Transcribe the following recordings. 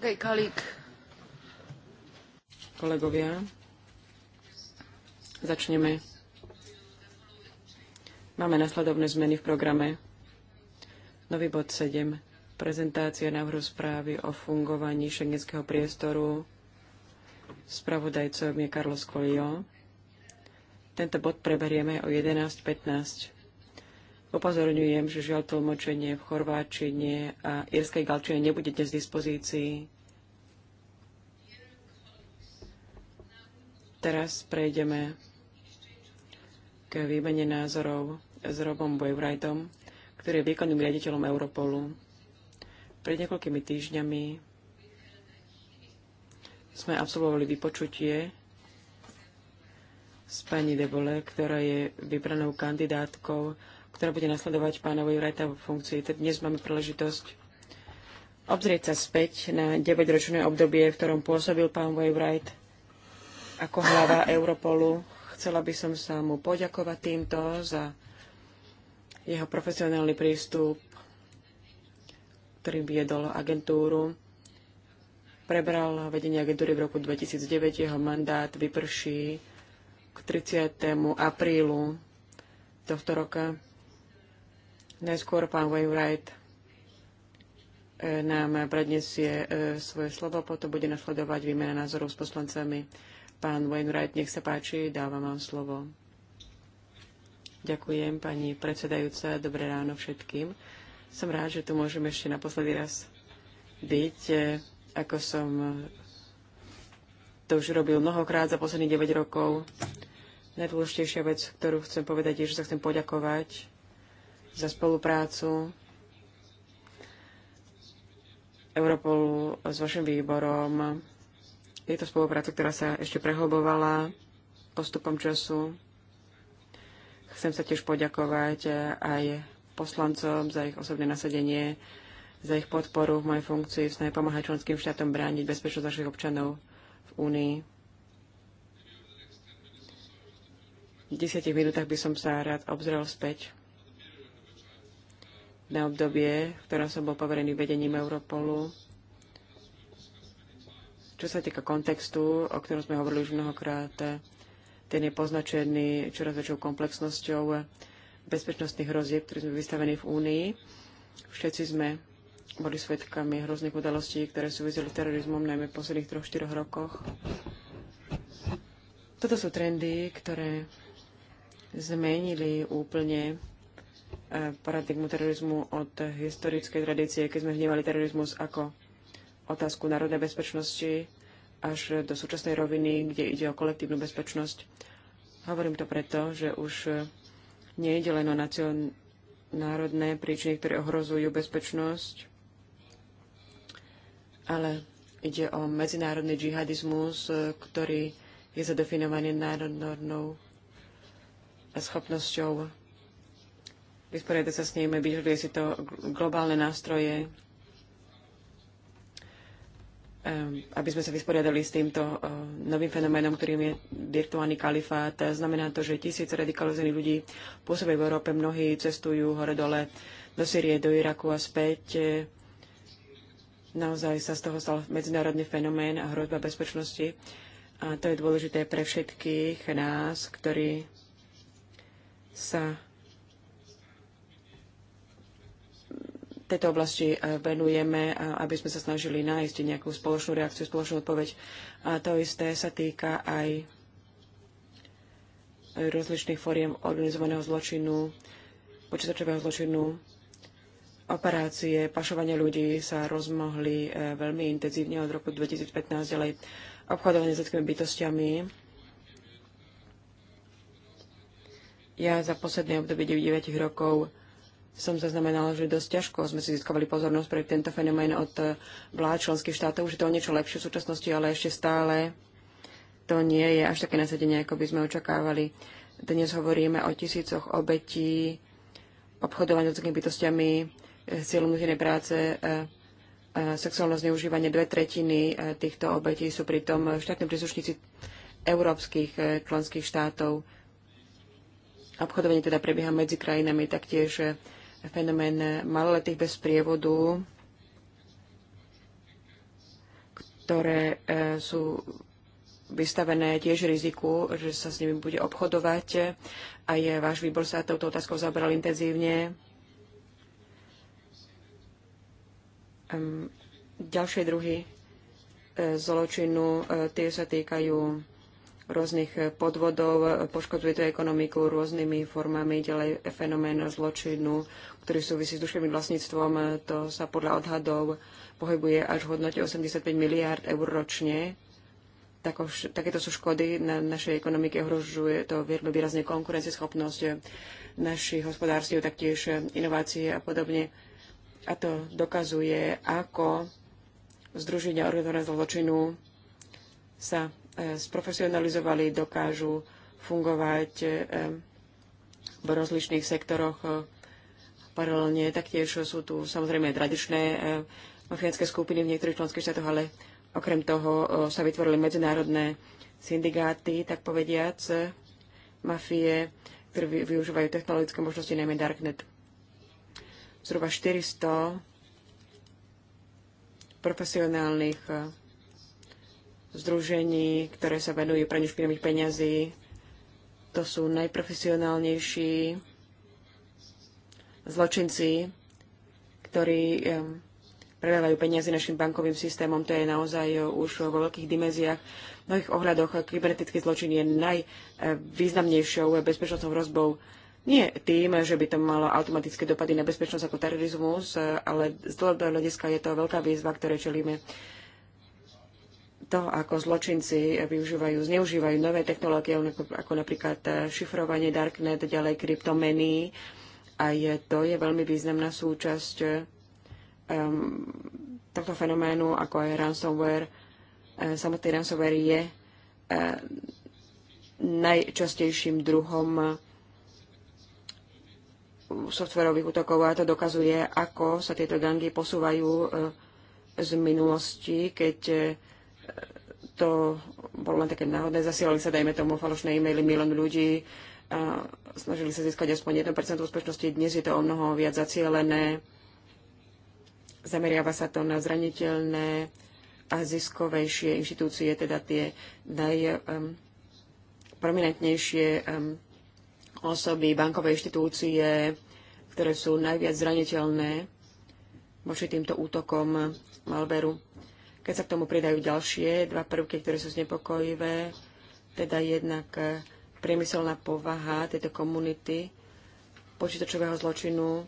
Okay, colleague. Kolegovia, začneme. Máme nasledovné zmeny v programe. Nový bod 7. Prezentácia návrhu správy o fungovaní šengenského priestoru. Spravodajcom je Carlos Coelho. Tento bod preberieme o 11.15. Upozorňujem, že žiaľ tlmočenie v chorváčine a Irskej galčine nebude dnes v dispozícii. Teraz prejdeme k výmene názorov s Robom Wainwrightom, ktorý je výkonným riaditeľom Europolu. Pred niekoľkými týždňami sme absolvovali vypočutie s pani Debole, ktorá je vybranou kandidátkou, ktorá bude nasledovať pána Wainwrighta vo funkcii. Dnes máme príležitosť obzrieť sa späť na 9-ročné obdobie, v ktorom pôsobil pán Wainwright ako hlava Europolu. Chcela by som sa mu poďakovať týmto za jeho profesionálny prístup, ktorým viedol agentúru. Prebral vedenie agentúry v roku 2009. Jeho mandát vyprší k 30. aprílu tohto roka. Najskôr pán Wainwright eh, nám predniesie eh, svoje slovo, potom bude nasledovať výmena názorov s poslancami. Pán Wainwright, nech sa páči, dávam vám slovo. Ďakujem, pani predsedajúca. Dobré ráno všetkým. Som rád, že tu môžem ešte naposledy raz byť. E, ako som e, to už robil mnohokrát za posledných 9 rokov. Najdôležitejšia vec, ktorú chcem povedať, je, že sa chcem poďakovať za spoluprácu Europolu s vašim výborom je to spolupráca, ktorá sa ešte prehlbovala postupom času. Chcem sa tiež poďakovať eh, aj poslancom za ich osobné nasadenie, za ich podporu v mojej funkcii, v snahe pomáhať členským štátom brániť bezpečnosť našich občanov v Únii. V desiatich minútach by som sa rád obzrel späť na obdobie, v ktorom som bol poverený vedením Europolu čo sa týka kontextu, o ktorom sme hovorili už mnohokrát, ten je poznačený čoraz väčšou komplexnosťou bezpečnostných hrozieb, ktoré sme vystavení v Únii. Všetci sme boli svetkami hrozných udalostí, ktoré súviseli s terorizmom, najmä v posledných 3-4 rokoch. Toto sú trendy, ktoré zmenili úplne eh, paradigmu terorizmu od historickej tradície, keď sme vnímali terorizmus ako otázku národnej bezpečnosti až do súčasnej roviny, kde ide o kolektívnu bezpečnosť. Hovorím to preto, že už nie je len o národné príčiny, ktoré ohrozujú bezpečnosť, ale ide o medzinárodný džihadizmus, ktorý je zadefinovaný národnou schopnosťou vysporiadať sa s nimi, vyžaduje si to globálne nástroje, aby sme sa vysporiadali s týmto eh, novým fenoménom, ktorým je virtuálny kalifát. Znamená to, že tisíce radikalizovaných ľudí pôsobia v Európe, mnohí cestujú hore-dole do Syrie, do Iraku a späť. Naozaj sa z toho stal medzinárodný fenomén a hrozba bezpečnosti. A to je dôležité pre všetkých nás, ktorí sa tejto oblasti eh, venujeme, aby sme sa snažili nájsť nejakú spoločnú reakciu, spoločnú odpoveď. A to isté sa týka aj rozličných fóriem organizovaného zločinu, počítačového zločinu, operácie pašovania ľudí sa rozmohli eh, veľmi intenzívne od roku 2015 ďalej obchodovanie s ľudskými bytostiami. Ja za posledné obdobie 9 rokov som zaznamenala, že dosť ťažko sme si získavali pozornosť pre tento fenomén od eh, vlád členských štátov, že to je niečo lepšie v súčasnosti, ale ešte stále to nie je až také nasadenie, ako by sme očakávali. Dnes hovoríme o tisícoch obetí obchodovania s ľudskými bytostiami, eh, cieľom nutenej práce, eh, sexuálne zneužívanie. Dve tretiny týchto obetí sú pritom štátni príslušníci európskych členských štátov. Obchodovanie teda prebieha medzi krajinami taktiež fenomén maloletých bez prievodu, ktoré e, sú vystavené tiež riziku, že sa s nimi bude obchodovať. A je váš výbor sa touto otázkou zabral intenzívne. Ehm, ďalšie druhy e, zločinu, e, tie sa týkajú rôznych podvodov, poškoduje to ekonomiku rôznymi formami, ďalej fenomén zločinu, ktorý súvisí s duševným vlastníctvom, to sa podľa odhadov pohybuje až v hodnote 85 miliárd eur ročne. takéto sú škody na našej ekonomike, ohrožuje to veľmi výrazne konkurencieschopnosť našich hospodárstiev, taktiež inovácie a podobne. A to dokazuje, ako Združenia organizovaného zločinu sa E, sprofesionalizovali, dokážu fungovať e, v rozličných sektoroch e, paralelne. Taktiež sú tu samozrejme tradičné mafiánske skupiny v niektorých členských štátoch, ale okrem toho sa vytvorili medzinárodné syndikáty, tak povediac, mafie, ktoré využívajú technologické možnosti, najmä Darknet. Zhruba 400 profesionálnych združení, ktoré sa venujú praniu špinavých peňazí. To sú najprofesionálnejší zločinci, ktorí predávajú peniaze našim bankovým systémom. To je naozaj eh, už vo veľkých dimenziách. V mnohých ohľadoch eh, kybernetický zločin je najvýznamnejšou eh, bezpečnostnou hrozbou. Nie tým, že by to malo automatické dopady na bezpečnosť ako terorizmus, ale z dlhodobého hľadiska je to veľká výzva, ktoré čelíme to, ako zločinci využívajú, zneužívajú nové technológie, ako napríklad eh, šifrovanie Darknet, ďalej kryptomeny. A je, to je veľmi významná súčasť um, tohto fenoménu, ako aj ransomware. Eh, samotný ransomware je uh, najčastejším druhom softverových útokov a to dokazuje, ako sa tieto gangy posúvajú z minulosti, keď to bolo len také náhodné, zasielali sa, dajme tomu, falošné e-maily milión ľudí a snažili sa získať aspoň 1% úspešnosti. Dnes je to o mnoho viac zacielené. Zameriava sa to na zraniteľné a ziskovejšie inštitúcie, teda tie najprominentnejšie um, um, osoby, bankové inštitúcie, ktoré sú najviac zraniteľné voči týmto útokom Malberu keď sa k tomu pridajú ďalšie dva prvky, ktoré sú znepokojivé, teda jednak eh, priemyselná povaha tejto komunity, počítačového zločinu,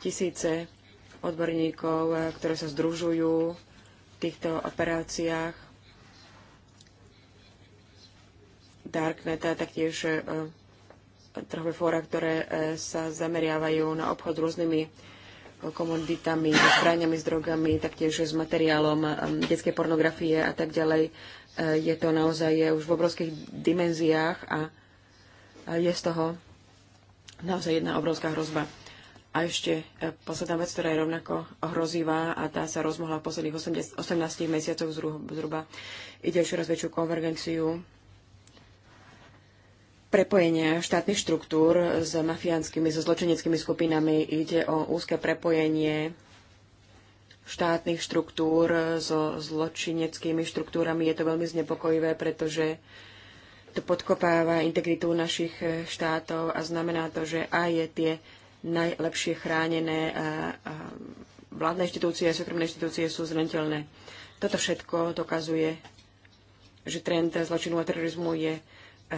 tisíce odborníkov, eh, ktoré sa združujú v týchto operáciách. Darknet a eh, taktiež trhové fóra, ktoré sa zameriavajú na obchod s rôznymi komoditami, zbraniami, s drogami, taktiež s materiálom um, detskej pornografie a tak ďalej. E, je to naozaj je už v obrovských dimenziách a je z toho naozaj jedna obrovská hrozba. A ešte e, posledná vec, ktorá je rovnako hrozivá a tá sa rozmohla v posledných 18 mesiacoch zhruba. Ide ešte raz väčšiu konvergenciu prepojenia štátnych štruktúr s mafiánskymi, so zločineckými skupinami. Ide o úzke prepojenie štátnych štruktúr so zločineckými štruktúrami. Je to veľmi znepokojivé, pretože to podkopáva integritu našich eh, štátov a znamená to, že aj tie najlepšie chránené eh, eh, vládne inštitúcie a súkromné inštitúcie sú zraniteľné. Toto všetko dokazuje, že trend zločinu a terorizmu je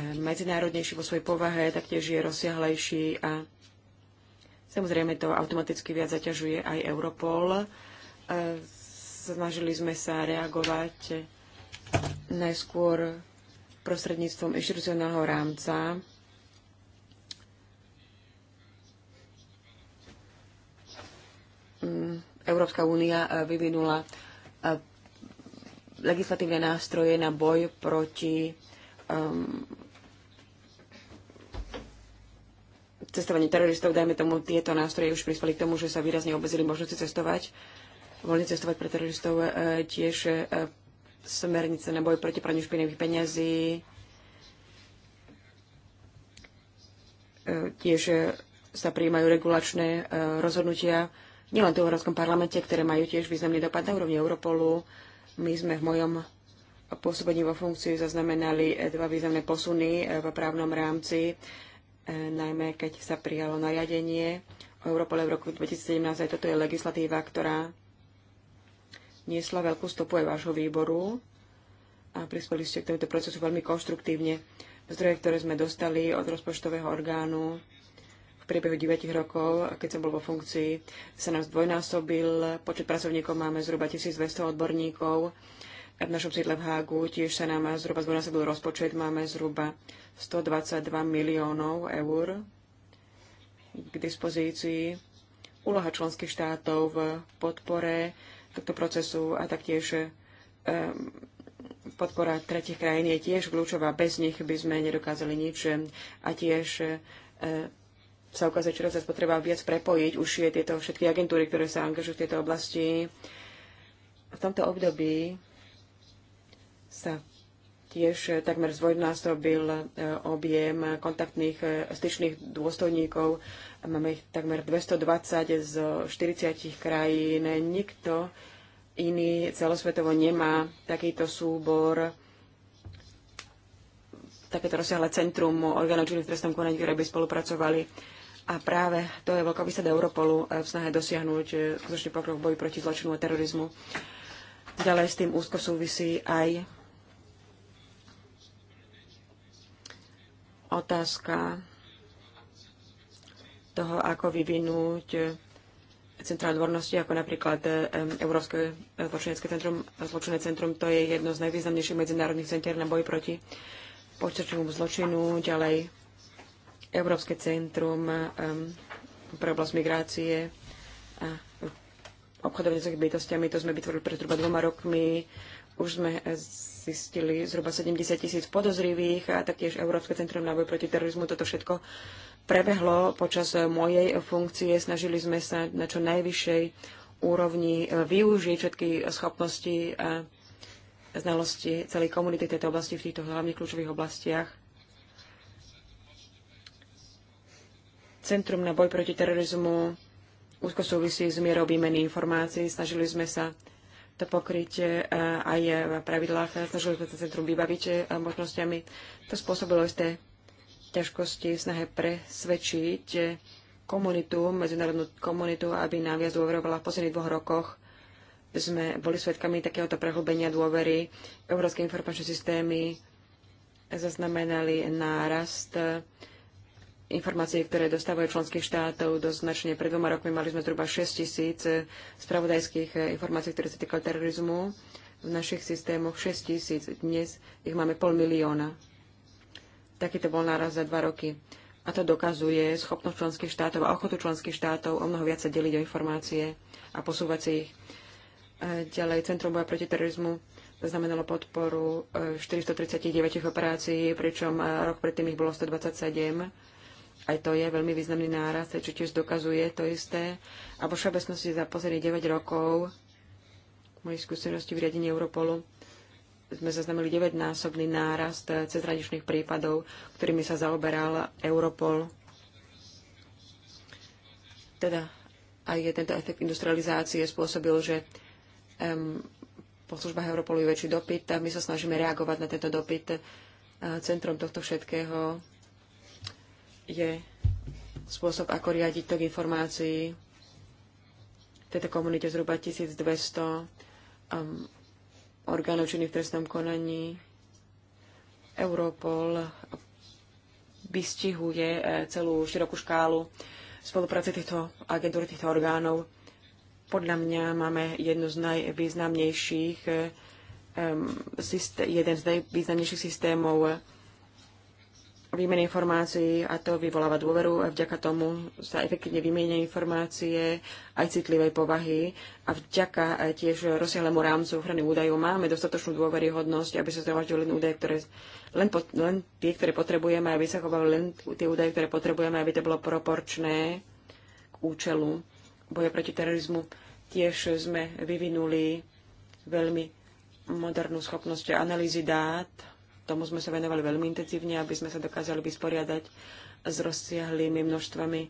medzinárodnejší vo svojej povahe, taktiež je rozsiahlejší a samozrejme to automaticky viac zaťažuje aj Europol. Snažili sme sa reagovať najskôr prostredníctvom inštitucionálneho rámca, Európska únia vyvinula legislatívne nástroje na boj proti um, cestovanie teroristov, dajme tomu, tieto nástroje už prispeli k tomu, že sa výrazne obezili možnosti cestovať, voľne cestovať pre teroristov, e, tiež e, smernice na boj proti praniu špinavých peňazí, e, tiež sa prijímajú regulačné rozhodnutia, nielen tu v Európskom parlamente, ktoré majú tiež významný dopad na úrovni Europolu. My sme v mojom pôsobení vo funkcii zaznamenali dva významné posuny v právnom rámci E, najmä keď sa prijalo nariadenie o Europole v roku 2017. Aj toto je legislatíva, ktorá niesla veľkú stopu aj vášho výboru a prispeli ste k tomuto procesu veľmi konštruktívne. Zdroje, ktoré sme dostali od rozpočtového orgánu v priebehu 9 rokov, keď som bol vo funkcii, sa nás dvojnásobil. Počet pracovníkov máme zhruba 1200 odborníkov v našom sídle v Hágu tiež sa nám zhruba zdvojnásobil rozpočet. Máme zhruba 122 miliónov eur k dispozícii. Úloha členských štátov v podpore tohto procesu a taktiež um, podpora tretich krajín je tiež kľúčová. Bez nich by sme nedokázali nič a tiež uh, sa ukazuje čoraz sa potreba viac prepojiť už je tieto všetky agentúry, ktoré sa angažujú v tejto oblasti. V tomto období sa tiež takmer zvojnásobil e, objem kontaktných e, styčných dôstojníkov. Máme ich takmer 220 z 40 krajín. Nikto iný celosvetovo nemá takýto súbor takéto rozsiahle centrum orgánov činných v trestnom konaní, ktoré by spolupracovali. A práve to je veľká výsada Europolu e, v snahe dosiahnuť skutočný pokrok v boji proti zločinu a terorizmu. Ďalej s tým úzko súvisí aj otázka toho, ako vyvinúť centrá odbornosti, ako napríklad Európske zločinecké centrum, zločinné centrum, to je jedno z najvýznamnejších medzinárodných centier na boj proti počtačnému zločinu, ďalej Európske centrum pre oblasť migrácie a obchodovanie s bytostiami, to sme vytvorili pred zhruba dvoma rokmi, už sme zistili zhruba 70 tisíc podozrivých a taktiež Európske centrum na boj proti terorizmu toto všetko prebehlo počas mojej funkcie. Snažili sme sa na čo najvyššej úrovni využiť všetky schopnosti a znalosti celej komunity tejto oblasti v týchto hlavných kľúčových oblastiach. Centrum na boj proti terorizmu úzko súvisí s mierou výmeny informácií. Snažili sme sa to pokryť e, aj v pravidlách. E, snažili sme sa centrum vybaviť e, možnosťami. To spôsobilo isté ťažkosti v snahe presvedčiť komunitu, medzinárodnú komunitu, aby nám viac dôverovala. V posledných dvoch rokoch sme boli svedkami takéhoto prehlbenia dôvery. Európske informačné systémy zaznamenali nárast informácie, ktoré dostávajú členských štátov dosť značne. Pred dvoma rokmi mali sme zhruba 6 tisíc eh, spravodajských eh, informácií, ktoré sa týkali terorizmu. V našich systémoch 6 tisíc. Dnes ich máme pol milióna. Takýto bol náraz za dva roky. A to dokazuje schopnosť členských štátov a ochotu členských štátov o mnoho viac sa deliť o informácie a posúvať si ich. Ďalej, Centrum boja proti terorizmu znamenalo podporu 439 eh, operácií, pričom rok predtým ich bolo 127 aj to je veľmi významný náraz, čo tiež dokazuje to isté. A vo všeobecnosti za posledných 9 rokov mojej skúsenosti v riadení Europolu sme zaznamenali 9-násobný nárast cezhraničných prípadov, ktorými sa zaoberal Europol. Teda aj tento efekt industrializácie spôsobil, že um, po službách Europolu je väčší dopyt a my sa snažíme reagovať na tento dopyt. Eh, centrom tohto všetkého je spôsob, ako riadiť tok informácií. V tejto komunite zhruba 1200 um, orgánov činných v trestnom konaní. Europol vystihuje eh, celú širokú škálu spolupráce týchto agentúr, týchto orgánov. Podľa mňa máme jednu z najvýznamnejších eh, um, systé- jeden z najvýznamnejších systémov výmeny informácií a to vyvoláva dôveru a vďaka tomu sa efektívne vymieňa informácie aj citlivej povahy a vďaka tiež rozsiahlemu rámcu ochrany údajov máme dostatočnú dôveryhodnosť, aby sa zhromaždili len údaje, ktoré len, po, len tie, ktoré potrebujeme, aby sa chovali len tie údaje, ktoré potrebujeme, aby to bolo proporčné k účelu boja proti terorizmu. Tiež sme vyvinuli veľmi modernú schopnosť analýzy dát, Tomu sme sa venovali veľmi intenzívne, aby sme sa dokázali vysporiadať s rozsiahlými množstvami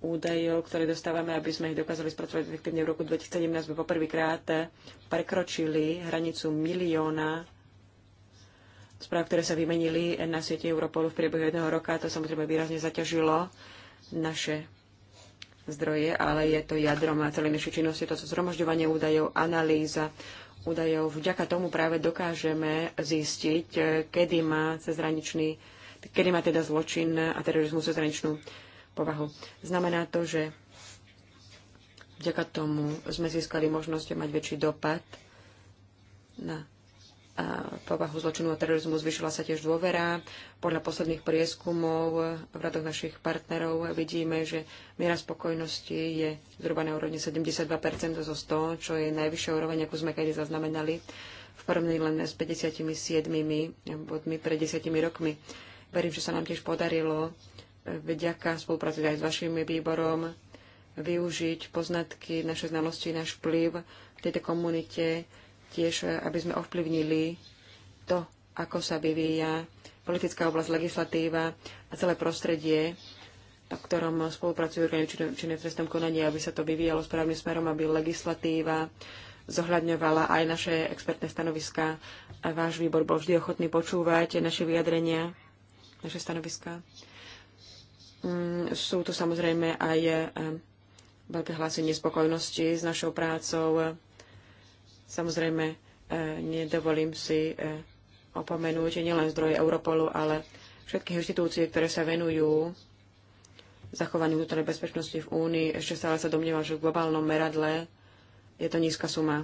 údajov, ktoré dostávame, aby sme ich dokázali spracovať efektívne. V roku 2017 sme poprvýkrát prekročili hranicu milióna správ, ktoré sa vymenili na siete Europolu v priebehu jedného roka. To samozrejme výrazne zaťažilo naše zdroje, ale je to jadrom celé našej činnosti, to sú zhromažďovanie údajov, analýza, údajov. Vďaka tomu práve dokážeme zistiť, e, kedy má cezhraničný, kedy má teda zločin a terorizmus cezhraničnú povahu. Znamená to, že vďaka tomu sme získali možnosť mať väčší dopad na povahu zločinu a terorizmu zvyšila sa tiež dôvera. Podľa posledných prieskumov v radoch našich partnerov vidíme, že miera spokojnosti je zhruba na úrovni 72% zo 100, čo je najvyššia úroveň, akú sme kedy zaznamenali v porovnaní len s 57 bodmi pred 10 rokmi. Verím, že sa nám tiež podarilo vďaka spolupráci aj s vašim výborom využiť poznatky, naše znalosti, náš vplyv v tejto komunite tiež, e, aby sme ovplyvnili to, ako sa vyvíja politická oblasť, legislatíva a celé prostredie, v ktorom spolupracujú orgány činné v trestnom konaní, aby sa to vyvíjalo správnym smerom, aby legislatíva zohľadňovala aj naše expertné stanoviská. A váš výbor bol vždy ochotný počúvať naše vyjadrenia, naše stanoviská. Mm, sú tu samozrejme aj e, veľké hlasy nespokojnosti s našou prácou, Samozrejme, e, nedovolím si e, opomenúť nielen zdroje Europolu, ale všetkých inštitúcií, ktoré sa venujú zachovaniu vnútornej bezpečnosti v Únii. Ešte stále sa domnievam, že v globálnom meradle je to nízka suma.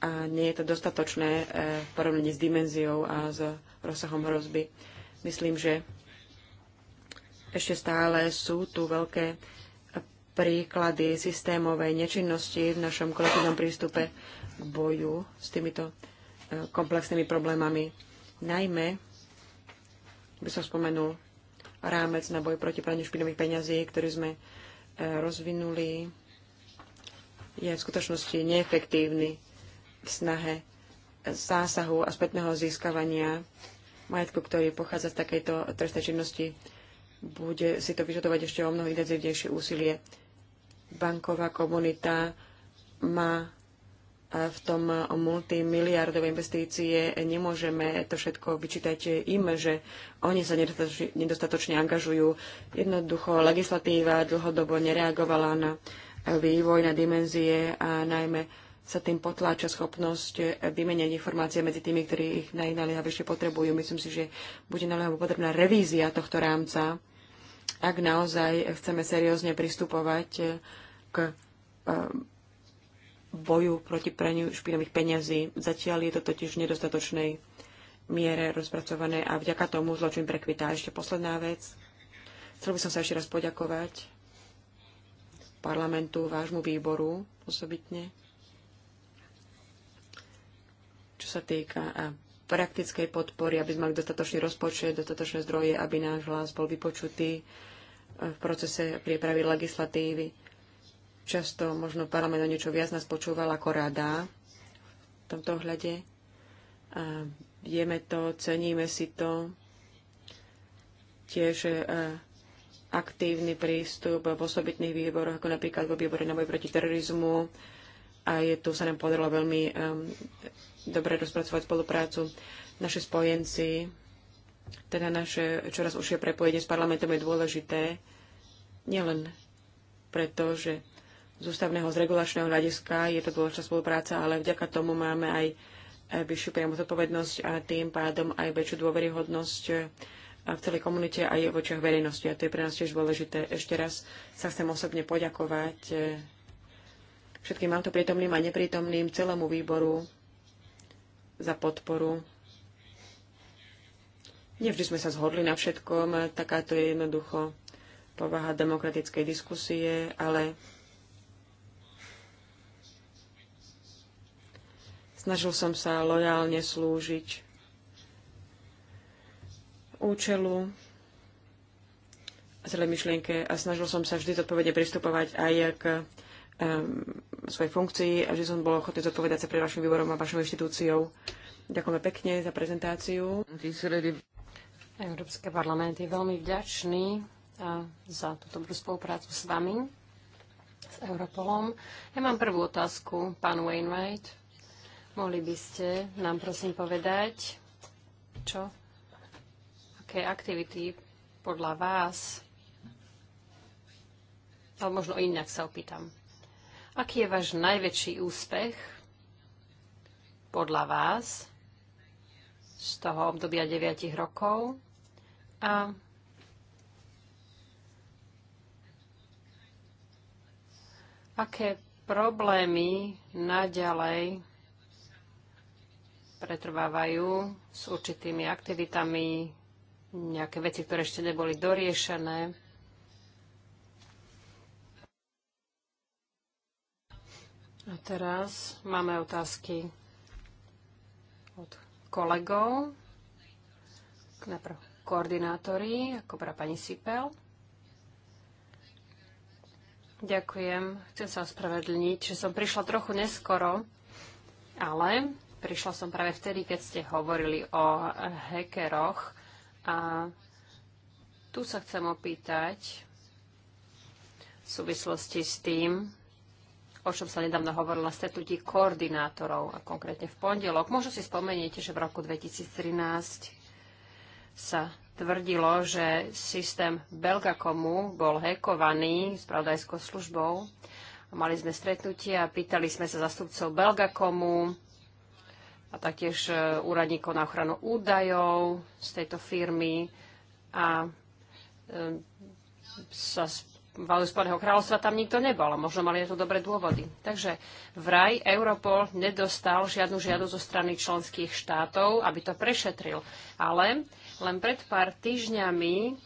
A nie je to dostatočné e, v porovnaní s dimenziou a s rozsahom hrozby. Myslím, že ešte stále sú tu veľké príklady systémovej nečinnosti v našom kolektívnom prístupe boju s týmito e, komplexnými problémami. Najmä by som spomenul rámec na boj proti praniu špinových peňazí, ktorý sme e, rozvinuli, je v skutočnosti neefektívny v snahe zásahu a spätného získavania majetku, ktorý pochádza z takejto trestnej činnosti. Bude si to vyžadovať ešte o mnoho intenzívnejšie úsilie. Banková komunita má v tom multimiliardové investície nemôžeme to všetko vyčítať im, že oni sa nedostatočne, nedostatočne angažujú. Jednoducho legislatíva dlhodobo nereagovala na vývoj, na dimenzie a najmä sa tým potláča schopnosť vymeniať informácie medzi tými, ktorí ich najnaliehavejšie potrebujú. Myslím si, že bude naliehavo potrebná revízia tohto rámca, ak naozaj chceme seriózne pristupovať k boju proti praniu špinavých peňazí. Zatiaľ je to totiž v nedostatočnej miere rozpracované a vďaka tomu zločin prekvitá. Ešte posledná vec. Chcel by som sa ešte raz poďakovať parlamentu, vášmu výboru osobitne, čo sa týka praktickej podpory, aby sme mali dostatočný rozpočet, dostatočné zdroje, aby náš hlas bol vypočutý e, v procese prípravy legislatívy Často možno parlament o niečo viac nás počúval ako rada v tomto ohľade. A vieme to, ceníme si to. Tiež e, aktívny prístup v osobitných výboroch, ako napríklad vo výbore na boj proti terorizmu. A je, tu sa nám podarilo veľmi um, dobre rozpracovať spoluprácu. Naši spojenci, teda naše čoraz užšie prepojenie s parlamentom je dôležité nielen preto, že z ústavného, z regulačného hľadiska je to dôležitá spolupráca, ale vďaka tomu máme aj eh, vyššiu priamu zodpovednosť a tým pádom aj väčšiu dôveryhodnosť eh, v celej komunite aj v očiach verejnosti. A to je pre nás tiež dôležité. Ešte raz sa chcem osobne poďakovať eh, všetkým prítomným a neprítomným celému výboru za podporu. Nevždy sme sa zhodli na všetkom, takáto je jednoducho povaha demokratickej diskusie, ale Snažil som sa lojálne slúžiť účelu a celej myšlienke a snažil som sa vždy zodpovedne pristupovať aj k um, svojej funkcii a že som bol ochotný zodpovedať sa pre vašim výborom a vašou inštitúciou. Ďakujeme pekne za prezentáciu. Európsky parlament je veľmi vďačný za túto dobrú spoluprácu s vami, s Europolom. Ja mám prvú otázku, pán Wainwright. Mohli by ste nám prosím povedať, čo, aké aktivity podľa vás, ale možno inak sa opýtam, aký je váš najväčší úspech podľa vás z toho obdobia 9 rokov a aké problémy naďalej pretrvávajú s určitými aktivitami, nejaké veci, ktoré ešte neboli doriešené. A teraz máme otázky od kolegov. Najprv koordinátori, ako pra pani Sipel. Ďakujem. Chcem sa ospravedlniť, že som prišla trochu neskoro, ale Prišla som práve vtedy, keď ste hovorili o hekeroch a tu sa chcem opýtať v súvislosti s tým, o čom sa nedávno hovorilo na stretnutí koordinátorov a konkrétne v pondelok. Možno si spomeniete, že v roku 2013 sa tvrdilo, že systém Belgakomu bol hekovaný spravodajskou službou. Mali sme stretnutie a pýtali sme sa zastupcov Belgakomu, a taktiež e, úradníkov na ochranu údajov z tejto firmy a e, sa valu Spojeného kráľovstva tam nikto nebol a možno mali na to dobré dôvody. Takže vraj Europol nedostal žiadnu žiadosť zo strany členských štátov, aby to prešetril. Ale len pred pár týždňami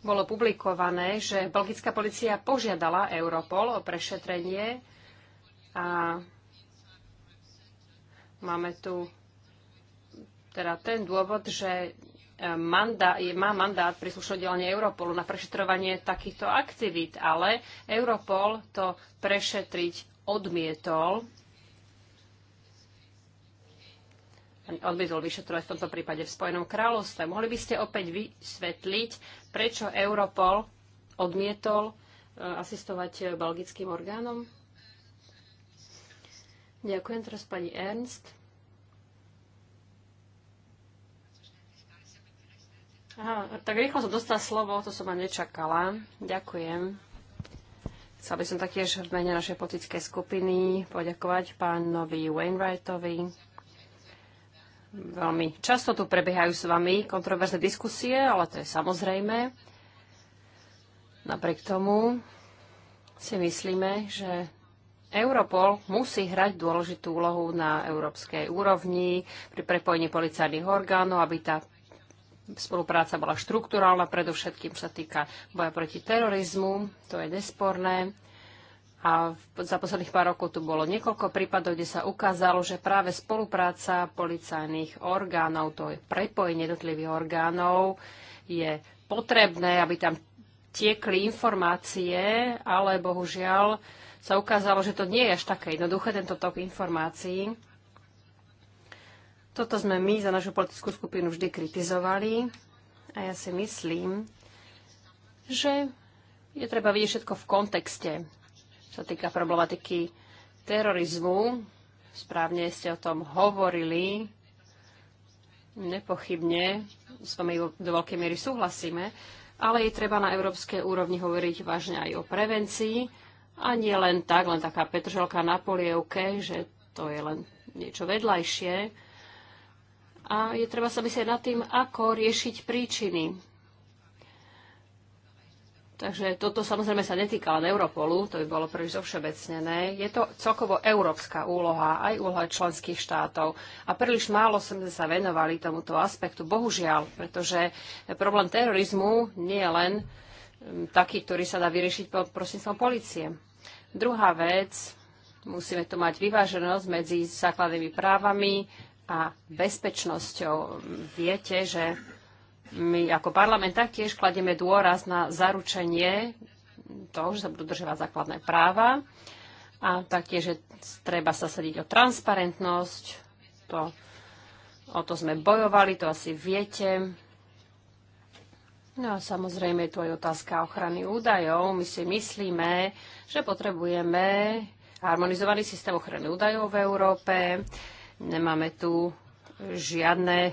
bolo publikované, že belgická policia požiadala Europol o prešetrenie a Máme tu teda ten dôvod, že e, manda, je, má mandát príslušné oddelenie Europolu na prešetrovanie takýchto aktivít, ale Europol to prešetriť odmietol. odmietol vyšetrovať v tomto prípade v Spojenom kráľovstve. Mohli by ste opäť vysvetliť, prečo Europol odmietol e, asistovať e, belgickým orgánom? Ďakujem teraz pani Ernst. Aha, tak rýchlo som dostala slovo, to som ma nečakala. Ďakujem. Chcela by som taktiež v mene našej politickej skupiny poďakovať pánovi Wainwrightovi. Veľmi často tu prebiehajú s vami kontroverzné diskusie, ale to je samozrejme. Napriek tomu si myslíme, že Europol musí hrať dôležitú úlohu na európskej úrovni pri prepojení policajných orgánov, aby tá spolupráca bola štruktúrálna, predovšetkým sa týka boja proti terorizmu, to je nesporné. A za posledných pár rokov tu bolo niekoľko prípadov, kde sa ukázalo, že práve spolupráca policajných orgánov, to je prepojenie jednotlivých orgánov, je potrebné, aby tam tiekli informácie, ale bohužiaľ sa ukázalo, že to nie je až také jednoduché, tento tok informácií. Toto sme my za našu politickú skupinu vždy kritizovali a ja si myslím, že je treba vidieť všetko v kontexte, čo sa týka problematiky terorizmu. Správne ste o tom hovorili. Nepochybne s vami do veľkej miery súhlasíme, ale je treba na európskej úrovni hovoriť vážne aj o prevencii a nie len tak, len taká petrželka na polievke, že to je len niečo vedľajšie. A je treba sa myslieť nad tým, ako riešiť príčiny. Takže toto samozrejme sa netýka len Europolu, to by bolo príliš zovšebecnené. Je to celkovo európska úloha, aj úloha členských štátov. A príliš málo sme sa venovali tomuto aspektu, bohužiaľ, pretože problém terorizmu nie je len taký, ktorý sa dá vyriešiť prosímstvom policie. Druhá vec, musíme tu mať vyváženosť medzi základnými právami a bezpečnosťou. Viete, že my ako parlament taktiež kladieme dôraz na zaručenie toho, že sa budú držovať základné práva a taktiež, že treba sa sadiť o transparentnosť, to, o to sme bojovali, to asi viete. No a samozrejme je tu aj otázka ochrany údajov. My si myslíme, že potrebujeme harmonizovaný systém ochrany údajov v Európe. Nemáme tu žiadne e,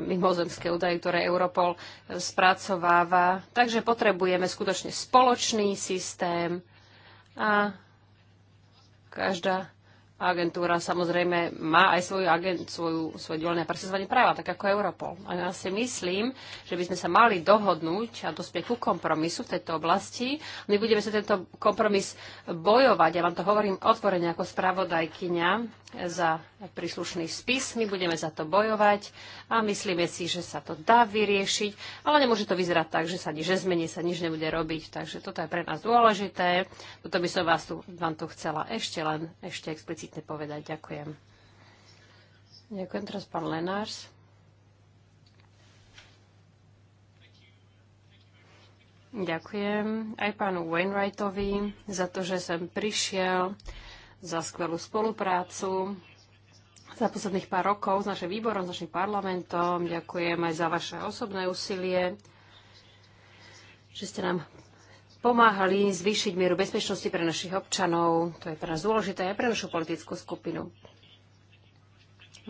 mimozemské údaje, ktoré Europol spracováva. Takže potrebujeme skutočne spoločný systém a každá agentúra samozrejme má aj svoju agent, svoju, svoje dielne presadzovanie práva, tak ako Europol. A ja si myslím, že by sme sa mali dohodnúť a dospieť ku kompromisu v tejto oblasti. My budeme sa tento kompromis bojovať, ja vám to hovorím otvorene ako spravodajkyňa za príslušný spis, my budeme za to bojovať a myslíme si, že sa to dá vyriešiť, ale nemôže to vyzerať tak, že sa nič nezmení, sa nič nebude robiť, takže toto je pre nás dôležité. Toto by som vás tu, vám tu chcela ešte len ešte explicitne dôležité povedať. Ďakujem. Ďakujem teraz pán Lenárs. Ďakujem aj pánu Wainwrightovi za to, že sem prišiel, za skvelú spoluprácu za posledných pár rokov s našim výborom, s našim parlamentom. Ďakujem aj za vaše osobné úsilie, že ste nám pomáhali zvýšiť mieru bezpečnosti pre našich občanov. To je pre nás dôležité aj pre našu politickú skupinu.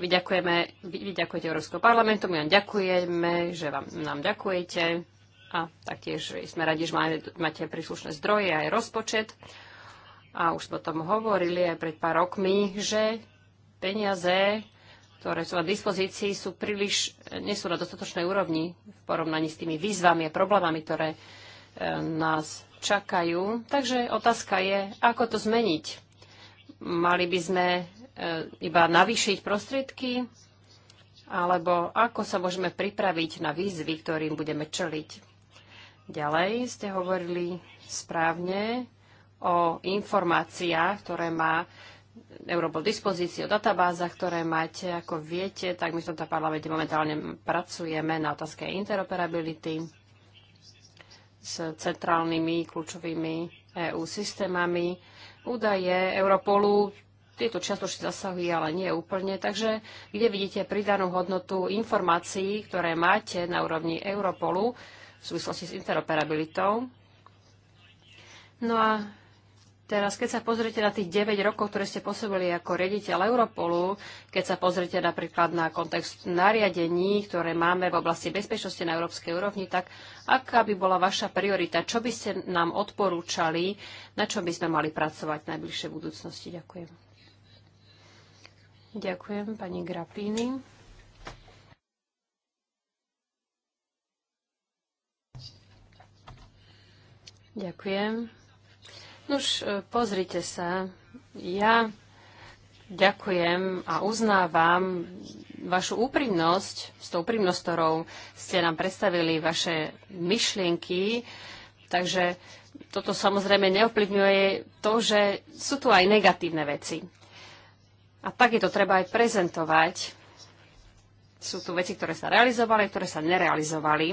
Vy, ďakujeme, vy, vy ďakujete Európskeho parlamentu, my vám ďakujeme, že vám, nám ďakujete a taktiež sme radi, že máte, máte príslušné zdroje aj rozpočet. A už sme o tom hovorili aj pred pár rokmi, že peniaze, ktoré sú na dispozícii, sú príliš, nie sú na dostatočnej úrovni v porovnaní s tými výzvami a problémami, ktoré nás čakajú. Takže otázka je, ako to zmeniť. Mali by sme e, iba navýšiť prostriedky, alebo ako sa môžeme pripraviť na výzvy, ktorým budeme čeliť. Ďalej ste hovorili správne o informáciách, ktoré má Europol dispozícii, o databázach, ktoré máte. Ako viete, tak my v tomto parlamente momentálne pracujeme na otázke interoperability s centrálnymi kľúčovými EU systémami. Údaje Europolu tieto čiastočne zasahujú, ale nie úplne. Takže kde vidíte pridanú hodnotu informácií, ktoré máte na úrovni Europolu v súvislosti s interoperabilitou? No a Teraz, keď sa pozriete na tých 9 rokov, ktoré ste pôsobili ako rediteľ Europolu, keď sa pozriete napríklad na kontext nariadení, ktoré máme v oblasti bezpečnosti na európskej úrovni, tak aká by bola vaša priorita? Čo by ste nám odporúčali? Na čo by sme mali pracovať v najbližšej budúcnosti? Ďakujem. Ďakujem, pani Grapíny. Ďakujem. Nuž, e, pozrite sa, ja ďakujem a uznávam vašu úprimnosť, s tou úprimnosť, ktorou ste nám predstavili vaše myšlienky, takže toto samozrejme neovplyvňuje to, že sú tu aj negatívne veci. A tak je to treba aj prezentovať. Sú tu veci, ktoré sa realizovali, ktoré sa nerealizovali.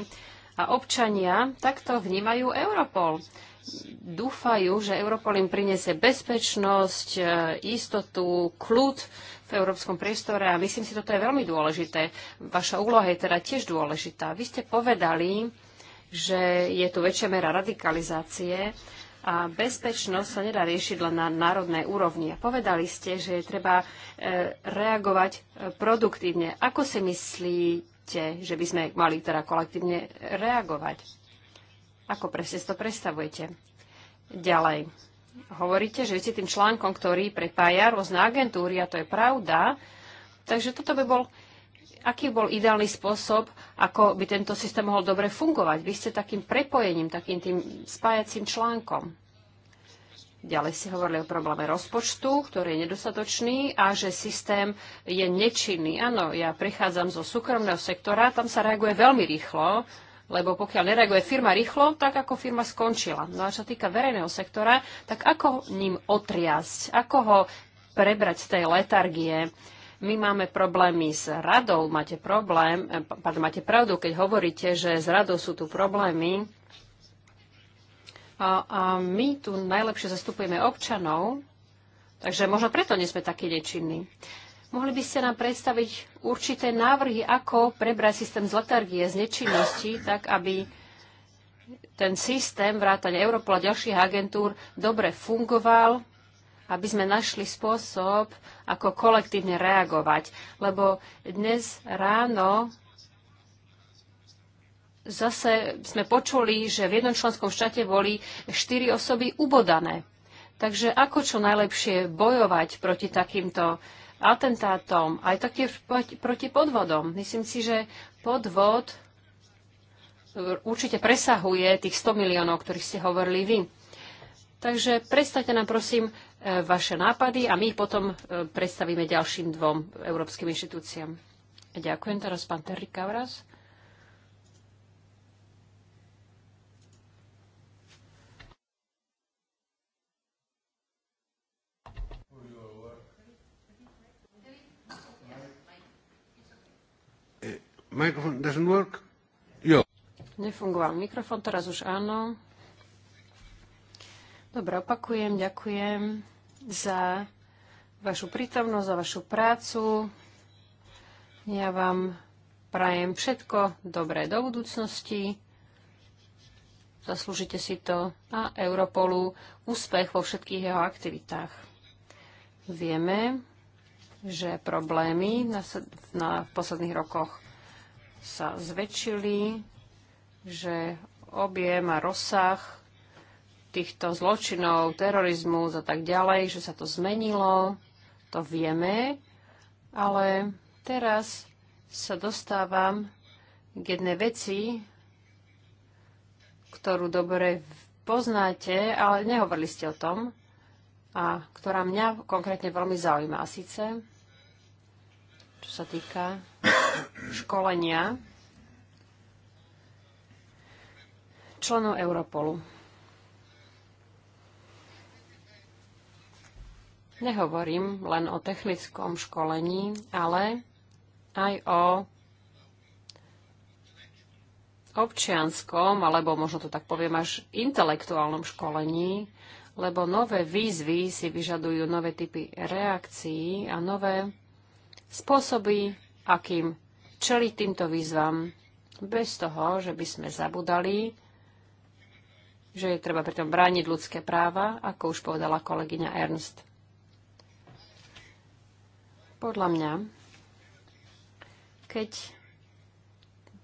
A občania takto vnímajú Europol dúfajú, že Europol im priniesie bezpečnosť, e, istotu, kľud v európskom priestore a myslím si, že toto je veľmi dôležité. Vaša úloha je teda tiež dôležitá. Vy ste povedali, že je tu väčšia mera radikalizácie a bezpečnosť sa nedá riešiť len na národnej úrovni. A povedali ste, že je treba e, reagovať e, produktívne. Ako si myslíte, že by sme mali teda kolektívne reagovať? Ako presne si to predstavujete? Ďalej. Hovoríte, že ste tým článkom, ktorý prepája rôzne agentúry, a to je pravda. Takže toto by bol, aký bol ideálny spôsob, ako by tento systém mohol dobre fungovať? Vy ste takým prepojením, takým tým spájacím článkom. Ďalej ste hovorili o probléme rozpočtu, ktorý je nedostatočný a že systém je nečinný. Áno, ja prichádzam zo súkromného sektora, tam sa reaguje veľmi rýchlo lebo pokiaľ nereaguje firma rýchlo, tak ako firma skončila. No a čo týka verejného sektora, tak ako ním otriasť? Ako ho prebrať z tej letargie? My máme problémy s radou, máte problém, eh, pardon, máte pravdu, keď hovoríte, že s radou sú tu problémy. A, a my tu najlepšie zastupujeme občanov, takže možno preto nie sme takí nečinní. Mohli by ste nám predstaviť určité návrhy, ako prebrať systém z letargie, z nečinnosti, tak aby ten systém vrátane Europol a ďalších agentúr dobre fungoval, aby sme našli spôsob, ako kolektívne reagovať. Lebo dnes ráno zase sme počuli, že v jednom členskom štáte boli štyri osoby ubodané. Takže ako čo najlepšie bojovať proti takýmto atentátom, aj taktiež proti podvodom. Myslím si, že podvod e, určite presahuje tých 100 miliónov, ktorých ste hovorili vy. Takže predstavte nám prosím e, vaše nápady a my ich potom e, predstavíme ďalším dvom európskym inštitúciám. Ďakujem teraz pán Terry Kavras. Microphone doesn't work? Jo. Nefungoval teraz už áno. Dobre, opakujem, ďakujem za vašu prítomnosť, za vašu prácu. Ja vám prajem všetko dobré do budúcnosti. Zaslúžite si to a Europolu úspech vo všetkých jeho aktivitách. Vieme, že problémy na, na, v posledných rokoch sa zväčšili, že objem a rozsah týchto zločinov, terorizmu a tak ďalej, že sa to zmenilo, to vieme, ale teraz sa dostávam k jednej veci, ktorú dobre poznáte, ale nehovorili ste o tom, a ktorá mňa konkrétne veľmi zaujíma. A síce, čo sa týka školenia členov Europolu. Nehovorím len o technickom školení, ale aj o občianskom, alebo možno to tak poviem až intelektuálnom školení, lebo nové výzvy si vyžadujú nové typy reakcií a nové spôsoby, akým čeliť týmto výzvam bez toho, že by sme zabudali, že je treba pritom brániť ľudské práva, ako už povedala kolegyňa Ernst. Podľa mňa, keď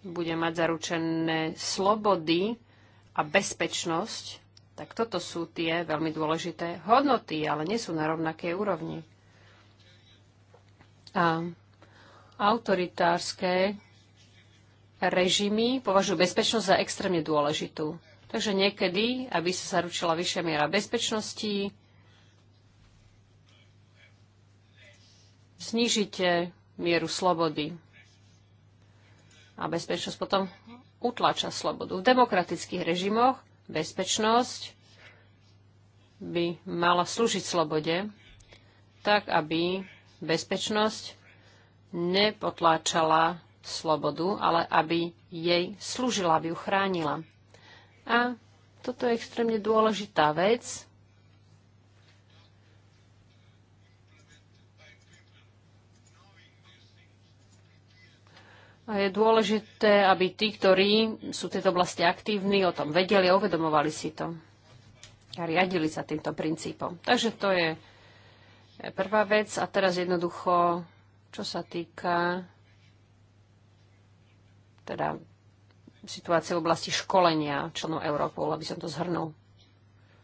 bude mať zaručené slobody a bezpečnosť, tak toto sú tie veľmi dôležité hodnoty, ale nie sú na rovnakej úrovni. A autoritárske režimy považujú bezpečnosť za extrémne dôležitú. Takže niekedy, aby sa zaručila vyššia miera bezpečnosti, znížite mieru slobody. A bezpečnosť potom utlača slobodu. V demokratických režimoch bezpečnosť by mala slúžiť slobode, tak aby bezpečnosť nepotláčala slobodu, ale aby jej slúžila, aby ju chránila. A toto je extrémne dôležitá vec. A je dôležité, aby tí, ktorí sú v tejto oblasti aktívni, o tom vedeli a uvedomovali si to a riadili sa týmto princípom. Takže to je prvá vec a teraz jednoducho čo sa týka teda situácie v oblasti školenia členov Europol, aby som to zhrnul.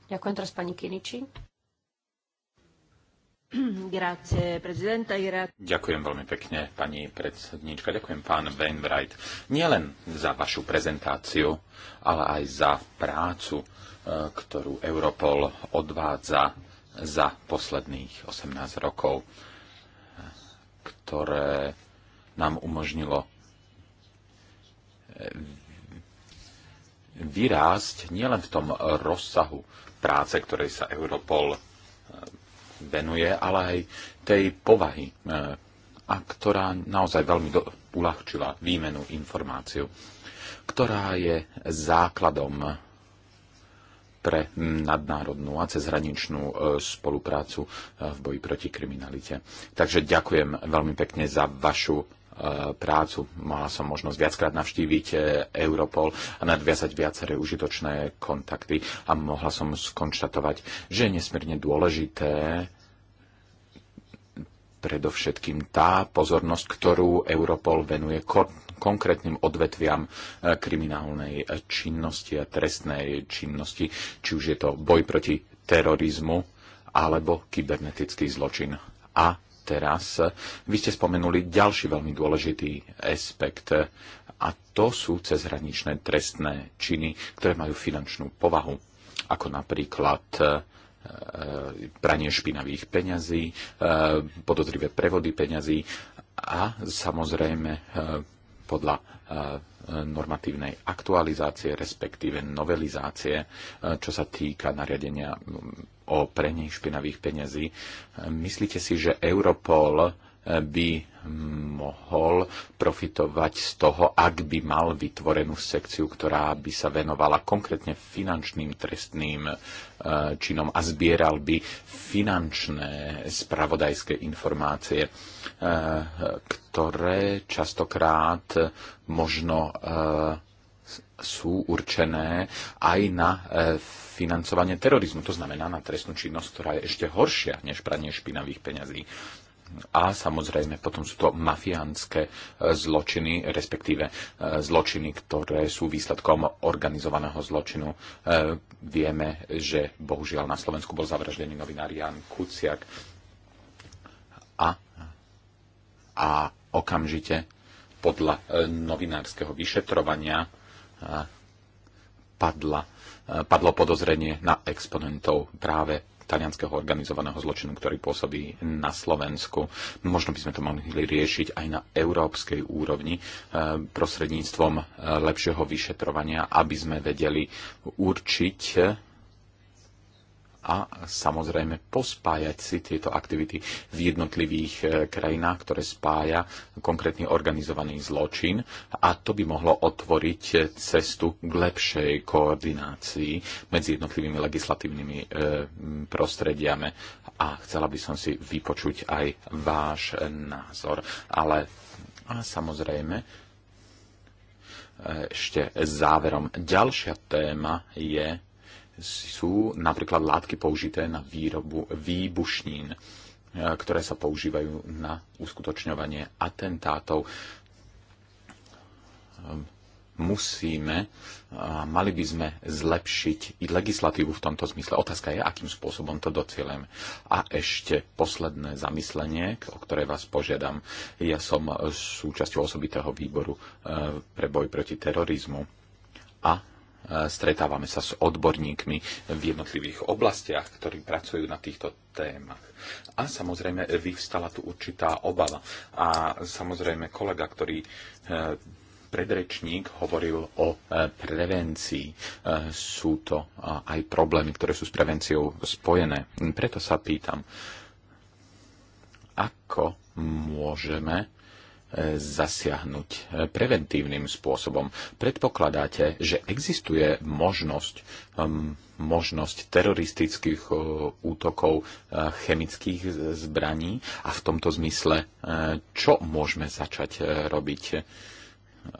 Ďakujem teraz pani Kiniči. Ďakujem veľmi pekne, pani predsedníčka. Ďakujem, pán Wainwright, nielen za vašu prezentáciu, ale aj za prácu, e, ktorú Europol odvádza za posledných 18 rokov ktoré nám umožnilo eh, vyrásť nielen v tom rozsahu práce, ktorej sa Europol eh, venuje, ale aj tej povahy, eh, a ktorá naozaj veľmi do, uľahčila výmenu informáciu, ktorá je základom pre nadnárodnú a cezhraničnú e, spoluprácu e, v boji proti kriminalite. Takže ďakujem veľmi pekne za vašu e, prácu. Mala som možnosť viackrát navštíviť Europol a nadviazať viaceré užitočné kontakty a mohla som skonštatovať, že je nesmierne dôležité predovšetkým tá pozornosť, ktorú Europol venuje konkrétnym odvetviam e, kriminálnej činnosti a trestnej činnosti, či už je to boj proti terorizmu alebo kybernetický zločin. A teraz e, vy ste spomenuli ďalší veľmi dôležitý aspekt e, a to sú cezhraničné trestné činy, ktoré majú finančnú povahu, ako napríklad pranie špinavých peňazí, podozrivé prevody peňazí a samozrejme podľa eh, normatívnej aktualizácie, respektíve novelizácie, eh, čo sa týka nariadenia mm, o prení špinavých peňazí. Myslíte si, že Europol by mohol profitovať z toho, ak by mal vytvorenú sekciu, ktorá by sa venovala konkrétne finančným trestným e, činom a zbieral by finančné spravodajské informácie, e, ktoré častokrát možno e, sú určené aj na financovanie terorizmu, to znamená na trestnú činnosť, ktorá je ešte horšia než pranie špinavých peňazí a samozrejme potom sú to mafiánske e, zločiny, respektíve e, zločiny, ktoré sú výsledkom organizovaného zločinu. E, vieme, že bohužiaľ na Slovensku bol zavraždený novinár Jan Kuciak a, a okamžite podľa novinárskeho vyšetrovania padla, padlo podozrenie na exponentov práve talianského organizovaného zločinu, ktorý pôsobí na Slovensku. Možno by sme to mohli riešiť aj na európskej úrovni eh, prostredníctvom eh, lepšieho vyšetrovania, aby sme vedeli určiť eh, a samozrejme pospájať si tieto aktivity v jednotlivých e, krajinách, ktoré spája konkrétny organizovaný zločin a to by mohlo otvoriť e, cestu k lepšej koordinácii medzi jednotlivými legislatívnymi e, prostrediami a chcela by som si vypočuť aj váš názor. Ale a samozrejme ešte záverom. Ďalšia téma je sú napríklad látky použité na výrobu výbušnín, e, ktoré sa používajú na uskutočňovanie atentátov. Ehm, musíme, mali by sme zlepšiť i legislatívu v tomto zmysle. Otázka je, akým spôsobom to docieleme. A ešte posledné zamyslenie, o ktoré vás požiadam. Ja som súčasťou osobitého výboru e, pre boj proti terorizmu a stretávame sa s odborníkmi v jednotlivých oblastiach, ktorí pracujú na týchto témach. A samozrejme vyvstala tu určitá obava. A samozrejme kolega, ktorý e, predrečník hovoril o e, prevencii. E, sú to aj problémy, ktoré sú s prevenciou spojené. Preto sa pýtam, ako môžeme zasiahnuť preventívnym spôsobom. Predpokladáte, že existuje možnosť, um, možnosť teroristických uh, útokov uh, chemických zbraní a v tomto zmysle, uh, čo môžeme začať robiť?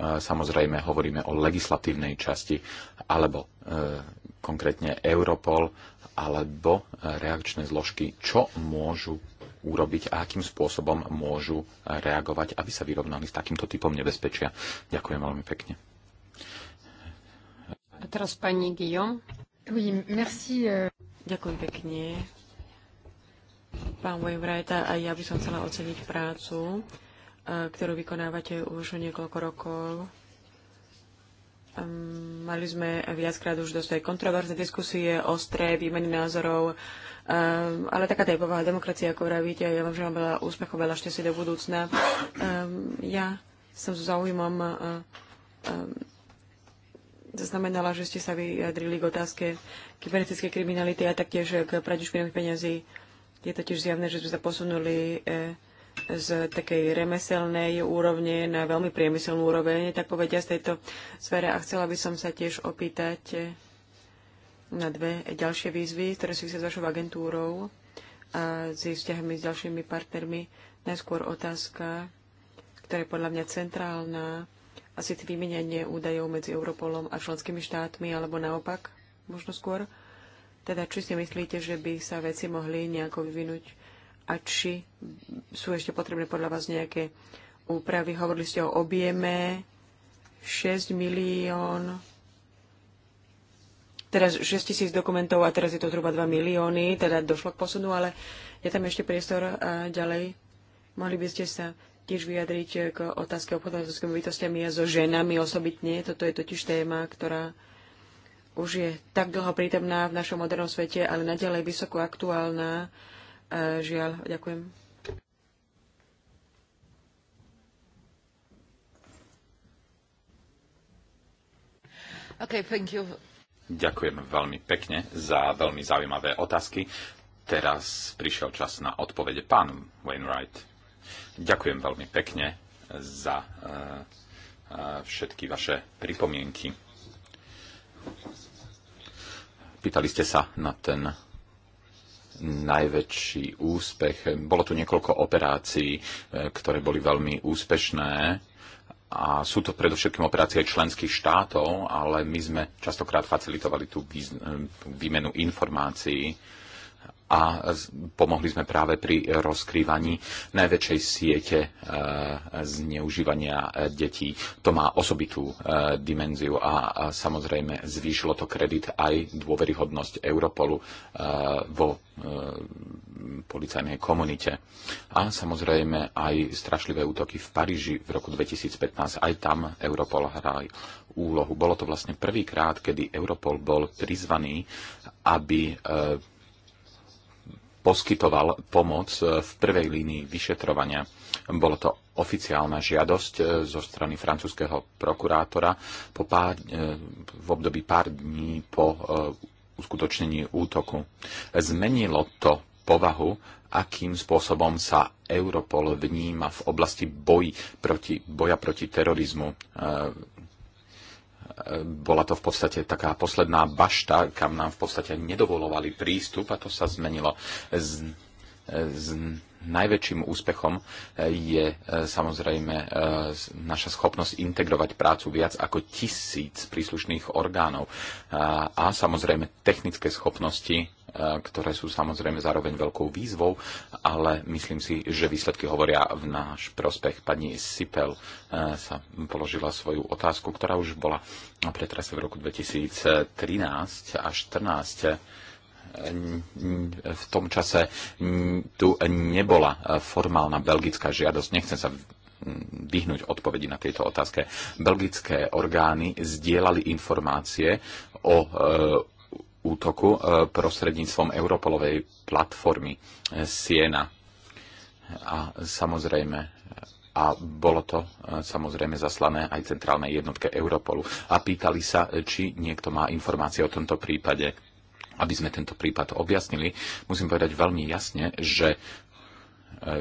Samozrejme, hovoríme o legislatívnej časti, alebo konkrétne Europol, alebo reakčné zložky, čo môžu urobiť a akým spôsobom môžu eh, reagovať, aby sa vyrovnali s takýmto typom nebezpečia. Ďakujem veľmi pekne. A teraz pani Guillaume. Oui, merci. Euh. Ďakujem pekne. Pán Wainwright, a ja by som chcela oceniť prácu, eh, ktorú vykonávate už niekoľko rokov Ehm, mali sme viackrát už dosť aj kontroverzné diskusie, ostré výmeny názorov, Um, ale taká je povaha demokracie, ako vravíte. Ja vám želám veľa úspechov, veľa šťastia do budúcna. Um, ja som so zaujímom uh, e, um, zaznamenala, že ste sa vyjadrili k otázke kybernetické kriminality a taktiež k praniu peniazí, peňazí. Je tiež zjavné, že sme sa posunuli eh, z takej remeselnej úrovne na veľmi priemyselnú úroveň, tak povedia z tejto sfére. A chcela by som sa tiež opýtať eh, na dve ďalšie výzvy, ktoré sa s vašou agentúrou a s jej vzťahmi s ďalšími partnermi. Najskôr otázka, ktorá je podľa mňa centrálna, asi vymenenie údajov medzi Europolom a členskými štátmi, alebo naopak, možno skôr. Teda, či si myslíte, že by sa veci mohli nejako vyvinúť a či sú ešte potrebné podľa vás nejaké úpravy. Hovorili ste o objeme 6 milión, teraz 6 tisíc dokumentov a teraz je to zhruba 2 milióny, teda došlo k posunu, ale je tam ešte priestor a ďalej. Mohli by ste sa tiež vyjadriť k otázke obchodu s bytostiami a so ženami osobitne. Toto je totiž téma, ktorá už je tak dlho prítomná v našom modernom svete, ale nadalej vysoko aktuálna E, žiaľ, ďakujem. Okay, thank you. Ďakujem veľmi pekne za veľmi zaujímavé otázky. Teraz prišiel čas na odpovede pán Wainwright. Ďakujem veľmi pekne za e, e, všetky vaše pripomienky. Pýtali ste sa na ten najväčší úspech. Bolo tu niekoľko operácií, e, ktoré boli veľmi úspešné a sú to predovšetkým operácie členských štátov, ale my sme častokrát facilitovali tú e, výmenu informácií a pomohli sme práve pri rozkrývaní najväčšej siete e, zneužívania e, detí. To má osobitú e, dimenziu a samozrejme zvýšilo to kredit aj dôveryhodnosť Europolu vo policajnej komunite. A samozrejme aj strašlivé útoky v Paríži v roku 2015. Aj tam Europol hrá úlohu. Bolo to vlastne prvýkrát, kedy Europol bol prizvaný, aby poskytoval pomoc e, v prvej línii vyšetrovania. Bolo to oficiálna žiadosť e, zo strany francúzského prokurátora po pár, e, v období pár dní po uskutočnení útoku. Zmenilo to povahu, akým spôsobom sa Europol vníma v oblasti boji proti, boja proti terorizmu bola to v podstate taká posledná bašta, kam nám v podstate nedovolovali prístup a to sa zmenilo. Z, z, najväčším úspechom e, je e, samozrejme e, naša schopnosť integrovať prácu viac ako tisíc príslušných orgánov a samozrejme technické schopnosti ktoré sú samozrejme zároveň veľkou výzvou, ale myslím si, že výsledky hovoria v náš prospech. Pani Sipel sa položila svoju otázku, ktorá už bola pretrase v roku 2013 a 2014 v tom čase tu nebola formálna belgická žiadosť. Nechcem sa vyhnúť odpovedi na tejto otázke. Belgické orgány zdieľali informácie o e, útoku e, prostredníctvom Europolovej platformy e, Siena. A samozrejme, a bolo to samozrejme zaslané aj centrálnej jednotke Europolu. A pýtali sa, či niekto má informácie o tomto prípade aby sme tento prípad objasnili, musím povedať veľmi jasne, že e,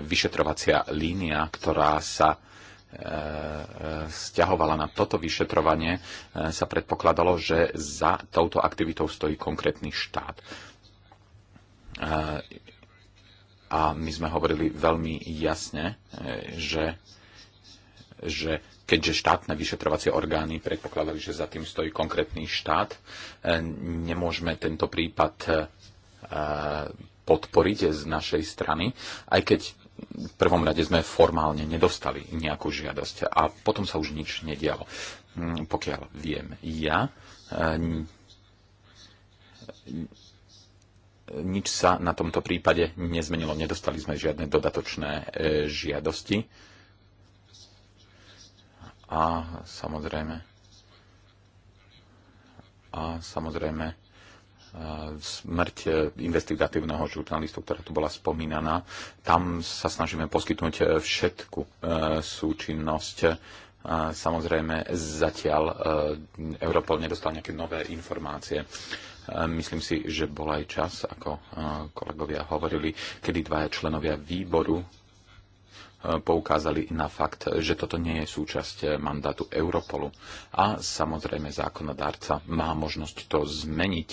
vyšetrovacia línia, ktorá sa e, e, stiahovala na toto vyšetrovanie, sa predpokladalo, že za touto aktivitou stojí konkrétny štát. A my sme hovorili veľmi jasne, že, že keďže štátne vyšetrovacie orgány predpokladali, že za tým stojí konkrétny štát, e, nemôžeme tento prípad e, podporiť z našej strany, aj keď v prvom rade sme formálne nedostali nejakú žiadosť a potom sa už nič nedialo. Mm, pokiaľ viem ja, e, nič sa na tomto prípade nezmenilo. Nedostali sme žiadne dodatočné žiadosti a samozrejme a samozrejme e, smrť e, investigatívneho žurnalistu, ktorá tu bola spomínaná. Tam sa snažíme poskytnúť e, všetku súčinnosť. Samozrejme, zatiaľ Europol nedostal nejaké nové informácie. Myslím si, že bol aj čas, ako kolegovia hovorili, kedy dvaja členovia výboru poukázali na fakt, že toto nie je súčasť mandátu Europolu. A samozrejme zákonodárca má možnosť to zmeniť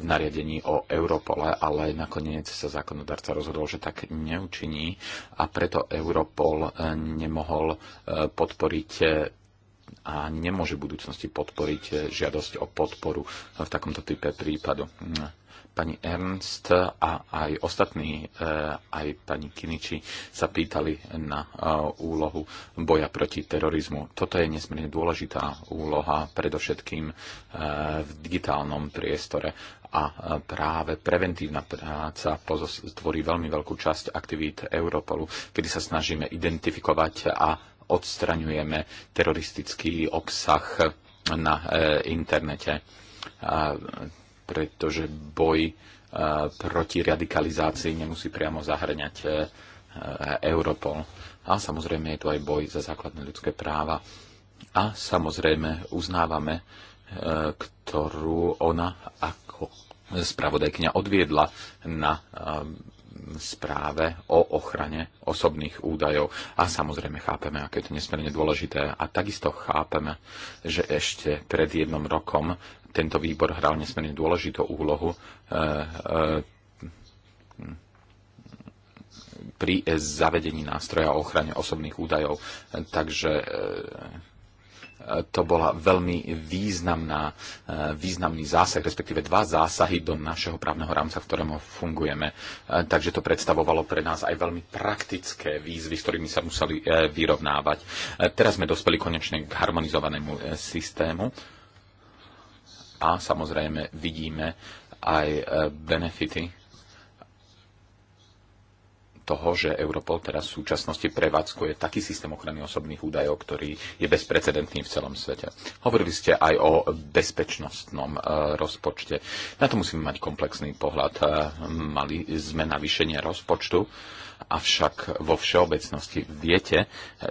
v nariadení o Europole, ale nakoniec sa zákonodárca rozhodol, že tak neučiní a preto Europol eh, nemohol eh, podporiť eh, a nemôže v budúcnosti podporiť žiadosť o podporu v takomto type prípadu pani Ernst a aj ostatní, eh, aj pani Kiniči sa pýtali na eh, úlohu boja proti terorizmu. Toto je nesmierne dôležitá úloha, predovšetkým eh, v digitálnom priestore a práve preventívna práca tvorí veľmi veľkú časť aktivít Europolu, kedy sa snažíme identifikovať a odstraňujeme teroristický obsah na internete pretože boj e, proti radikalizácii nemusí priamo zahrňať e, Europol. A samozrejme je tu aj boj za základné ľudské práva. A samozrejme uznávame, e, ktorú ona ako spravodajkňa odviedla na správe o ochrane osobných údajov. A samozrejme chápeme, aké je to nesmierne dôležité. A takisto chápeme, že ešte pred jednom rokom tento výbor hral nesmierne dôležitú úlohu eh, eh, pri zavedení nástroja o ochrane osobných údajov. Takže eh, to bola veľmi významná, významný zásah, respektíve dva zásahy do našeho právneho rámca, v ktorom fungujeme. Takže to predstavovalo pre nás aj veľmi praktické výzvy, s ktorými sa museli vyrovnávať. Teraz sme dospeli konečne k harmonizovanému systému a samozrejme vidíme aj e, benefity toho, že Europol teraz v súčasnosti prevádzkuje taký systém ochrany osobných údajov, ktorý je bezprecedentný v celom svete. Hovorili ste aj o bezpečnostnom e, rozpočte. Na to musíme mať komplexný pohľad. E, mali sme navýšenie rozpočtu, avšak vo všeobecnosti viete,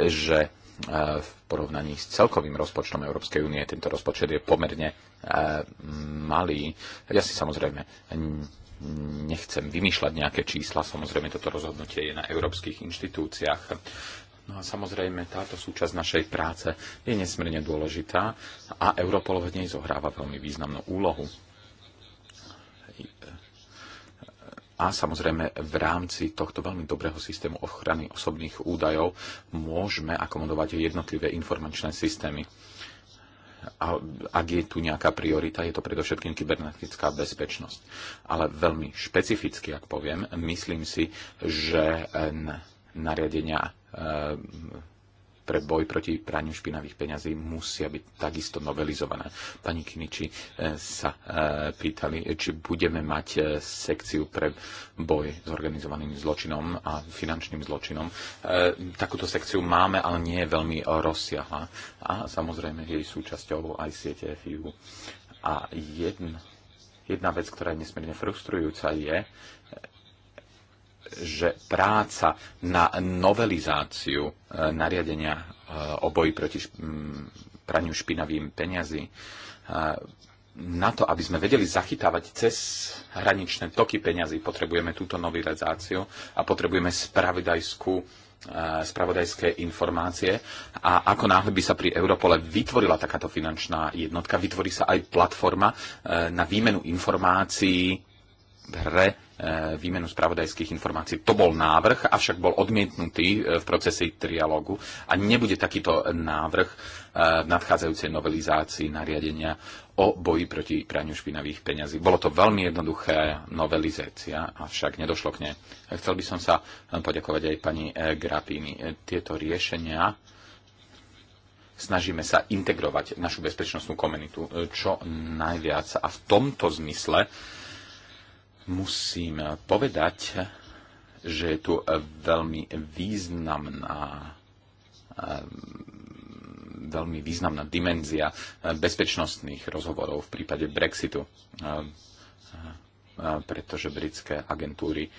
že v porovnaní s celkovým rozpočtom Európskej únie tento rozpočet je pomerne E, mali. Ja si samozrejme nechcem vymýšľať nejaké čísla, samozrejme toto rozhodnutie je na európskych inštitúciách. No a samozrejme táto súčasť našej práce je nesmierne dôležitá a Europol v nej zohráva veľmi významnú úlohu. A samozrejme v rámci tohto veľmi dobrého systému ochrany osobných údajov môžeme akomodovať jednotlivé informačné systémy a ak je tu nejaká priorita, je to predovšetkým kybernetická bezpečnosť. Ale veľmi špecificky, ak poviem, myslím si, že nariadenia e, pre boj proti praniu špinavých peňazí musia byť takisto novelizované. Pani Kiniči eh, sa eh, pýtali, či budeme mať eh, sekciu pre boj s organizovaným zločinom a finančným zločinom. Takúto sekciu máme, ale nie je veľmi rozsiahla. A samozrejme jej súčasťou aj siete FIU. A jedna jedna vec, ktorá je nesmierne frustrujúca, je, že práca na novelizáciu e, nariadenia e, o boji proti praniu špinavým peňazí e, na to, aby sme vedeli zachytávať cez hraničné toky peňazí, potrebujeme túto novelizáciu a potrebujeme spravodajskú spravodajské informácie a ako náhle by sa pri Europole vytvorila takáto finančná jednotka, vytvorí sa aj platforma na výmenu informácií pre e, výmenu spravodajských informácií. To bol návrh, avšak bol odmietnutý e, v procese trialógu a nebude takýto návrh v e, nadchádzajúcej novelizácii nariadenia o boji proti praniu špinavých peňazí. Bolo to veľmi jednoduché novelizácia, avšak nedošlo k nej. Chcel by som sa poďakovať aj pani Grapini. Tieto riešenia snažíme sa integrovať našu bezpečnostnú komunitu čo najviac. A v tomto zmysle uh, Musím povedať, že je tu veľmi významná ehm, veľmi významná dimenzia bezpečnostných rozhovorov v prípade Brexitu. Ehm, pretože britské agentúry e,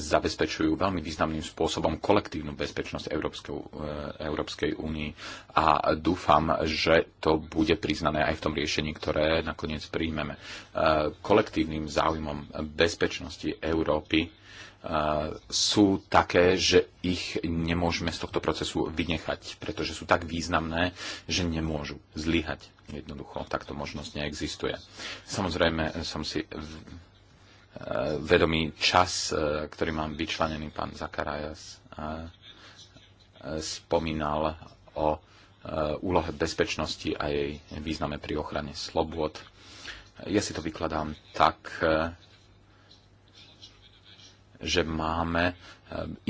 zabezpečujú veľmi významným spôsobom kolektívnu bezpečnosť e, Európskej, únii a dúfam, že to bude priznané aj v tom riešení, ktoré nakoniec príjmeme. E, kolektívnym záujmom bezpečnosti Európy sú také, že ich nemôžeme z tohto procesu vynechať, pretože sú tak významné, že nemôžu zlyhať. Jednoducho, takto možnosť neexistuje. Samozrejme, som si vedomý čas, e, ktorý mám vyčlenený. Pán Zakarajas e, e, spomínal o úlohe bezpečnosti a jej význame pri ochrane slobôd. Ja si to vykladám tak, že máme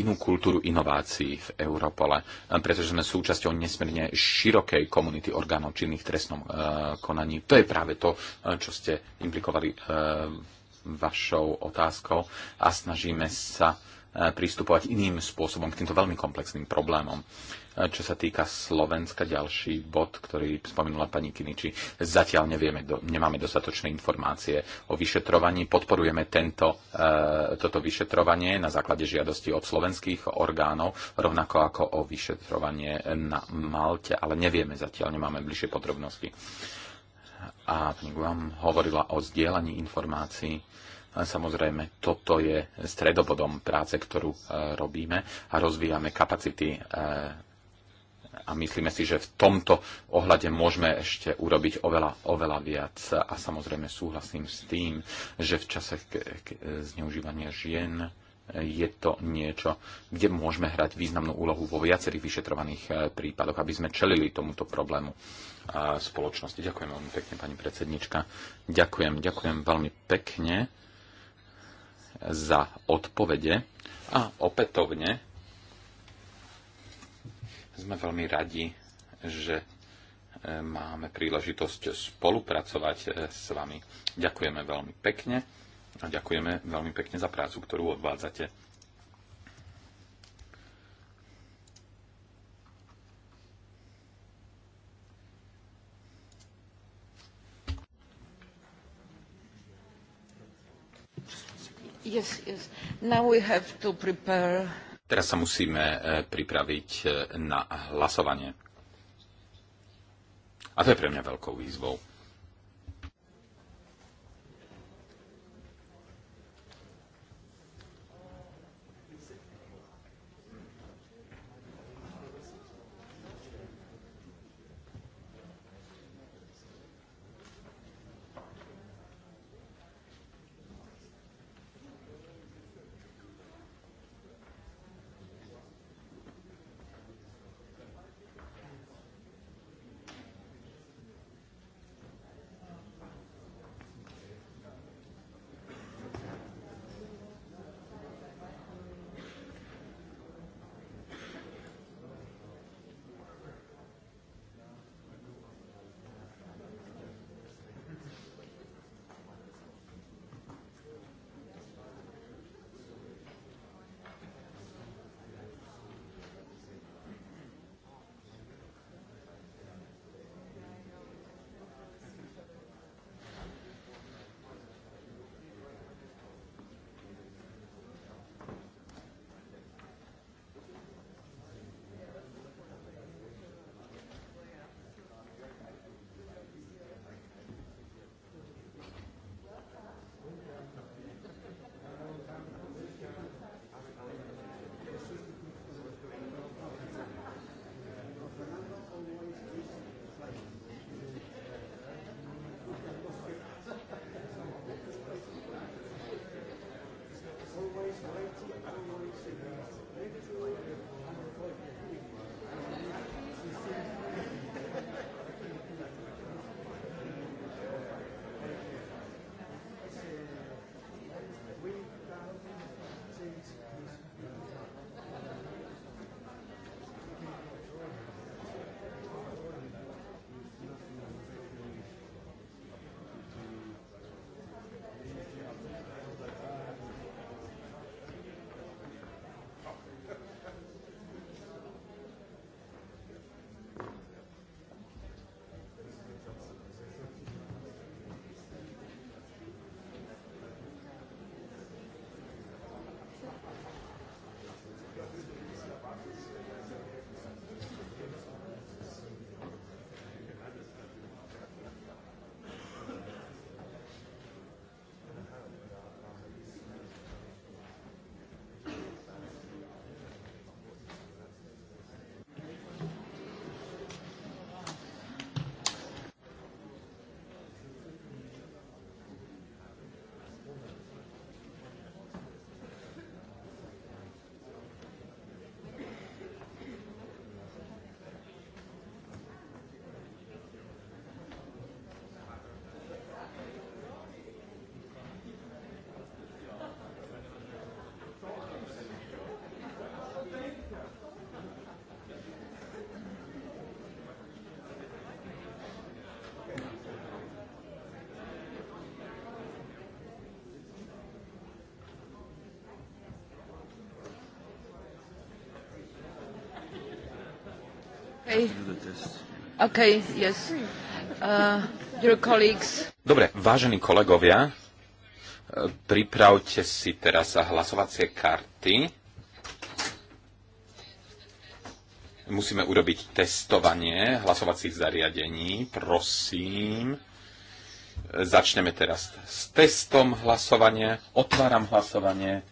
inú kultúru inovácií v Europole, pretože sme súčasťou nesmierne širokej komunity orgánov činných trestnom konaní. To je práve to, čo ste implikovali vašou otázkou a snažíme sa e, pristupovať iným spôsobom k týmto veľmi komplexným problémom. E, čo sa týka Slovenska, ďalší bod, ktorý spomenula pani Kiniči, zatiaľ nevieme, nemáme dostatočné informácie o vyšetrovaní. Podporujeme tento, e, toto vyšetrovanie na základe žiadosti od slovenských orgánov, rovnako ako o vyšetrovanie na Malte, ale nevieme zatiaľ, nemáme bližšie podrobnosti a pani Guam hovorila o zdieľaní informácií. Samozrejme, toto je stredobodom práce, ktorú e, robíme a rozvíjame kapacity e, a myslíme si, že v tomto ohľade môžeme ešte urobiť oveľa, oveľa viac. A samozrejme súhlasím s tým, že v čase e, zneužívania žien je to niečo, kde môžeme hrať významnú úlohu vo viacerých vyšetrovaných eh, prípadoch, aby sme čelili tomuto problému eh, spoločnosti. Ďakujem veľmi pekne, pani predsednička. Ďakujem, ďakujem veľmi pekne eh, za odpovede. A opätovne sme veľmi radi, že máme príležitosť spolupracovať s vami. Ďakujeme veľmi pekne a ďakujeme veľmi pekne za prácu, ktorú odvádzate. Yes, yes. Teraz sa musíme e, pripraviť e, na hlasovanie. A to je pre mňa veľkou výzvou. Okay. yes. uh, Dobre, vážení kolegovia, eh, pripravte si teraz hlasovacie karty. Musíme urobiť testovanie hlasovacích zariadení. Prosím, začneme teraz s testom hlasovania. Otváram hlasovanie.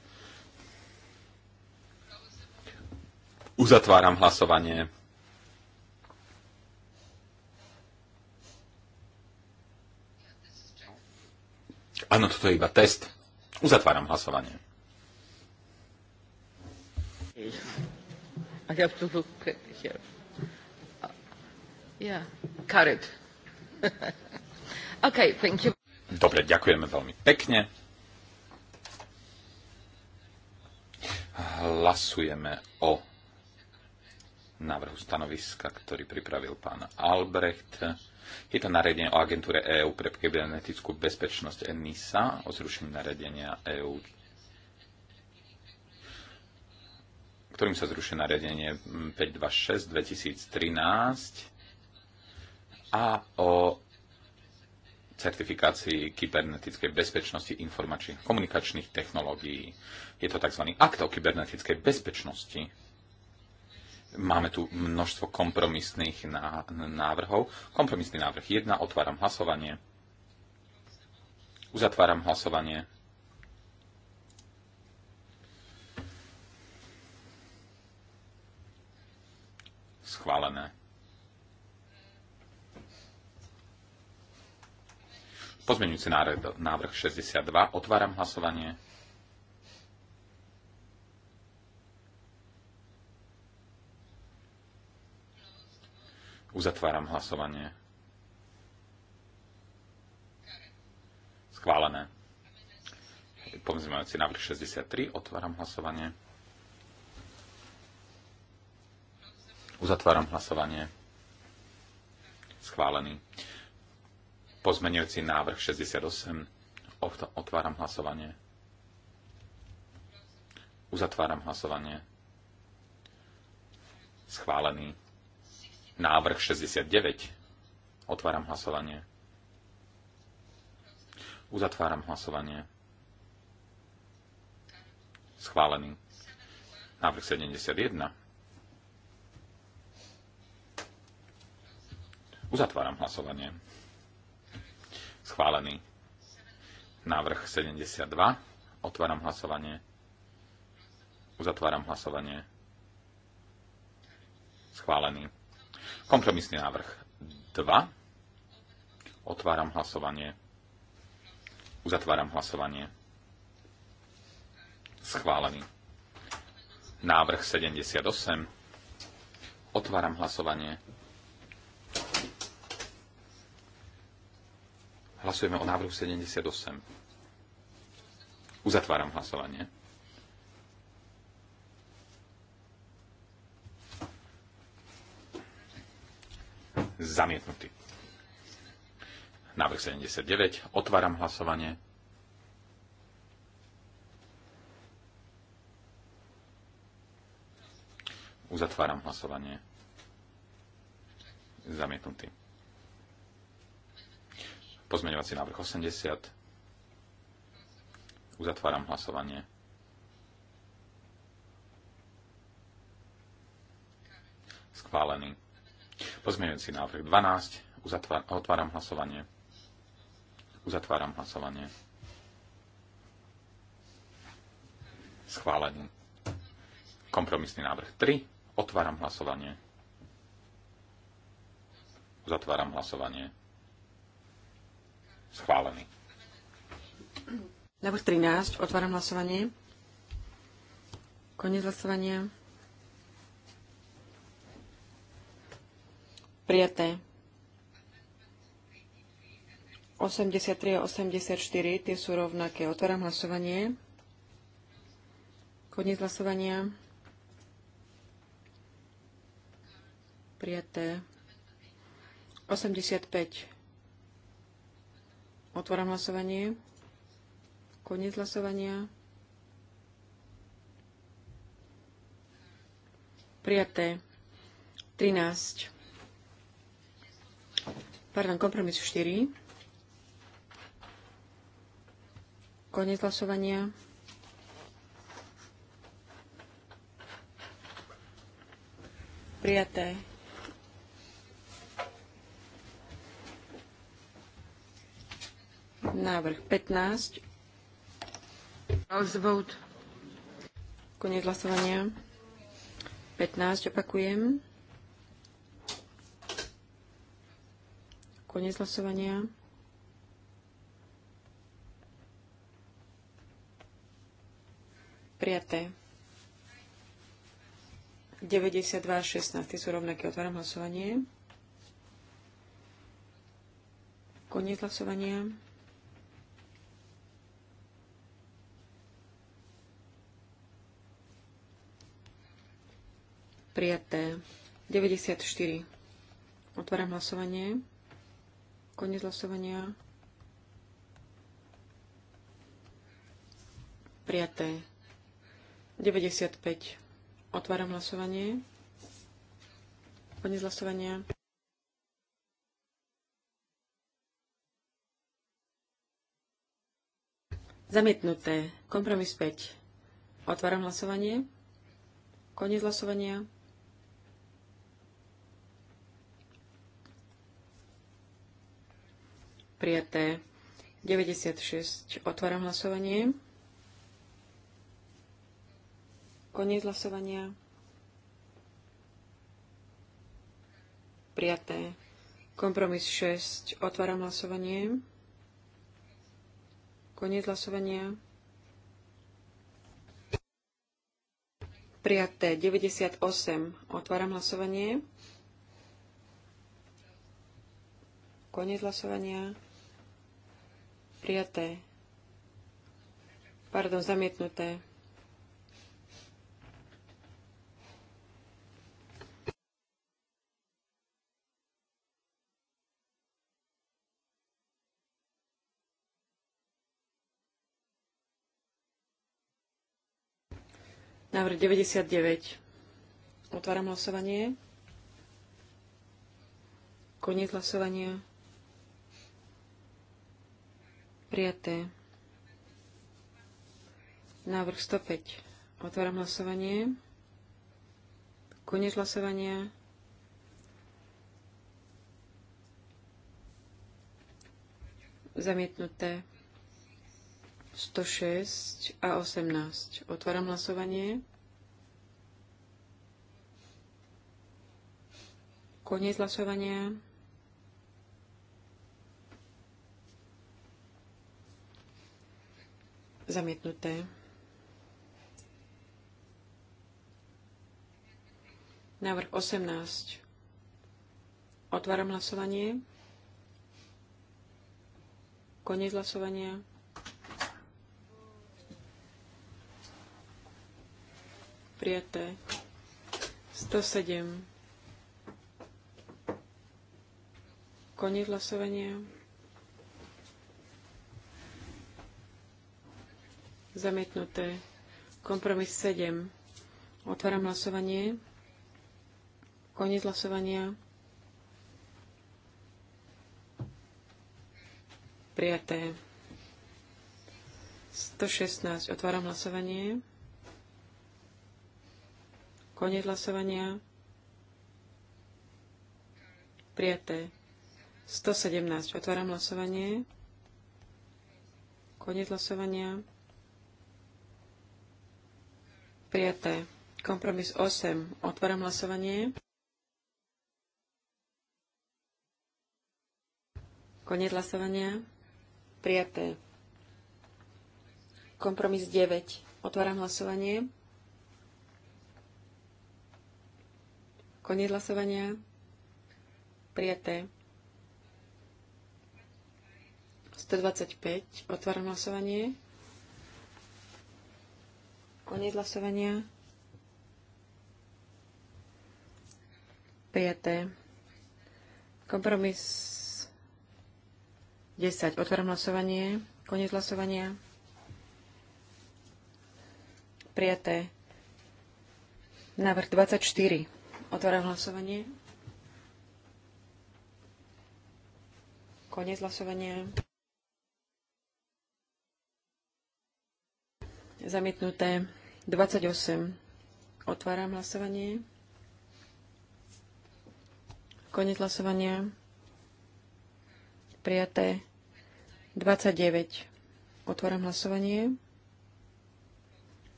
Uzatváram hlasovanie. Áno, toto je iba test. Uzatváram hlasovanie. I have to look here. Yeah, carried. okay, thank you. Dobre, ďakujeme veľmi pekne. Hlasujeme o návrhu stanoviska, ktorý pripravil pán Albrecht. Je to nariadenie o agentúre EÚ pre kybernetickú bezpečnosť NISA o zrušení nariadenia EÚ ktorým sa zrušuje nariadenie 526 2013 a o certifikácii kybernetickej bezpečnosti informačných komunikačných technológií. Je to tzv. akt o kybernetickej bezpečnosti Máme tu množstvo kompromisných návrhov. Kompromisný návrh 1. Otváram hlasovanie. Uzatváram hlasovanie. Schválené. Pozmeňujúci návrh, návrh 62. Otváram hlasovanie. Uzatváram hlasovanie. Schválené. Pomzimajúci návrh 63. Otváram hlasovanie. Uzatváram hlasovanie. Schválený. Pozmenujúci návrh 68. Otváram hlasovanie. Uzatváram hlasovanie. Schválený Návrh 69. Otváram hlasovanie. Uzatváram hlasovanie. Schválený. Návrh 71. Uzatváram hlasovanie. Schválený. Návrh 72. Otváram hlasovanie. Uzatváram hlasovanie. Schválený. Kompromisný návrh 2. Otváram hlasovanie. Uzatváram hlasovanie. Schválený. Návrh 78. Otváram hlasovanie. Hlasujeme o návrhu 78. Uzatváram hlasovanie. zamietnutý. Návrh 79. Otváram hlasovanie. Uzatváram hlasovanie. Zamietnutý. Pozmeňovací návrh 80. Uzatváram hlasovanie. Schválený. Pozmeňujúci návrh 12. Uzatvár, otváram hlasovanie. Uzatváram hlasovanie. Schválený. Kompromisný návrh 3. Otváram hlasovanie. Uzatváram hlasovanie. Schválený. Návrh 13. Otváram hlasovanie. Koniec hlasovania. Prijaté. 83 a 84, tie sú rovnaké. Otváram hlasovanie. Koniec hlasovania. Prijaté. 85. Otváram hlasovanie. Koniec hlasovania. Prijaté. 13. Pardon, kompromis 4. Konec hlasovania. Prijaté. Návrh 15. House vote. Konec hlasovania. 15, opakujem. Koniec hlasovania. Prijaté. 92 a 16 sú rovnaké. Otváram hlasovanie. Koniec hlasovania. Prijaté. 94. Otváram hlasovanie. Koniec hlasovania. Prijaté. 95. Otváram hlasovanie. Koniec hlasovania. Zamietnuté. Kompromis 5. Otváram hlasovanie. Koniec hlasovania. Prijaté. 96. Otváram hlasovanie. Koniec hlasovania. Prijaté. Kompromis 6. Otváram hlasovanie. Koniec hlasovania. Prijaté 98. Otváram hlasovanie. Koniec hlasovania. Prijaté. Pardon, zamietnuté. Návrh 99. Otváram hlasovanie. Koniec hlasovania. Prijaté. Návrh 105. Otváram hlasovanie. Koniec hlasovania. Zamietnuté. 106 a 18. Otváram hlasovanie. Koniec hlasovania. Zamietnuté. Návrh 18. Otváram hlasovanie. Koniec hlasovania. Prijaté. 107. Koniec hlasovania. Zamietnuté. Kompromis 7. Otváram hlasovanie. Koniec hlasovania. Prijaté. 116. Otváram hlasovanie. Koniec hlasovania. Prijaté. 117. Otváram hlasovanie. Koniec hlasovania. Prijaté. Kompromis 8. Otváram hlasovanie. Koniec hlasovania. Prijaté. Kompromis 9. Otváram hlasovanie. Koniec hlasovania. Prijaté. 125. Otváram hlasovanie. Koniec hlasovania. Prijaté. Kompromis 10. Otváram hlasovanie. Koniec hlasovania. Prijaté. Návrh 24. Otváram hlasovanie. Koniec hlasovania. Zamietnuté. 28. Otváram hlasovanie. Konec hlasovania. Prijaté. 29. Otváram hlasovanie.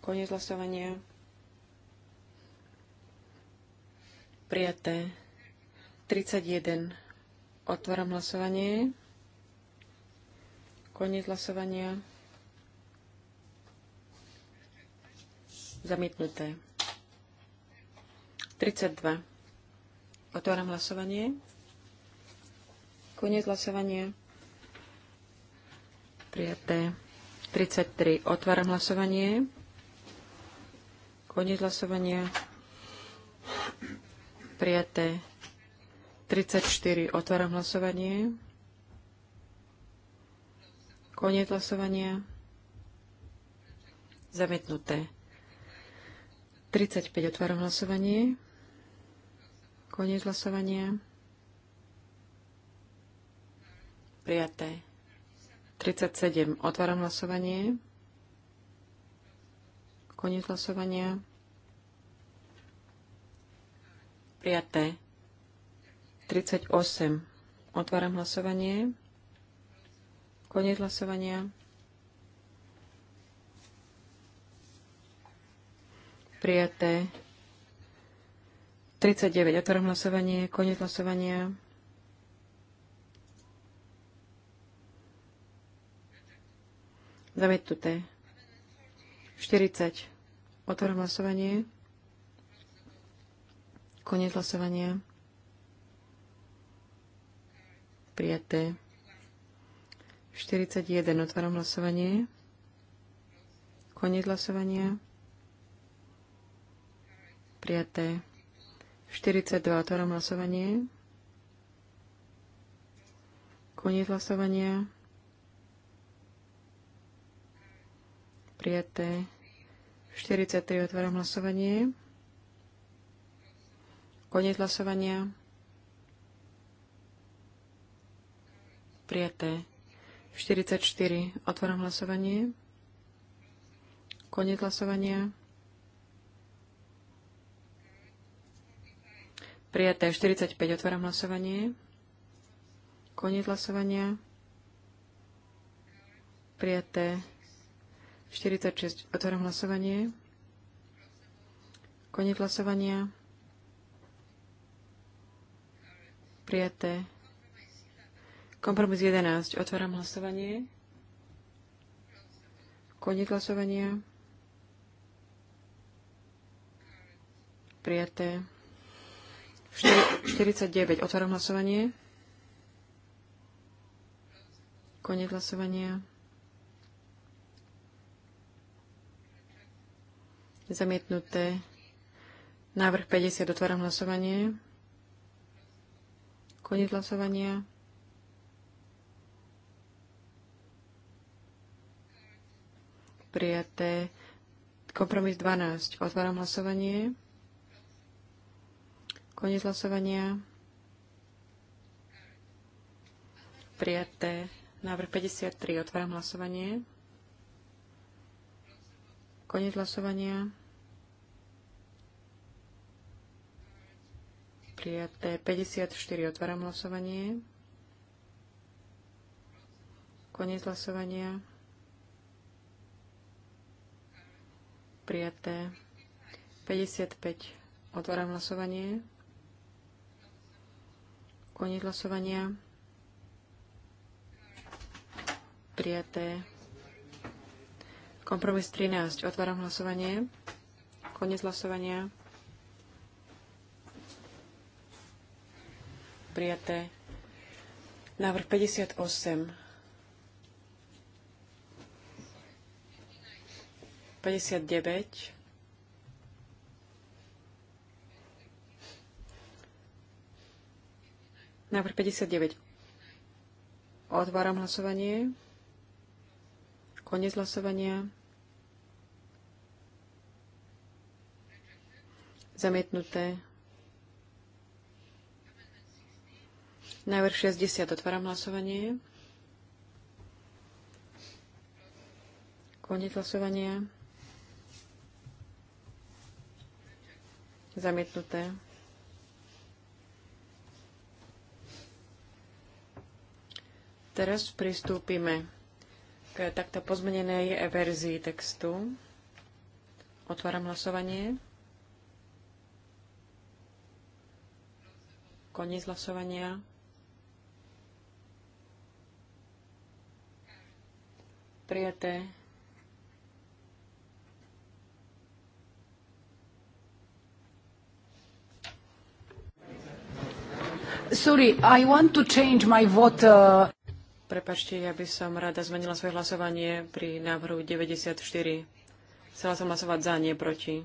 Koniec hlasovania. Prijaté. 31. Otváram hlasovanie. Koniec hlasovania. Zamietnuté. 32. Otváram hlasovanie. Koniec hlasovania. Prijaté. 33. Otváram hlasovanie. Koniec hlasovania. Prijaté. 34. Otváram hlasovanie. Koniec hlasovania. Zamietnuté. 35. Otváram hlasovanie. Koniec hlasovania. Prijaté. 37. Otváram hlasovanie. Koniec hlasovania. Prijaté. 38. Otváram hlasovanie. Koniec hlasovania. Prijaté. 39. Otvorím hlasovanie. Konec hlasovania. Zamietnuté. 40. Otvorím hlasovanie. Konec hlasovania. Prijaté. 41. Otváram hlasovanie. Konec hlasovania. Prijaté. 42. Otváram hlasovanie. Koniec hlasovania. Prijaté. 43. otvorom hlasovanie. Koniec hlasovania. Prijaté. 44. otvorom hlasovanie. Koniec hlasovania. Prijaté 45. Otváram hlasovanie. Koniec hlasovania. Prijaté 46. Otváram hlasovanie. Koniec hlasovania. Prijaté. Kompromis 11. Otváram hlasovanie. Koniec hlasovania. Prijaté. 49. Otváram hlasovanie. Konec hlasovania. Zamietnuté. Návrh 50. Otváram hlasovanie. Konec hlasovania. Prijaté. Kompromis 12. Otváram hlasovanie. Koniec hlasovania. Prijaté. Návrh 53. Otváram hlasovanie. Koniec hlasovania. Prijaté. 54. Otváram hlasovanie. Koniec hlasovania. Prijaté. 55. Otváram hlasovanie. Koniec hlasovania. Prijaté. Kompromis 13. Otváram hlasovanie. Koniec hlasovania. Prijaté. Návrh 58. 59. deväť. Návrh 59. Otváram hlasovanie. Koniec hlasovania. Zamietnuté. Návrh 60. Otváram hlasovanie. Koniec hlasovania. Zamietnuté. Teraz pristúpime k takto pozmenenej verzii textu. Otváram hlasovanie. Koniec hlasovania. Prijaté. Sorry, I want to change my vote. Uh... Prepačte, ja by som rada zmenila svoje hlasovanie pri návrhu 94. Chcela som hlasovať za, nie proti.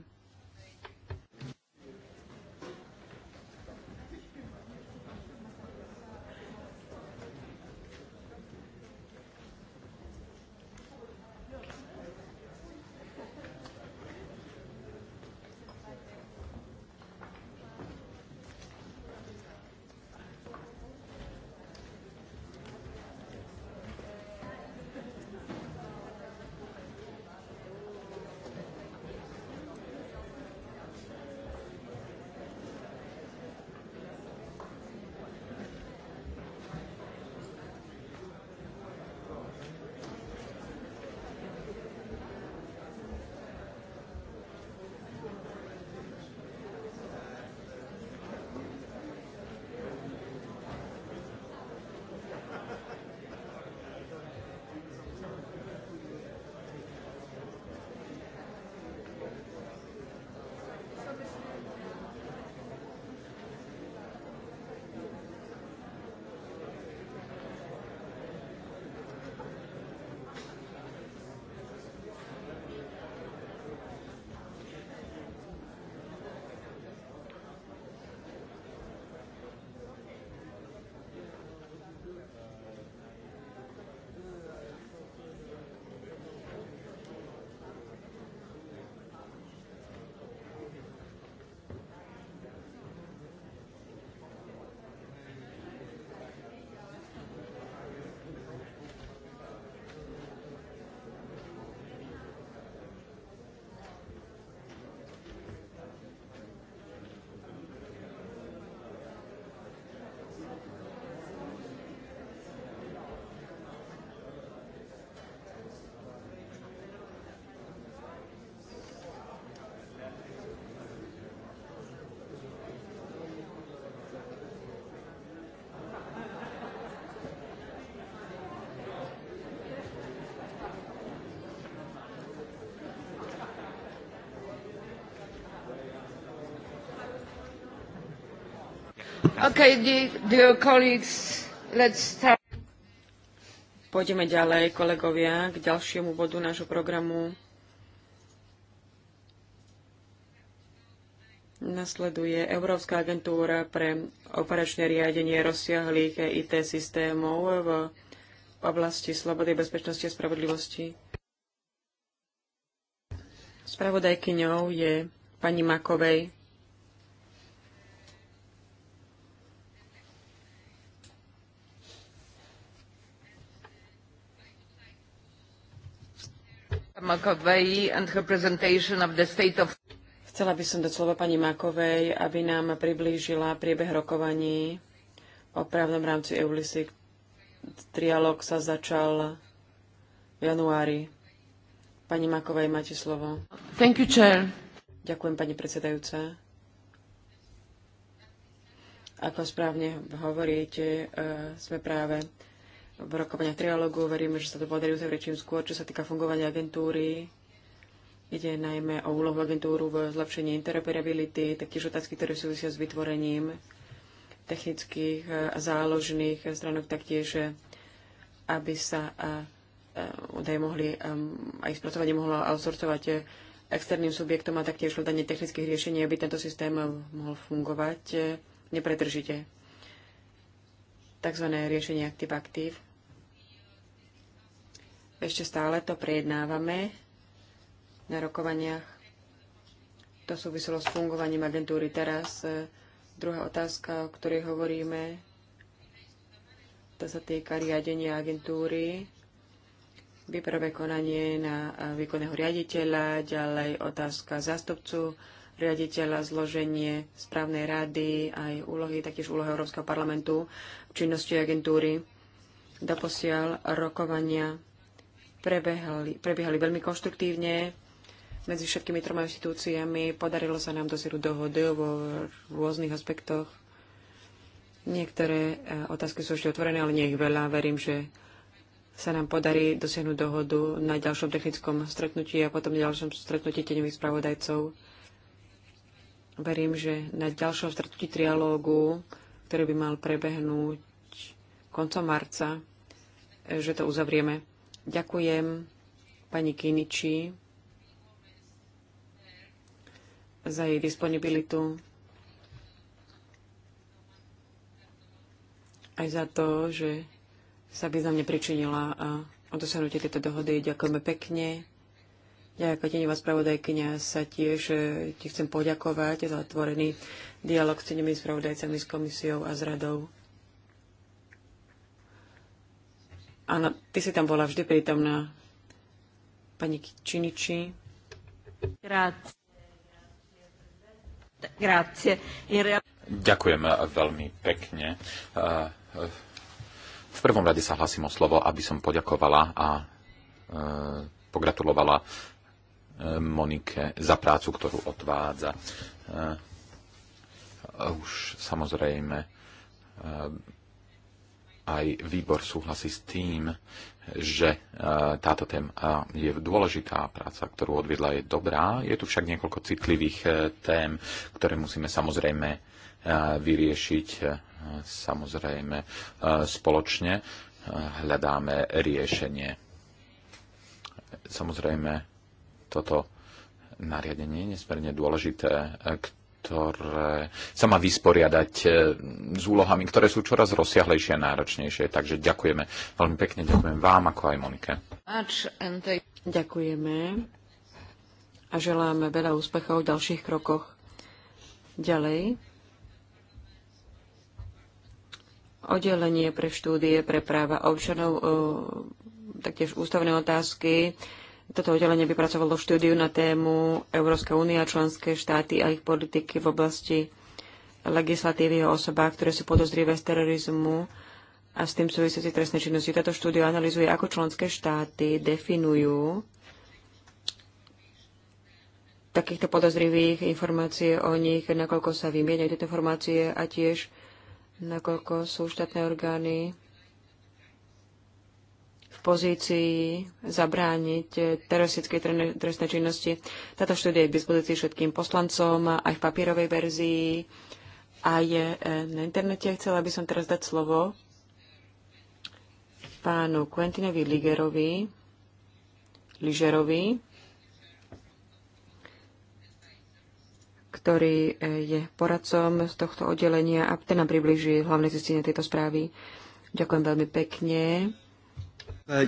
Pôjdeme ďalej, kolegovia, k ďalšiemu bodu nášho programu. Nasleduje Európska agentúra pre operačné riadenie rozsiahlých e IT systémov v oblasti slobody, bezpečnosti a spravodlivosti. Spravodajkyňou je pani Makovej. and her presentation of the state of... Chcela by som dať slovo pani Makovej, aby nám priblížila priebeh rokovaní o právnom rámci EULISy. Trialóg sa začal v januári. Pani Makovej, máte slovo. Thank you, chair. Ďakujem, pani predsedajúca. Ako správne hovoríte, e, sme práve v rokovaniach trialógu. Veríme, že sa to podarí uzavrieť čím skôr, čo sa týka fungovania agentúry. Ide najmä o úlohu agentúru v zlepšení interoperability, taktiež otázky, ktoré súvisia s vytvorením technických eh, a záložných stranok, taktiež eh, aby sa eh, údaje mohli, aj spracovanie mohlo outsourcovať externým subjektom a taktiež hľadanie technických riešení, aby tento systém mohol fungovať nepretržite tzv. riešenie Active aktív Ešte stále to prejednávame na rokovaniach. To súviselo s fungovaním agentúry. Teraz e, druhá otázka, o ktorej hovoríme, to sa týka riadenia agentúry. Výprve konanie na výkonného riaditeľa, ďalej otázka zástupcu riaditeľa, zloženie správnej rady, aj úlohy, taktiež úlohy Európskeho parlamentu, činnosti agentúry. Doposiaľ rokovania prebehali, prebiehali veľmi konštruktívne medzi všetkými troma inštitúciami. Podarilo sa nám dosiahnuť dohody vo rôznych aspektoch. Niektoré e, otázky sú ešte otvorené, ale nie ich veľa. Verím, že sa nám podarí dosiahnuť dohodu na ďalšom technickom stretnutí a potom na ďalšom stretnutí teňových spravodajcov Verím, že na ďalšom stretnutí trialógu, ktorý by mal prebehnúť koncom marca, že to uzavrieme. Ďakujem pani Kiniči za jej disponibilitu aj za to, že sa významne pričinila a o dosiahnutie tejto dohody. Ďakujeme pekne. Ďakujem, ako spravodajkynia sa tiež e, ti chcem poďakovať za otvorený dialog s tenými spravodajcami, s komisiou a s radou. Áno, ty si tam bola vždy prítomná. Pani Činiči. Ďakujem veľmi pekne. E, v prvom rade sa hlasím o slovo, aby som poďakovala a e, pogratulovala Monike za prácu, ktorú odvádza. Eh, už samozrejme eh, aj výbor súhlasí s tým, že eh, táto téma je dôležitá, práca, ktorú odviedla, je dobrá. Je tu však niekoľko citlivých tém, ktoré musíme samozrejme vyriešiť samozrejme spoločne. Hľadáme riešenie. Samozrejme, toto nariadenie je nesmierne dôležité, ktoré sa má vysporiadať e, s úlohami, ktoré sú čoraz rozsiahlejšie a náročnejšie. Takže ďakujeme veľmi pekne, ďakujem vám ako aj Monike. Ďakujeme a želáme veľa úspechov v ďalších krokoch. Ďalej. Oddelenie pre štúdie pre práva občanov, e, taktiež ústavné otázky toto oddelenie vypracovalo štúdiu na tému Európska únia, členské štáty a ich politiky v oblasti legislatívy o osobách, ktoré sú podozrivé z terorizmu a s tým súvisiaci trestnej činnosti. Táto štúdia analizuje, ako členské štáty definujú takýchto podozrivých informácií o nich, nakoľko sa vymieňajú tieto informácie a tiež nakoľko sú štátne orgány pozícii zabrániť teroristickej trestnej činnosti. Táto štúdia je k dispozícii všetkým poslancom, aj v papierovej verzii, aj e, na internete. Chcela by som teraz dať slovo pánu Quentinovi Ligerovi, Ligerovi, ktorý e, je poradcom z tohto oddelenia a ten nám približí hlavné zistenie tejto správy. Ďakujem veľmi pekne. Uh,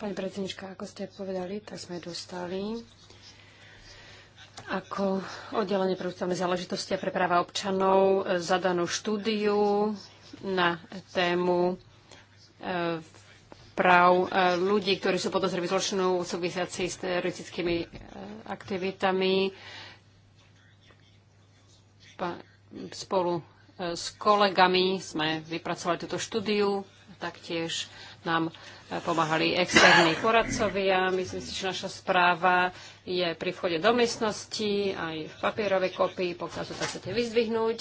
Pani predsednička, ako ste povedali, tak sme dostali ako oddelenie pre ústavné záležitosti a pre práva občanov eh, zadanú štúdiu na tému eh, práv eh, ľudí, ktorí sú podozriví zločinu súvisiaci s teroristickými aktivitami spolu s kolegami sme vypracovali túto štúdiu taktiež nám e, pomáhali externí poradcovia. Myslím si, že naša správa je pri vchode do miestnosti, aj v papierovej kopii, pokiaľ to chcete vyzdvihnúť.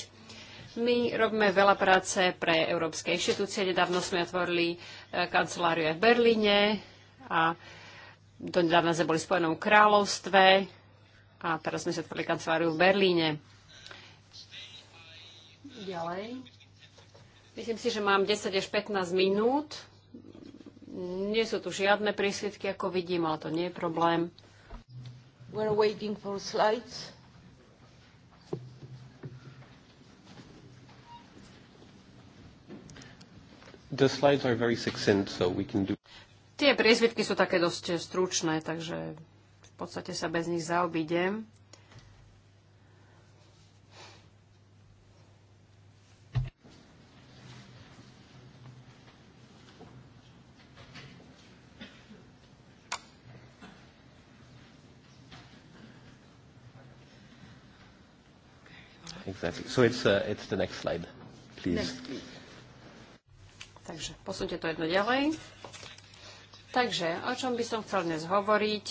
My robíme veľa práce pre európske inštitúcie. Nedávno sme otvorili e, kanceláriu aj v Berlíne a nedávna sme boli v Spojenom kráľovstve a teraz sme sa otvorili kanceláriu v Berlíne. Ďalej. Myslím si, že mám 10 až 15 minút. Nie sú tu žiadne prísvitky, ako vidím, ale to nie je problém. We're waiting for slides. The slides are very succinct, so we can do... Tie priezvitky sú také dosť stručné, takže v podstate sa bez nich zaobídem. Exactly. So it's, uh, it's the next slide, please. Next, please. Takže posunte to jedno ďalej. Takže, o čom by som chcel dnes hovoriť?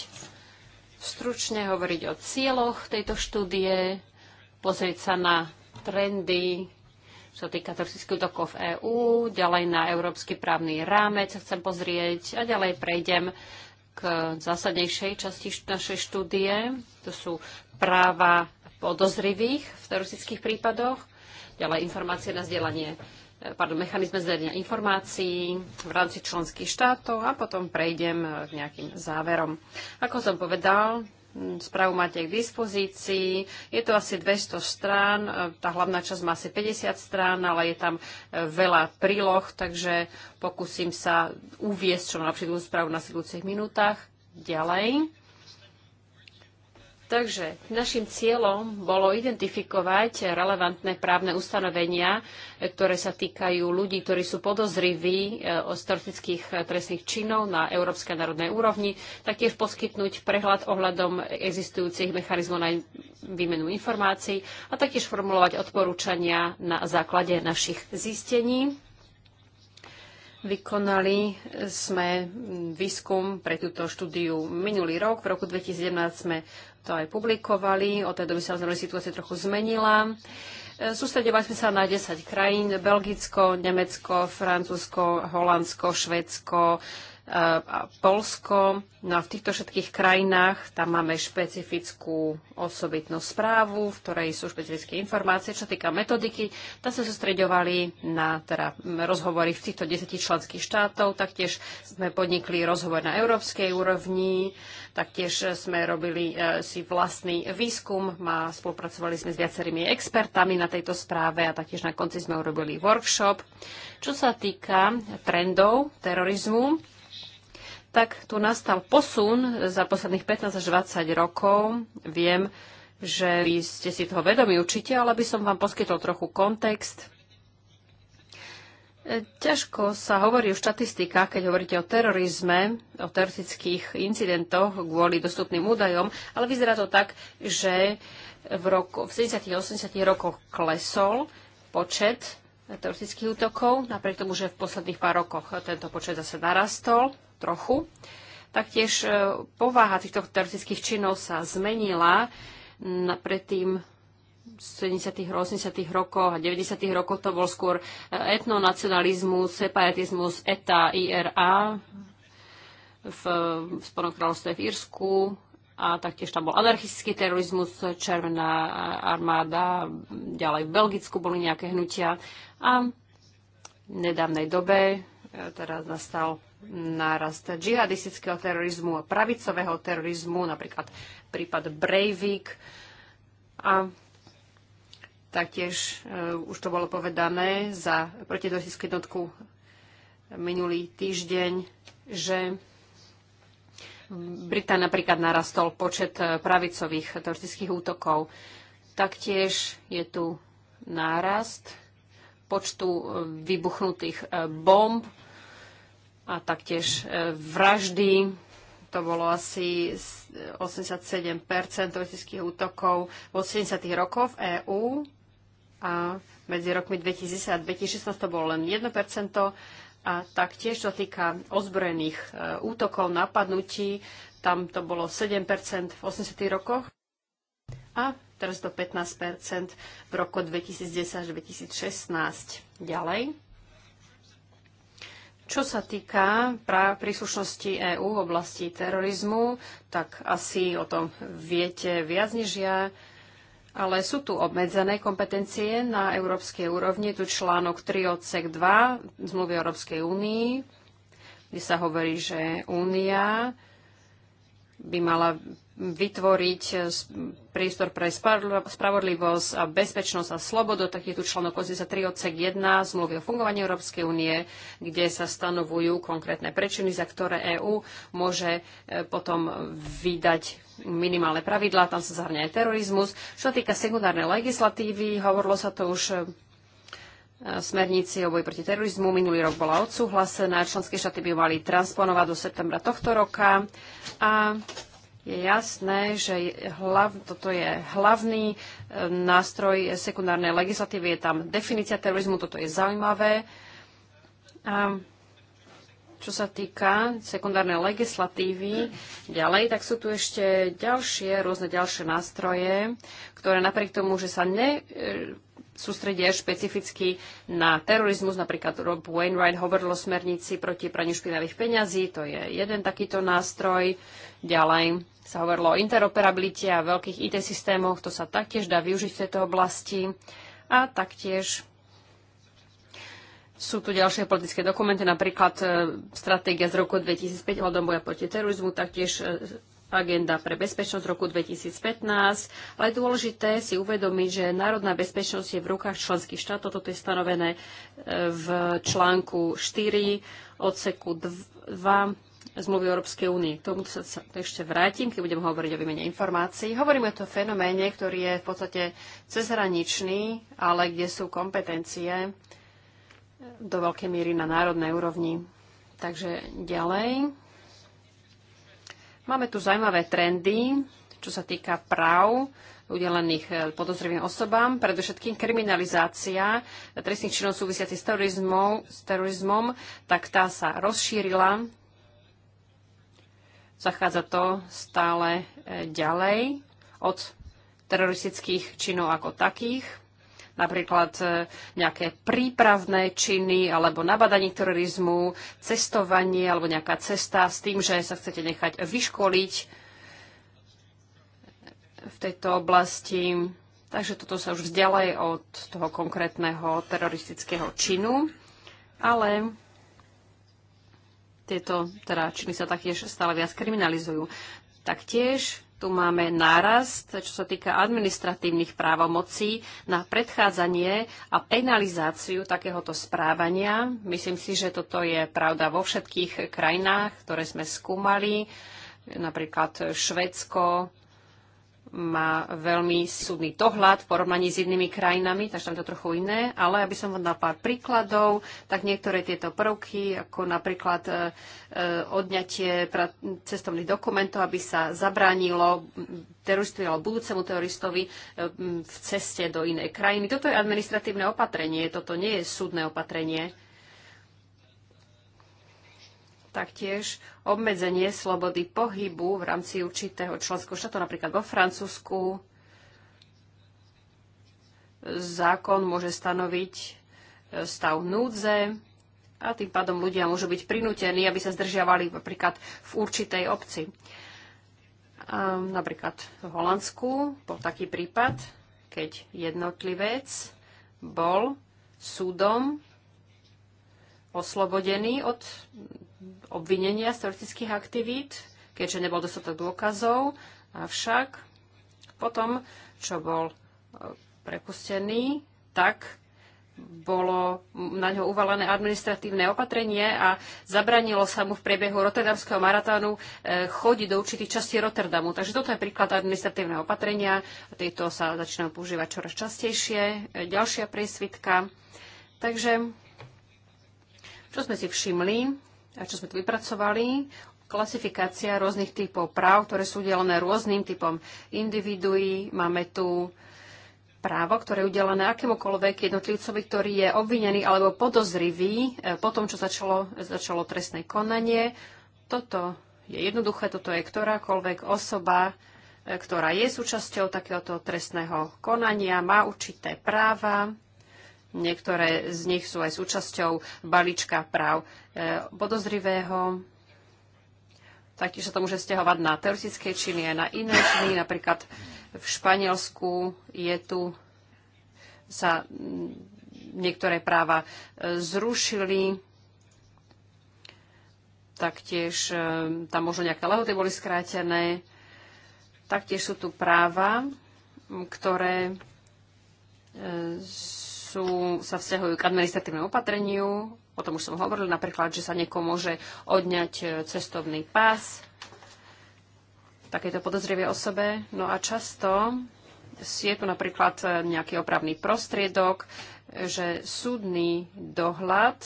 Stručne hovoriť o cieľoch tejto štúdie, pozrieť sa na trendy, čo týka toxických útokov v EÚ, ďalej na európsky právny rámec chcem pozrieť a ďalej prejdem k zásadnejšej časti našej štúdie. To sú práva podozrivých v teroristických prípadoch, ďalej informácie na zdieľanie e, pardon, mechanizme zdieľania informácií v rámci členských štátov a potom prejdem e, k nejakým záverom. Ako som povedal, správu máte k dispozícii. Je to asi 200 strán, e, tá hlavná časť má asi 50 strán, ale je tam veľa príloh, takže pokúsim sa uviesť čo mám tú správu na nasledujúcich minútach. Ďalej. Takže našim cieľom bolo identifikovať relevantné právne ustanovenia, e, ktoré sa týkajú ľudí, ktorí sú podozriví e, o teroristických e, trestných činov na európskej národnej úrovni, taktiež poskytnúť prehľad ohľadom existujúcich mechanizmov na výmenu informácií a taktiež formulovať odporúčania na základe našich zistení. Vykonali sme výskum pre túto štúdiu minulý rok. V roku 2017 sme to aj publikovali. Od tej doby sa zrovna situácia trochu zmenila. E, sústredovali sme sa na 10 krajín. Belgicko, Nemecko, Francúzsko, Holandsko, Švedsko, a Polsko. No a v týchto všetkých krajinách tam máme špecifickú osobitnú správu, v ktorej sú špecifické informácie. Čo týka metodiky, tam sa sústreďovali na teda, rozhovory v týchto desetich členských štátov. Taktiež sme podnikli rozhovor na európskej úrovni, taktiež sme robili e, si vlastný výskum, a spolupracovali sme s viacerými expertami na tejto správe a taktiež na konci sme urobili workshop. Čo sa týka trendov terorizmu, tak tu nastal posun za posledných 15 až 20 rokov. Viem, že vy ste si toho vedomi určite, ale by som vám poskytol trochu kontext. E, ťažko sa hovorí o štatistikách, keď hovoríte o terorizme, o teroristických incidentoch kvôli dostupným údajom, ale vyzerá to tak, že v, roku, v 70. a 80. rokoch klesol počet teroristických útokov, napriek tomu, že v posledných pár rokoch tento počet zase narastol trochu. Taktiež e, povaha týchto teroristických činov sa zmenila. Predtým 70. 80. rokoch a 90. rokov to bol skôr e, etnonacionalizmus, separatizmus, ETA, IRA v Spodnom kráľovstve v Írsku a taktiež tam bol anarchistický terorizmus, Červená armáda, ďalej v Belgicku boli nejaké hnutia a v nedávnej dobe e, teraz nastal nárast džihadistického terorizmu a pravicového terorizmu, napríklad prípad Breivik. A taktiež, uh, už to bolo povedané, za protidosickú jednotku minulý týždeň, že v Británii napríklad narastol počet e, pravicových teroristických útokov. Taktiež je tu nárast počtu e, vybuchnutých bomb a taktiež e, vraždy. To bolo asi 87 teroristických útokov v 80. rokoch v EÚ a medzi rokmi 2010 a 2016 to bolo len 1 a taktiež to týka ozbrojených e, útokov, napadnutí, tam to bolo 7 v 80. rokoch a teraz to 15 v roku 2010 až 2016. Ďalej čo sa týka práv príslušnosti EÚ v oblasti terorizmu, tak asi o tom viete viac než ja, ale sú tu obmedzené kompetencie na európskej úrovni. Tu článok 3 odsek 2 zmluvy Európskej únii, kde sa hovorí, že únia by mala vytvoriť eh, priestor pre spravodlivosť a bezpečnosť a slobodu. Tak je tu článok 83 odsek 1 zmluvy o fungovaní Európskej únie, kde sa stanovujú konkrétne prečiny, za ktoré EÚ môže eh, potom vydať minimálne pravidlá, tam sa zahrňa aj terorizmus. Čo sa týka sekundárnej legislatívy, hovorilo sa to už eh, smernici o boji proti terorizmu. Minulý rok bola odsúhlasená, členské štáty by mali transponovať do septembra tohto roka. A je jasné, že hlav, toto je hlavný e, nástroj sekundárnej legislatívy. Je tam definícia terorizmu, toto je zaujímavé. A čo sa týka sekundárnej legislatívy ďalej, tak sú tu ešte ďalšie, rôzne ďalšie nástroje, ktoré napriek tomu, že sa ne e, sústredie špecificky na terorizmus. Napríklad Rob Wainwright hovoril o smernici proti praniu špinavých peňazí, to je jeden takýto nástroj. Ďalej sa hovorilo o interoperabilite a veľkých IT systémoch, to sa taktiež dá využiť v tejto oblasti. A taktiež sú tu ďalšie politické dokumenty, napríklad e, stratégia z roku 2005 hľadom boja proti terorizmu, taktiež e, agenda pre bezpečnosť roku 2015, ale je dôležité si uvedomiť, že národná bezpečnosť je v rukách členských štátov, toto je stanovené e, v článku 4, odseku 2 zmluvy Európskej únie. K tomu sa ešte vrátim, keď budem hovoriť o výmene informácií. Hovoríme o to fenoméne, ktorý je v podstate cezhraničný, ale kde sú kompetencie do veľkej míry na národnej úrovni. Takže ďalej. Máme tu zaujímavé trendy, čo sa týka práv udelených eh, podozrivým osobám, predovšetkým kriminalizácia trestných činov súvisiacich s terorizmom, s terorizmom, tak tá sa rozšírila zachádza to stále e, ďalej od teroristických činov ako takých, napríklad e, nejaké prípravné činy alebo nabadanie terorizmu, cestovanie alebo nejaká cesta s tým, že sa chcete nechať vyškoliť v tejto oblasti. Takže toto sa už vzdialej od toho konkrétneho teroristického činu, ale tieto teda činy sa taktiež stále viac kriminalizujú. Taktiež tu máme nárast, čo sa týka administratívnych právomocí na predchádzanie a penalizáciu takéhoto správania. Myslím si, že toto je pravda vo všetkých krajinách, ktoré sme skúmali, napríklad Švedsko, má veľmi súdny dohľad v porovnaní s inými krajinami, takže tam to trochu iné. Ale aby som vám dal pár príkladov, tak niektoré tieto prvky, ako napríklad e, e odňatie cestovných dokumentov, aby sa zabránilo teroristovi alebo budúcemu teroristovi e, v ceste do inej krajiny. Toto je administratívne opatrenie, toto nie je súdne opatrenie taktiež obmedzenie slobody pohybu v rámci určitého členského štátu, napríklad vo Francúzsku. Zákon môže stanoviť e, stav núdze a tým pádom ľudia môžu byť prinútení, aby sa zdržiavali napríklad v určitej obci. A napríklad v Holandsku bol taký prípad, keď jednotlivec bol súdom oslobodený od obvinenia z teroristických aktivít, keďže nebol dostatok dôkazov. Avšak potom, čo bol e, prepustený, tak bolo na ňo uvalené administratívne opatrenie a zabranilo sa mu v priebehu Rotterdamského maratónu e, chodiť do určitých častí Rotterdamu. Takže toto je príklad administratívneho opatrenia. Tieto sa začínajú používať čoraz častejšie. E, ďalšia prísvitka. Takže čo sme si všimli a čo sme tu vypracovali, klasifikácia rôznych typov práv, ktoré sú udelené rôznym typom individuí. Máme tu právo, ktoré je udelené akémukoľvek jednotlivcovi, ktorý je obvinený alebo podozrivý e, po tom, čo začalo, začalo trestné konanie. Toto je jednoduché, toto je ktorákoľvek osoba, e, ktorá je súčasťou takéhoto trestného konania, má určité práva, Niektoré z nich sú aj súčasťou balíčka práv e, podozrivého. Taktiež sa to môže stiahovať na teoretické činy aj na iné činy. Napríklad v Španielsku je tu sa niektoré práva e, zrušili, taktiež e, tam možno nejaké lehoty boli skrátené, taktiež sú tu práva, ktoré sú, sa vzťahujú k administratívnemu opatreniu. O tom už som hovoril, napríklad, že sa niekomu môže odňať e, cestovný pás takéto podozrivej osobe. No a často je tu napríklad e, nejaký opravný prostriedok, e, že súdny dohľad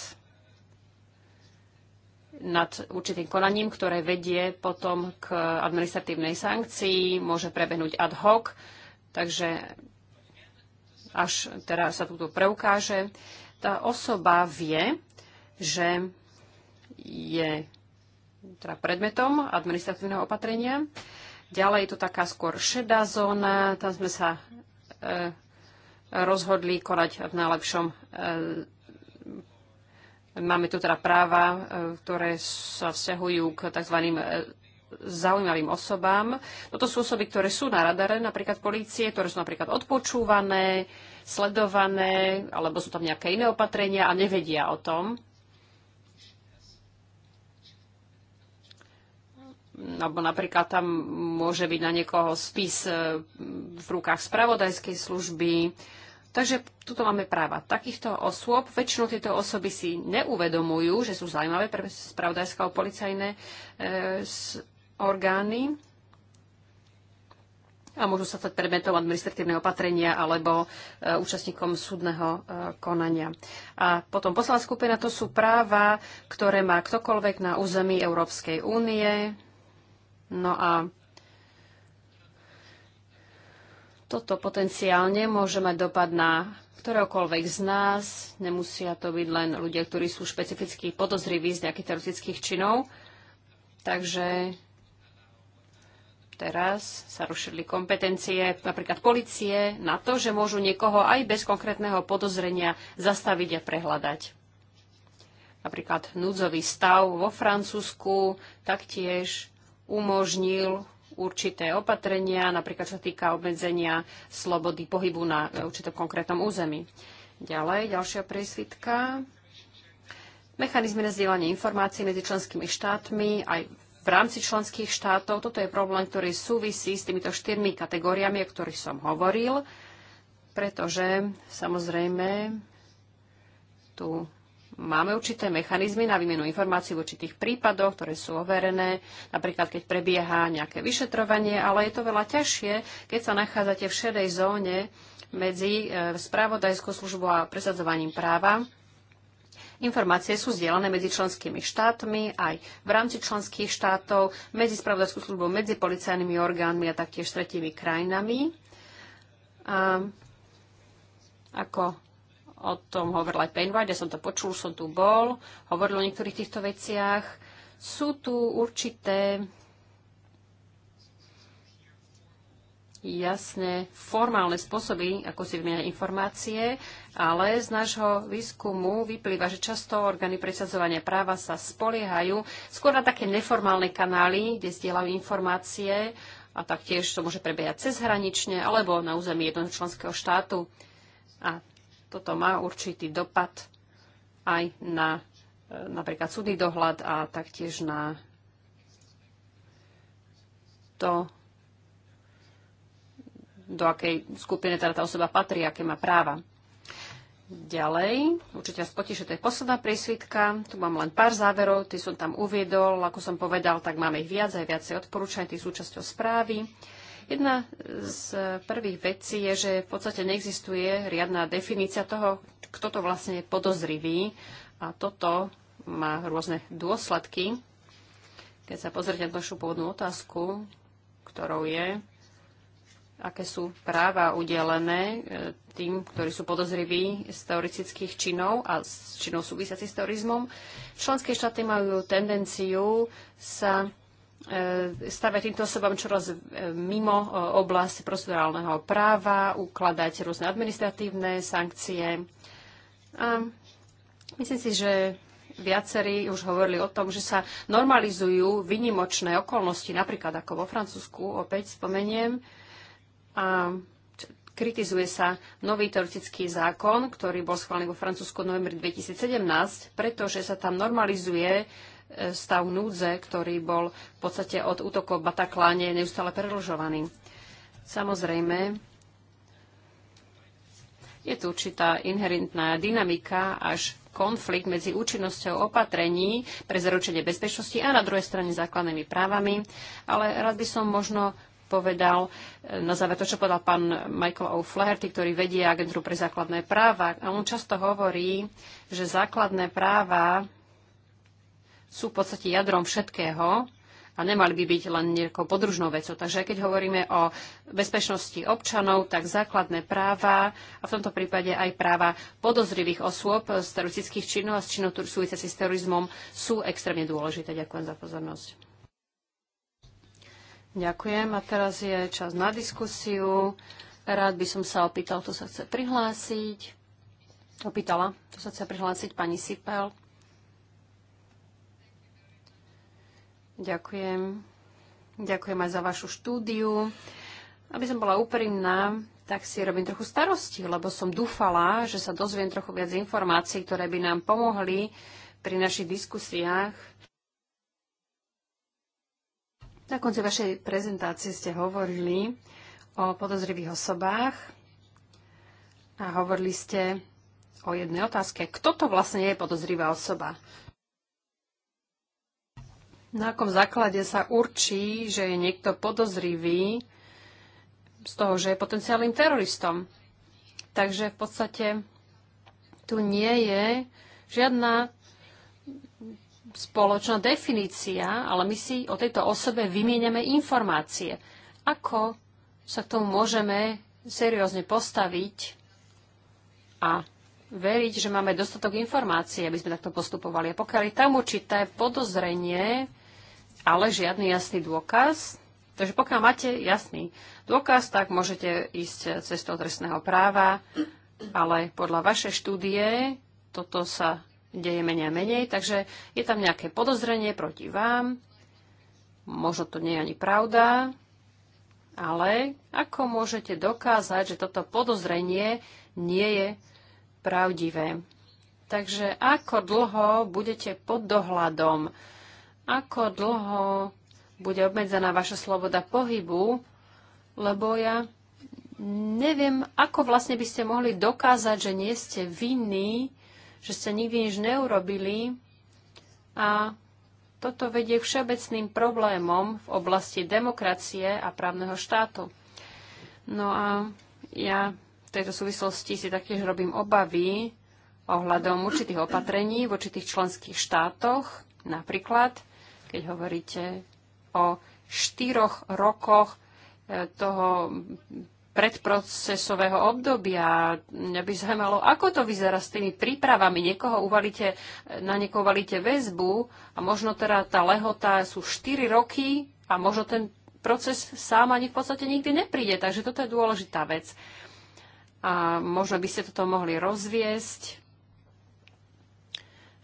nad určitým konaním, ktoré vedie potom k administratívnej sankcii, môže prebehnúť ad hoc. Takže až teda sa túto preukáže, tá osoba vie, že je teda predmetom administratívneho opatrenia. Ďalej je to taká skôr šedá zóna, tam sme sa e, rozhodli konať v najlepšom. E, máme tu teda práva, e, ktoré sa vzťahujú k tzv. E, zaujímavým osobám. Toto sú osoby, ktoré sú na radare, napríklad polície, ktoré sú napríklad odpočúvané, e, sledované, alebo sú tam nejaké iné opatrenia a nevedia o tom. Alebo napríklad tam môže byť na niekoho spis e, v rukách spravodajskej služby. Takže tuto máme práva takýchto osôb. Väčšinou tieto osoby si neuvedomujú, že sú zaujímavé pre spravodajské a policajné e, orgány a môžu sa stať predmetom administratívne opatrenia alebo e, účastníkom súdneho e, konania. A potom posledná skupina to sú práva, ktoré má ktokoľvek na území Európskej únie. No a toto potenciálne môže mať dopad na ktoréhokoľvek z nás. Nemusia to byť len ľudia, ktorí sú špecificky podozriví z nejakých teroristických činov. Takže teraz sa rušili kompetencie napríklad policie na to, že môžu niekoho aj bez konkrétneho podozrenia zastaviť a prehľadať. Napríklad núdzový stav vo Francúzsku taktiež umožnil určité opatrenia, napríklad čo týka obmedzenia slobody pohybu na určitom konkrétnom území. Ďalej, ďalšia presvitka. Mechanizmy na zdieľanie informácií medzi členskými štátmi aj v rámci členských štátov. Toto je problém, ktorý súvisí s týmito štyrmi kategóriami, o ktorých som hovoril, pretože samozrejme tu máme určité mechanizmy na výmenu informácií v určitých prípadoch, ktoré sú overené, napríklad keď prebieha nejaké vyšetrovanie, ale je to veľa ťažšie, keď sa nachádzate v šedej zóne medzi e, spravodajskou službou a presadzovaním práva. Informácie sú zdieľané medzi členskými štátmi, aj v rámci členských štátov, medzi spravodajskou službou, medzi policajnými orgánmi a taktiež tretími krajinami. A ako o tom hovoril aj Painwright, ja som to počul, som tu bol, hovoril o niektorých týchto veciach. Sú tu určité jasné formálne spôsoby, ako si vymieňať informácie, ale z nášho výskumu vyplýva, že často orgány presadzovania práva sa spoliehajú skôr na také neformálne kanály, kde zdieľajú informácie a taktiež to môže prebiehať cezhranične alebo na území jednoho členského štátu. A toto má určitý dopad aj na e, napríklad súdny dohľad a taktiež na to, do akej skupiny teda tá osoba patrí, aké má práva. Ďalej, určite vás že to je posledná prísvitka. Tu mám len pár záverov, tie som tam uviedol. Ako som povedal, tak máme ich viac, aj viacej odporúčaní, tých súčasťou správy. Jedna z prvých vecí je, že v podstate neexistuje riadna definícia toho, kto to vlastne je podozrivý. A toto má rôzne dôsledky. Keď sa pozrite na našu pôvodnú otázku, ktorou je, aké sú práva udelené e, tým, ktorí sú podozriví z teoretických činov a z činov súvisiacich s terorizmom. Členské štáty majú tendenciu sa e, stavať týmto osobám čoraz e, mimo oblasti procedurálneho práva, ukladať rôzne administratívne sankcie. A myslím si, že viacerí už hovorili o tom, že sa normalizujú vynimočné okolnosti, napríklad ako vo Francúzsku, opäť spomeniem, a kritizuje sa nový teoretický zákon, ktorý bol schválený vo Francúzsku v novembri 2017, pretože sa tam normalizuje e, stav núdze, ktorý bol v podstate od útokov v Batakláne neustále predlžovaný. Samozrejme, je tu určitá inherentná dynamika až konflikt medzi účinnosťou opatrení pre zaručenie bezpečnosti a na druhej strane základnými právami, ale rád by som možno povedal e, na záver to, čo povedal pán Michael O'Flaherty, ktorý vedie agentúru pre základné práva. A on často hovorí, že základné práva sú v podstate jadrom všetkého a nemali by byť len nejakou podružnou vecou. Takže keď hovoríme o bezpečnosti občanov, tak základné práva a v tomto prípade aj práva podozrivých osôb z teroristických činov a z činov súvisiacich s terorizmom sú extrémne dôležité. Ďakujem za pozornosť. Ďakujem. A teraz je čas na diskusiu. Rád by som sa opýtal, kto sa chce prihlásiť. Opýtala, kto sa chce prihlásiť, pani Sipel. Ďakujem. Ďakujem aj za vašu štúdiu. Aby som bola úprimná, tak si robím trochu starosti, lebo som dúfala, že sa dozviem trochu viac informácií, ktoré by nám pomohli pri našich diskusiách na konci vašej prezentácie ste hovorili o podozrivých osobách a hovorili ste o jednej otázke. Kto to vlastne je podozrivá osoba? Na akom základe sa určí, že je niekto podozrivý z toho, že je potenciálnym teroristom? Takže v podstate tu nie je žiadna spoločná definícia, ale my si o tejto osobe vymieňame informácie. Ako sa k tomu môžeme seriózne postaviť a veriť, že máme dostatok informácií, aby sme takto postupovali. A pokiaľ je tam určité podozrenie, ale žiadny jasný dôkaz, takže pokiaľ máte jasný dôkaz, tak môžete ísť cestou trestného práva, ale podľa vašej štúdie toto sa deje menej a menej, takže je tam nejaké podozrenie proti vám, možno to nie je ani pravda, ale ako môžete dokázať, že toto podozrenie nie je pravdivé? Takže ako dlho budete pod dohľadom? Ako dlho bude obmedzená vaša sloboda pohybu? Lebo ja neviem, ako vlastne by ste mohli dokázať, že nie ste vinní že ste nikdy nič neurobili a toto vedie k všeobecným problémom v oblasti demokracie a právneho štátu. No a ja v tejto súvislosti si taktiež robím obavy ohľadom určitých opatrení v určitých členských štátoch, napríklad keď hovoríte o štyroch rokoch eh, toho predprocesového obdobia. Mňa by zaujímalo, ako to vyzerá s tými prípravami. Niekoho uvalíte, na niekoho uvalíte väzbu a možno teda tá lehota sú 4 roky a možno ten proces sám ani v podstate nikdy nepríde. Takže toto je dôležitá vec. A možno by ste toto mohli rozviesť.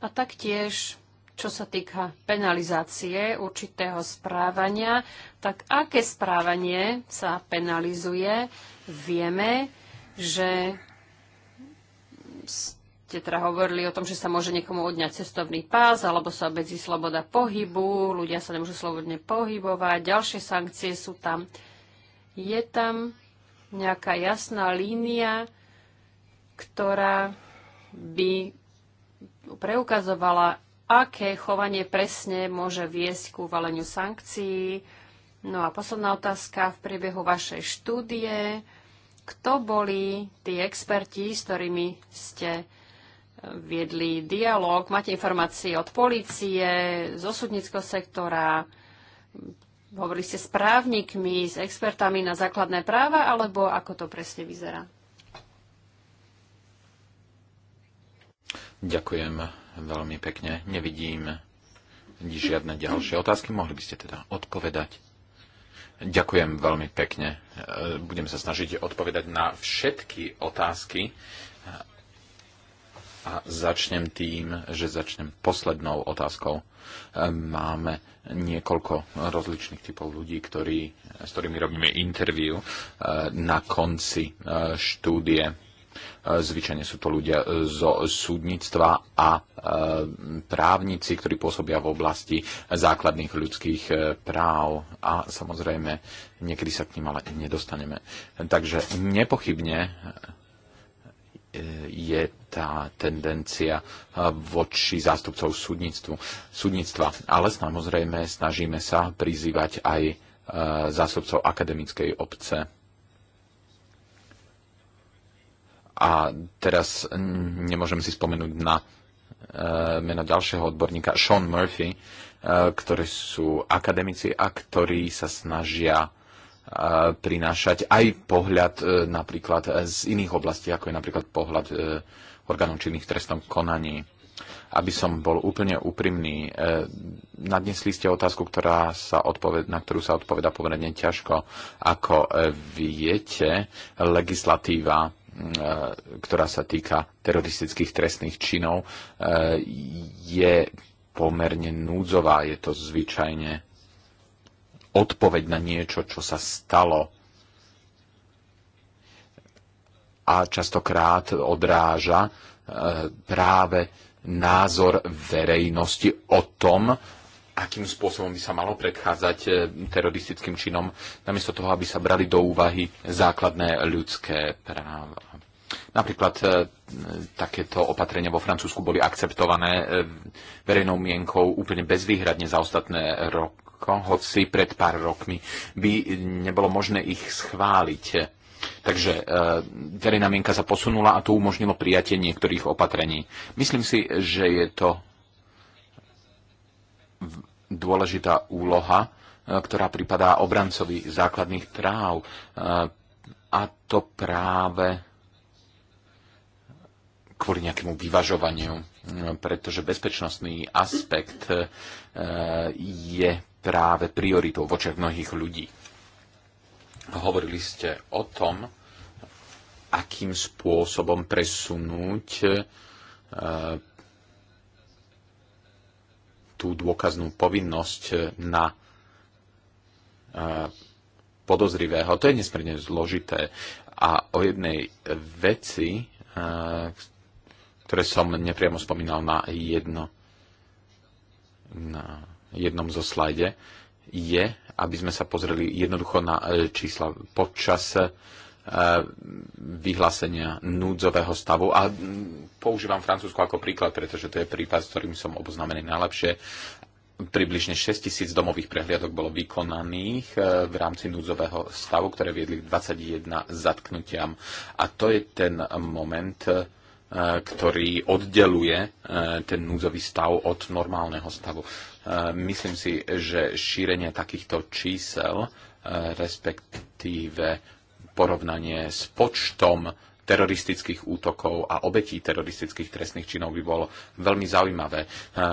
A taktiež čo sa týka penalizácie určitého správania, tak aké správanie sa penalizuje? Vieme, že ste teda hovorili o tom, že sa môže niekomu odňať cestovný pás, alebo sa obmedzí sloboda pohybu, ľudia sa nemôžu slobodne pohybovať, ďalšie sankcie sú tam. Je tam nejaká jasná línia, ktorá by preukazovala aké chovanie presne môže viesť k uvaleniu sankcií. No a posledná otázka v priebehu vašej štúdie. Kto boli tí experti, s ktorými ste e, viedli dialog? Máte informácie od policie, z osudnického sektora? Hovorili ste s právnikmi, s expertami na základné práva, alebo ako to presne vyzerá? Ďakujem veľmi pekne. Nevidím žiadne ďalšie otázky. Mohli by ste teda odpovedať. Ďakujem veľmi pekne. Budem sa snažiť odpovedať na všetky otázky. A začnem tým, že začnem poslednou otázkou. Máme niekoľko rozličných typov ľudí, ktorí, s ktorými robíme interviu eh, na konci eh, štúdie E, zvyčajne sú to ľudia e, zo súdnictva a e, právnici, ktorí pôsobia v oblasti základných ľudských práv a samozrejme niekedy sa k ním ale nedostaneme. Takže nepochybne je tá tendencia voči zástupcov súdnictvu, súdnictva. Ale samozrejme snažíme sa prizývať aj zástupcov akademickej obce A teraz nemôžem si spomenúť na e, meno ďalšieho odborníka, Sean Murphy, e, ktorí sú akademici a ktorí sa snažia e, prinášať aj pohľad napríklad z iných oblastí, ako je napríklad pohľad orgánov činných trestom konaní. Aby som bol úplne úprimný, nadnesli ste otázku, ktorá sa odpoved, na ktorú sa odpoveda pomerne ťažko. Ako viete, legislatíva Eh, ktorá sa týka teroristických trestných činov, eh, je pomerne núdzová. Je to zvyčajne odpoveď na niečo, čo sa stalo a častokrát odráža eh, práve názor verejnosti o tom, akým spôsobom by sa malo predchádzať e, teroristickým činom, namiesto toho, aby sa brali do úvahy základné ľudské práva. Napríklad e, takéto opatrenia vo Francúzsku boli akceptované e, verejnou mienkou úplne bezvýhradne za ostatné roko, hoci pred pár rokmi by nebolo možné ich schváliť. Takže verejná mienka sa posunula a to umožnilo prijatie niektorých opatrení. Myslím si, že je to dôležitá úloha, e, ktorá pripadá obrancovi základných práv. E, a to práve kvôli nejakému vyvažovaniu, e, pretože bezpečnostný aspekt je práve prioritou v očiach mnohých ľudí. Hovorili ste o tom, akým spôsobom presunúť tú dôkaznú povinnosť e, na e, podozrivého. To je nesmierne zložité. A o jednej veci, e, ktoré som nepriamo spomínal na, jedno, na jednom zo slajde, je, aby sme sa pozreli jednoducho na čísla. Počas E, vyhlásenia núdzového stavu. A používam Francúzsko ako príklad, pretože to je prípad, s ktorým som oboznamený najlepšie. Približne 6 tisíc domových prehliadok bolo vykonaných e, v rámci núdzového stavu, ktoré viedli 21 zatknutiam. A to je ten moment, e, ktorý oddeluje ten núdzový stav od normálneho stavu. Myslím si, že šírenie takýchto čísel, respektíve porovnanie s počtom teroristických útokov a obetí teroristických trestných činov by bolo veľmi zaujímavé, eh,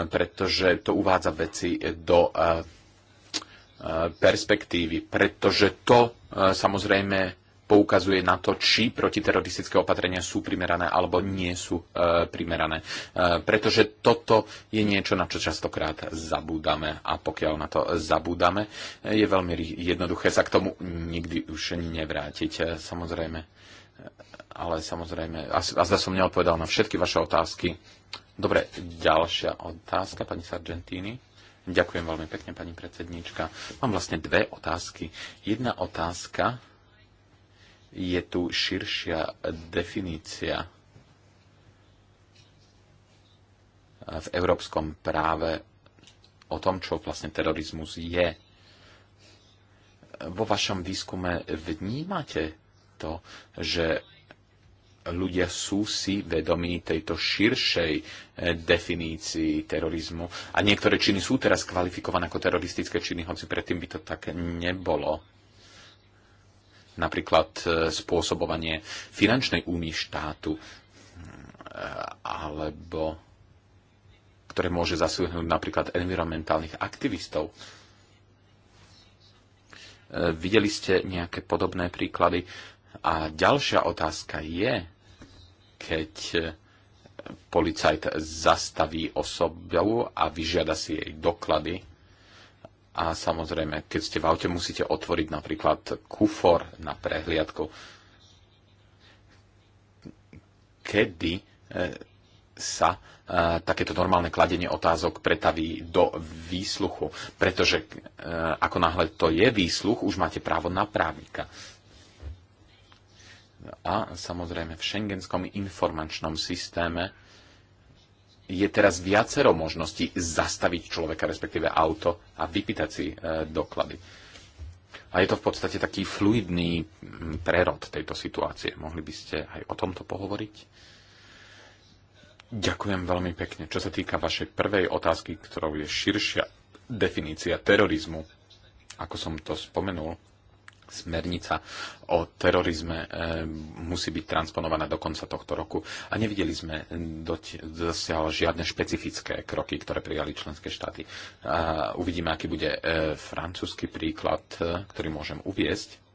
pretože to uvádza veci do eh, eh, perspektívy, pretože to samozrejme poukazuje na to, či protiteroristické opatrenia sú primerané alebo nie sú e, primerané. E, pretože toto je niečo, na čo častokrát zabúdame a pokiaľ na to zabúdame, je veľmi jednoduché sa k tomu nikdy už nevrátiť. E, samozrejme, ale samozrejme, a, a zda som neodpovedal na všetky vaše otázky. Dobre, ďalšia otázka, pani Sargentini. Ďakujem veľmi pekne, pani predsedníčka. Mám vlastne dve otázky. Jedna otázka je tu širšia definícia v európskom práve o tom, čo vlastne terorizmus je. Vo vašom výskume vnímate to, že ľudia sú si vedomí tejto širšej eh, definícii terorizmu. A niektoré činy sú teraz kvalifikované ako teroristické činy, hoci predtým by to tak nebolo napríklad e, spôsobovanie finančnej únii štátu e, alebo ktoré môže zasiahnuť napríklad environmentálnych aktivistov. E, videli ste nejaké podobné príklady? A ďalšia otázka je, keď policajt zastaví osobu a vyžiada si jej doklady, a samozrejme, keď ste v aute, musíte otvoriť napríklad kufor na prehliadku. Kedy e, sa e, takéto normálne kladenie otázok pretaví do výsluchu. Pretože e, ako náhle to je výsluch, už máte právo na právnika. A samozrejme v šengenskom informačnom systéme je teraz viacero možností zastaviť človeka, respektíve auto a vypýtať si e, doklady. A je to v podstate taký fluidný prerod tejto situácie. Mohli by ste aj o tomto pohovoriť? Ďakujem veľmi pekne. Čo sa týka vašej prvej otázky, ktorou je širšia definícia terorizmu, ako som to spomenul, smernica o terorizme eh, musí byť transponovaná do konca tohto roku a nevideli sme dosiaľ žiadne špecifické kroky, ktoré prijali členské štáty. A uvidíme, aký bude eh, francúzsky príklad, eh, ktorý môžem uviesť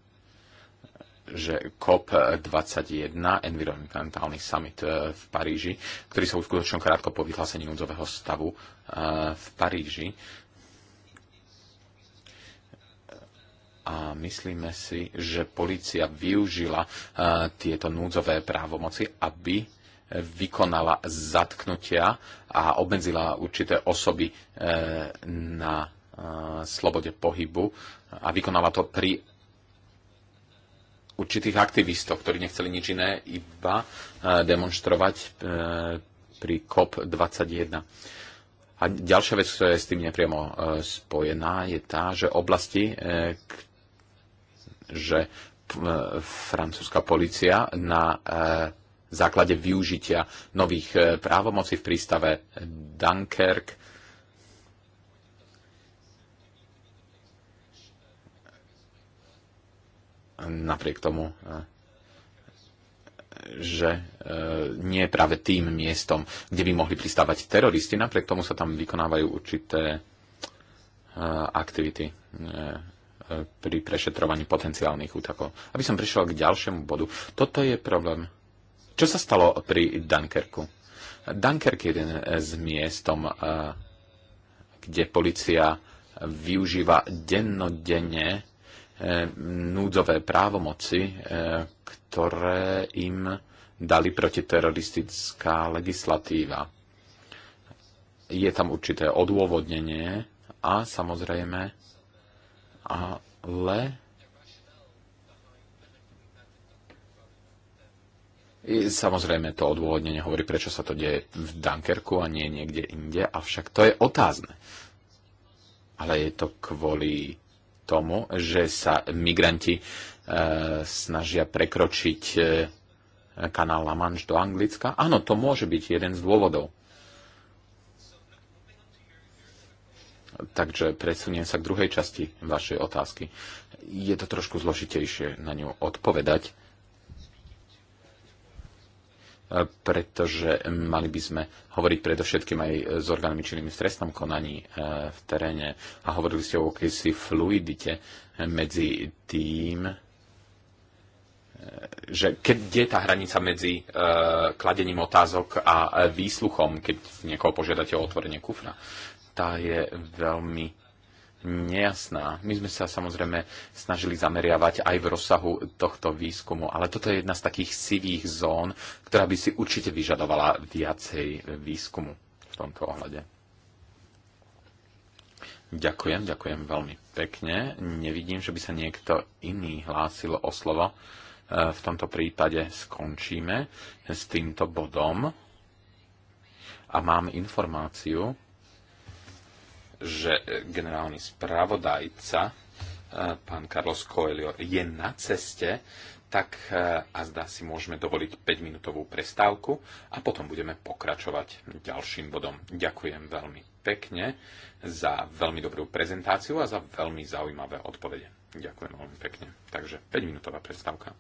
že COP21, environmentálny summit v Paríži, ktorý sa uskutočnil krátko po vyhlásení núdzového stavu v Paríži, a myslíme si, že policia využila e, tieto núdzové právomoci, aby vykonala zatknutia a obmedzila určité osoby e, na e, slobode pohybu a vykonala to pri určitých aktivistov, ktorí nechceli nič iné, iba demonstrovať pri COP21. A ďalšia vec, ktorá je s tým nepriamo spojená, je tá, že oblasti, že e, francúzska policia na e, základe využitia nových e, právomocí v prístave Dunkirk napriek tomu, že nie je práve tým miestom, kde by mohli pristávať teroristi, napriek tomu sa tam vykonávajú určité aktivity pri prešetrovaní potenciálnych útakov. Aby som prišiel k ďalšiemu bodu. Toto je problém. Čo sa stalo pri Dunkerku? Dunkerk je jeden z miestom, kde policia využíva dennodenne e, núdzové právomoci, e, ktoré im dali protiteroristická legislatíva. Je tam určité odôvodnenie a samozrejme ale Samozrejme, to odôvodnenie hovorí, prečo sa to deje v Dunkerku a nie niekde inde, avšak to je otázne. Ale je to kvôli tomu, že sa migranti e, snažia prekročiť e, kanál La Manche do Anglicka. Áno, to môže byť jeden z dôvodov. Takže presuniem sa k druhej časti vašej otázky. Je to trošku zložitejšie na ňu odpovedať, pretože mali by sme hovoriť predovšetkým aj s orgánmi činnými v trestnom konaní eh, v teréne a hovorili ste o akejsi fluidite medzi tým, eh, že keď, je tá hranica medzi e, kladením otázok a výsluchom, keď niekoho požiadate o otvorenie kufra tá je veľmi nejasná. My sme sa samozrejme snažili zameriavať aj v rozsahu tohto výskumu, ale toto je jedna z takých sivých zón, ktorá by si určite vyžadovala viacej výskumu v tomto ohľade. Ďakujem, ďakujem veľmi pekne. Nevidím, že by sa niekto iný hlásil o slovo. E, v tomto prípade skončíme s týmto bodom. A mám informáciu, že e, generálny spravodajca e, pán Carlos Coelho je na ceste, tak e, a zdá si môžeme dovoliť 5-minútovú prestávku a potom budeme pokračovať ďalším bodom. Ďakujem veľmi pekne za veľmi dobrú prezentáciu a za veľmi zaujímavé odpovede. Ďakujem veľmi pekne. Takže 5-minútová prestávka.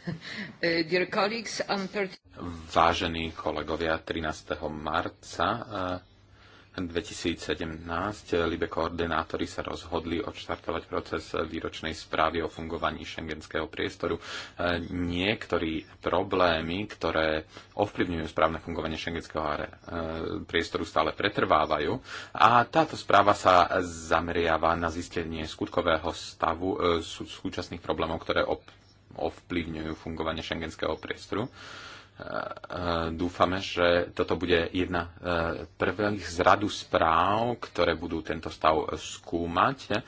Eh, Vážení kolegovia, 13. marca 2017 eh, eh, Libe koordinátori sa rozhodli odštartovať proces výročnej správy o fungovaní šengenského priestoru. Niektorí problémy, ktoré ovplyvňujú správne fungovanie šengenského priestoru, stále pretrvávajú a táto správa sa zameriava na zistenie skutkového stavu súčasných problémov, ktoré ob ovplyvňujú fungovanie šengenského priestoru. E, e, dúfame, že toto bude jedna e, prvých z radu správ, ktoré budú tento stav skúmať.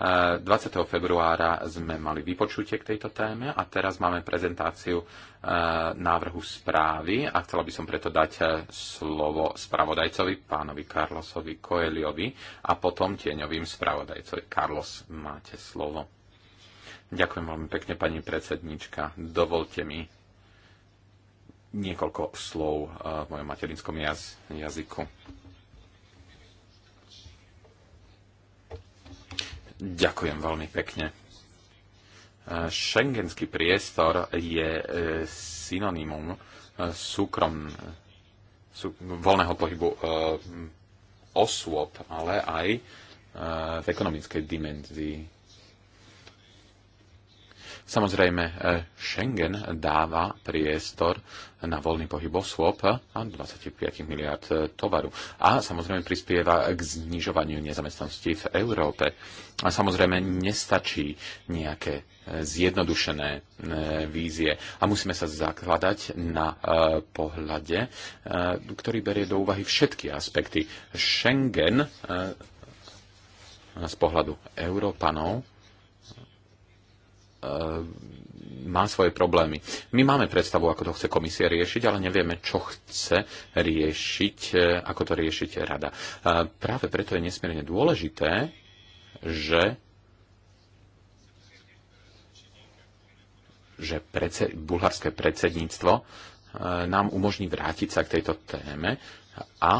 20. februára sme mali vypočutie k tejto téme a teraz máme prezentáciu návrhu správy a chcela by som preto dať slovo spravodajcovi, pánovi Carlosovi Coeliovi a potom tieňovým spravodajcovi. Carlos, máte slovo. Ďakujem veľmi pekne, pani predsednička. Dovolte mi niekoľko slov eh, v mojom materinskom jaz- jazyku. Ďakujem veľmi pekne. Eh, Schengenský priestor je eh, synonymum súkrom, sú, voľného pohybu osôb, ale aj v ekonomickej dimenzii Samozrejme, e, Schengen dáva priestor na voľný pohyb osôb a 25 miliard e, tovaru. A samozrejme prispieva k znižovaniu nezamestnanosti v Európe. A samozrejme nestačí nejaké e, zjednodušené vízie. A musíme sa zakladať na pohľade, ktorý berie do úvahy všetky aspekty. Schengen z pohľadu Európanov E, má svoje problémy. My máme predstavu, ako to chce komisia riešiť, ale nevieme, čo chce riešiť, e, ako to riešiť rada. E, práve preto je nesmierne dôležité, že že predse, bulharské predsedníctvo nám umožní vrátiť sa k tejto téme a,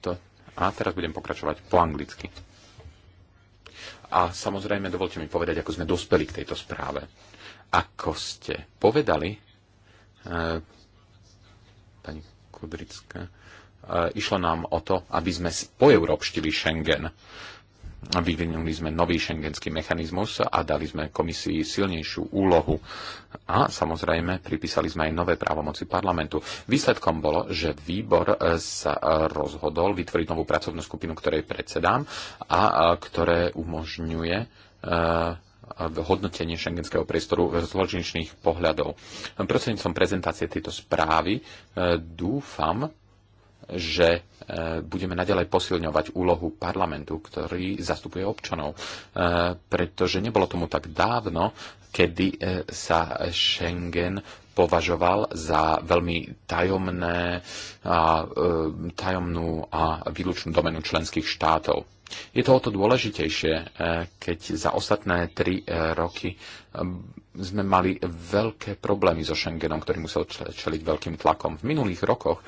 to, a teraz budem pokračovať po anglicky. A samozrejme, dovolte mi povedať, ako sme dospeli k tejto správe. Ako ste povedali, e, pani Kudrická, e, išlo nám o to, aby sme spojeurópštili Schengen Vyvinuli sme nový šengenský mechanizmus a dali sme komisii silnejšiu úlohu. A samozrejme, pripísali sme aj nové právomoci parlamentu. Výsledkom bolo, že výbor e, sa e, rozhodol vytvoriť novú pracovnú skupinu, ktorej predsedám a e, ktoré umožňuje hodnotenie šengenského priestoru z zločinečných pohľadov. Prostredníctvom prezentácie tejto správy dúfam, že e, budeme naďalej posilňovať úlohu parlamentu, ktorý zastupuje občanov. E, pretože nebolo tomu tak dávno, kedy e, sa Schengen považoval za veľmi tajomné, tajomnú a výlučnú domenu členských štátov. Je to o to dôležitejšie, keď za ostatné tri roky sme mali veľké problémy so Schengenom, ktorý musel čeliť veľkým tlakom. V minulých rokoch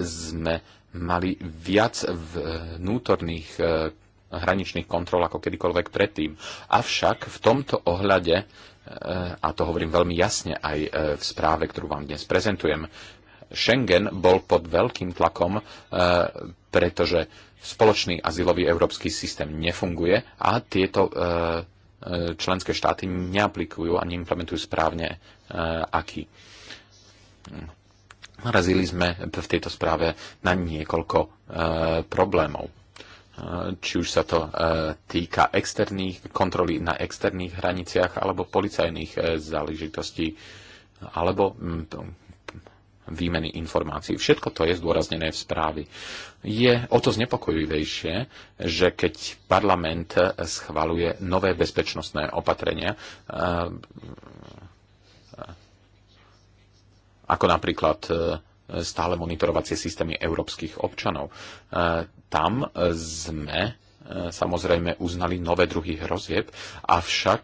sme mali viac vnútorných e, hraničných kontrol ako kedykoľvek predtým. Avšak v tomto ohľade, e, a to hovorím veľmi jasne aj e, v správe, ktorú vám dnes prezentujem, Schengen bol pod veľkým tlakom, pretože spoločný azylový európsky systém nefunguje a tieto členské štáty neaplikujú ani implementujú správne aký narazili sme v tejto správe na niekoľko e, problémov. E, či už sa to e, týka externých, kontroly na externých hraniciach alebo policajných e, záležitostí alebo m, mm, výmeny informácií. Všetko to je zdôraznené v správy. Je o to znepokojivejšie, že keď parlament schvaluje nové bezpečnostné opatrenia, e, ako napríklad e, stále monitorovacie systémy európskych občanov. E, tam sme e, samozrejme uznali nové druhy hrozieb, avšak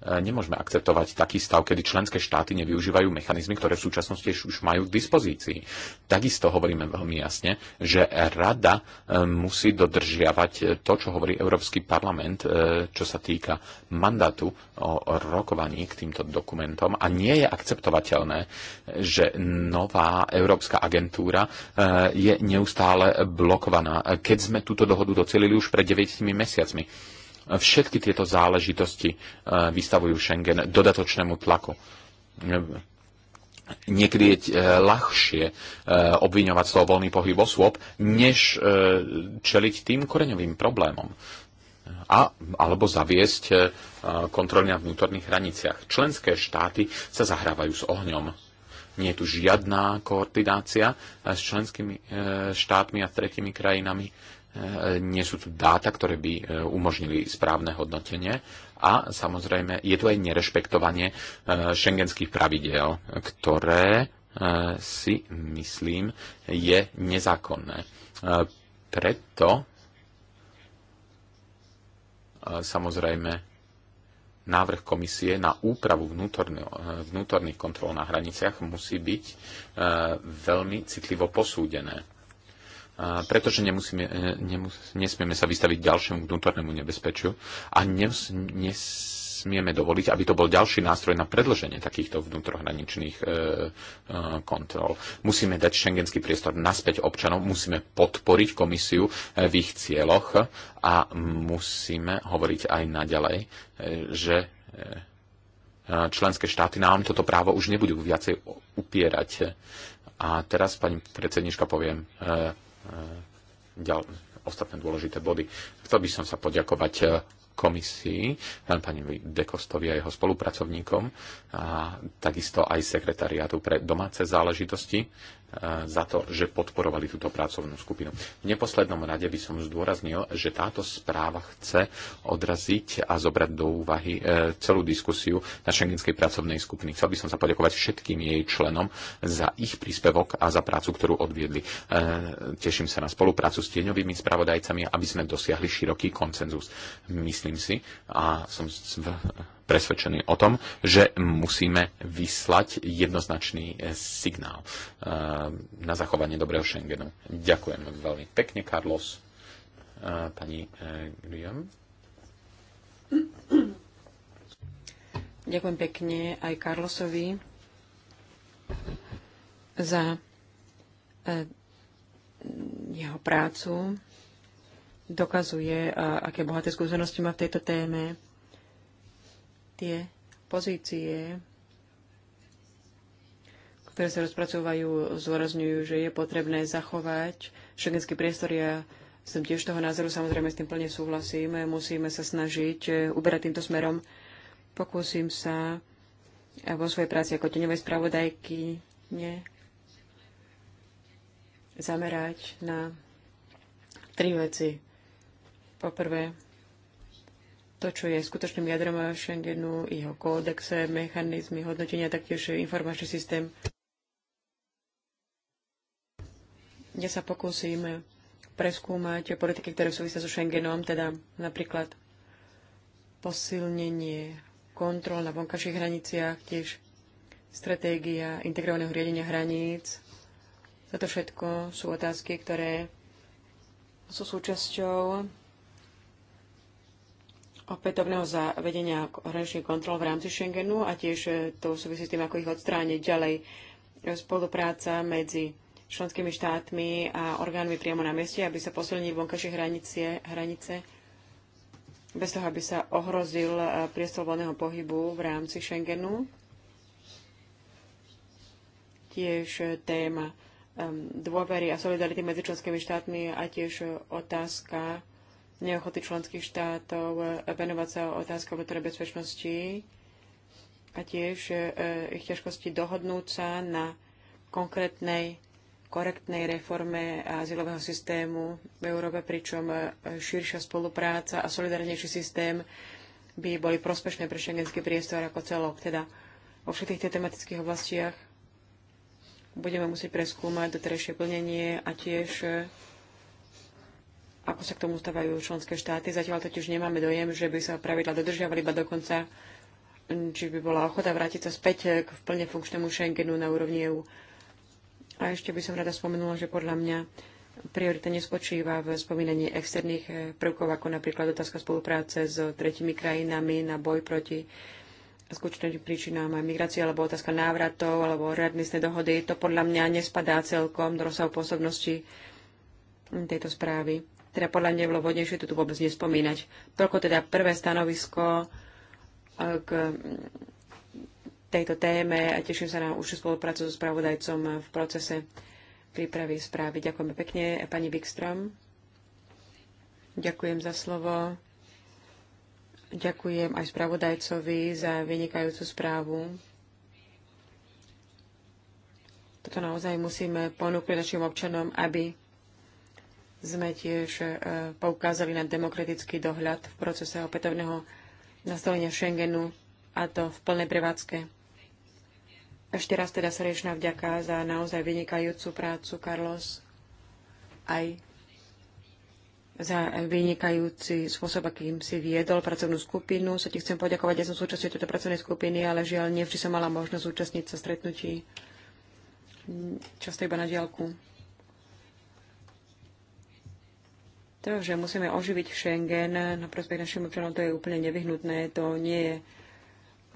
E, nemôžeme akceptovať taký stav, kedy členské štáty nevyužívajú mechanizmy, ktoré v súčasnosti už majú k dispozícii. Takisto hovoríme veľmi jasne, že rada e, musí dodržiavať to, čo hovorí Európsky parlament, e, čo sa týka mandátu o rokovaní k týmto dokumentom a nie je akceptovateľné, že nová Európska agentúra je neustále blokovaná, keď sme túto dohodu docelili už pred 9 mesiacmi všetky tieto záležitosti e, vystavujú Schengen dodatočnému tlaku. Niekedy je e, ľahšie e, obviňovať slovo voľný pohyb osôb, než čeliť tým koreňovým problémom a, alebo zaviesť kontroly na vnútorných hraniciach. Členské štáty sa zahrávajú s ohňom. Nie je tu žiadna koordinácia s členskými štátmi a tretimi krajinami E, nie sú tu dáta, ktoré by e, umožnili správne hodnotenie a samozrejme je tu aj nerešpektovanie e, šengenských pravidel, ktoré si myslím je nezákonné. Preto samozrejme návrh komisie na úpravu vnútorných kontrol na hraniciach musí byť veľmi citlivo posúdené pretože nemusíme, e, nemus, nesmieme sa vystaviť ďalšiemu vnútornému nebezpečiu a nes, nesmieme dovoliť, aby to bol ďalší nástroj na predlženie takýchto vnútrohraničných e, e, kontrol. Musíme dať šengenský priestor naspäť občanom, musíme podporiť komisiu e, v ich cieľoch a musíme hovoriť aj naďalej, e, že e, e, členské štáty nám toto právo už nebudú viacej upierať. A teraz, pani predsednička, poviem E, ďal, ostatné dôležité body. Chcel by som sa poďakovať e, komisii, e, pani Dekostovi a jeho spolupracovníkom, a takisto aj sekretariátu pre domáce záležitosti za to, že podporovali túto pracovnú skupinu. V neposlednom rade by som zdôraznil, že táto správa chce odraziť a zobrať do úvahy e, celú diskusiu na šengenskej pracovnej skupiny. Chcel by som sa poďakovať všetkým jej členom za ich príspevok a za prácu, ktorú odviedli. E, teším sa na spoluprácu s tieňovými spravodajcami, aby sme dosiahli široký koncenzus. Myslím si a som presvedčení o tom, že musíme vyslať jednoznačný e, signál e, na zachovanie dobrého Schengenu. Ďakujem veľmi pekne, Carlos. E, pani Guillaume. Ďakujem pekne aj Carlosovi za jeho prácu. Dokazuje, aké bohaté skúsenosti má v tejto téme tie pozície, ktoré sa rozpracovajú, zúrazňujú, že je potrebné zachovať šengenský priestor. Ja som tiež toho názoru, samozrejme s tým plne súhlasím. Musíme sa snažiť eh, uberať týmto smerom. Pokúsim sa eh, vo svojej práci ako teňovej spravodajky ne, zamerať na tri veci. Poprvé, to, čo je skutočným jadrom Schengenu, jeho kódexe, mechanizmy hodnotenia, taktiež informačný systém. Ja sa pokúsim preskúmať politiky, ktoré súvisia so Schengenom, teda napríklad posilnenie kontrol na vonkajších hraniciach, tiež stratégia integrovaného riadenia hraníc. Toto všetko sú otázky, ktoré sú súčasťou opätovného zavedenia hraničných kontrol v rámci Schengenu a tiež e, to súvisí s tým, ako ich odstrániť ďalej. Spolupráca medzi členskými štátmi a orgánmi priamo na mieste, aby sa posilnili vonkajšie hranice, hranice bez toho, aby sa ohrozil e, priestor voľného pohybu v rámci Schengenu. Tiež e, téma dôvery a solidarity medzi členskými štátmi a tiež otázka neochoty členských štátov e, venovať sa otázkou vetore bezpečnosti a tiež e, e, ich ťažkosti dohodnúť sa na konkrétnej korektnej reforme azylového systému v Európe, pričom širšia spolupráca a solidarnejší systém by boli prospešné pre šengenský priestor ako celok. Teda vo všetkých tých tematických oblastiach budeme musieť preskúmať doterajšie plnenie a tiež ako sa k tomu stávajú členské štáty. Zatiaľ totiž nemáme dojem, že by sa pravidla dodržiavali, iba dokonca či by bola ochota vrátiť sa späť k plne funkčnému Schengenu na úrovni EU. A ešte by som rada spomenula, že podľa mňa priorita nespočíva v spomínaní externých e, prvkov, ako napríklad otázka spolupráce s tretimi krajinami na boj proti skutočným príčinám migrácie, alebo otázka návratov, alebo readmisné dohody. To podľa mňa nespadá celkom do rozsahu pôsobnosti tejto správy. Teda podľa mňa bolo vhodnejšie to tu vôbec nespomínať. Toľko teda prvé stanovisko e, k tejto téme a teším sa na užšiu spoluprácu so spravodajcom v procese prípravy správy. Ďakujeme pekne, pani Wikström. Ďakujem za slovo. Ďakujem aj spravodajcovi za vynikajúcu správu. Toto naozaj musíme ponúknuť našim občanom, aby sme tiež e, poukázali na demokratický dohľad v procese opätovného nastolenia Schengenu a to v plnej prevádzke. Ešte raz teda srdečná vďaka za naozaj vynikajúcu prácu, Carlos, aj za vynikajúci spôsob, akým si viedol pracovnú skupinu. Sa ti chcem poďakovať, ja som súčasťou tejto pracovnej skupiny, ale žiaľ, nevždy som mala možnosť zúčastniť sa stretnutí často iba na diálku. To, že musíme oživiť Schengen na prospech našim občanom, to je úplne nevyhnutné. To nie je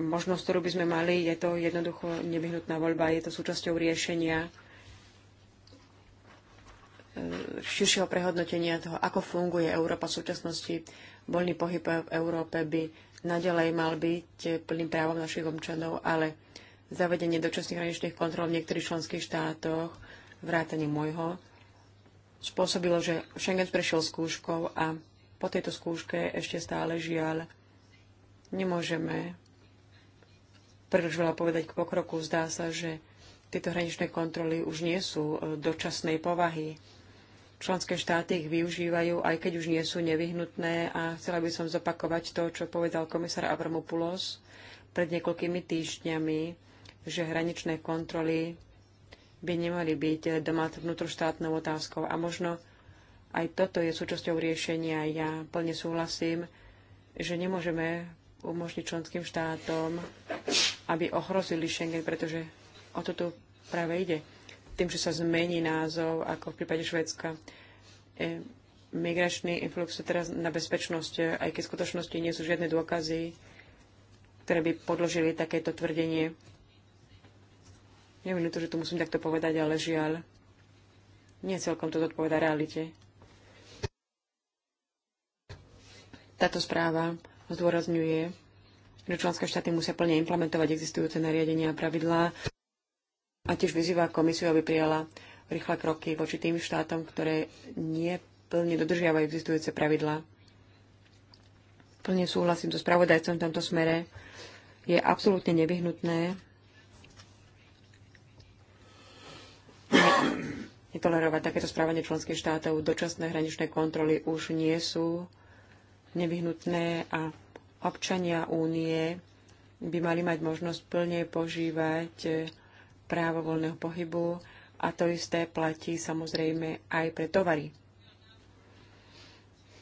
možnosť, ktorú by sme mali. Je to jednoducho nevyhnutná voľba. Je to súčasťou riešenia eh, širšieho prehodnotenia toho, ako funguje Európa v súčasnosti. Voľný pohyb v Európe by nadalej mal byť plným právom našich občanov, ale zavedenie dočasných hraničných kontrol v niektorých členských štátoch, vrátanie môjho, spôsobilo, že Schengen prešiel skúškou a po tejto skúške ešte stále žiaľ nemôžeme príliš veľa povedať k pokroku. Zdá sa, že tieto hraničné kontroly už nie sú e, dočasnej povahy. Členské štáty ich využívajú, aj keď už nie sú nevyhnutné a chcela by som zopakovať to, čo povedal komisár Avramopoulos pred niekoľkými týždňami, že hraničné kontroly by nemali byť doma vnútroštátnou otázkou. A možno aj toto je súčasťou riešenia. Ja plne súhlasím, že nemôžeme umožniť členským štátom, aby ohrozili Schengen, pretože o to tu práve ide. Tým, že sa zmení názov, ako v prípade Švedska, e, migračný influx je teraz na bezpečnosť, aj keď v skutočnosti nie sú žiadne dôkazy, ktoré by podložili takéto tvrdenie. Neviem, to, že to musím takto povedať, ale žiaľ. Nie celkom to zodpoveda realite. Táto správa zdôrazňuje, že členské štáty musia plne implementovať existujúce nariadenia a pravidlá a tiež vyzýva komisiu, aby prijala rýchle kroky voči tým štátom, ktoré nie plne dodržiavajú existujúce pravidlá. Plne súhlasím so spravodajcom v tomto smere. Je absolútne nevyhnutné, netolerovať takéto správanie členských štátov. Dočasné hraničné kontroly už nie sú nevyhnutné a občania únie by mali mať možnosť plne požívať eh, právo voľného pohybu a to isté platí samozrejme aj pre tovary.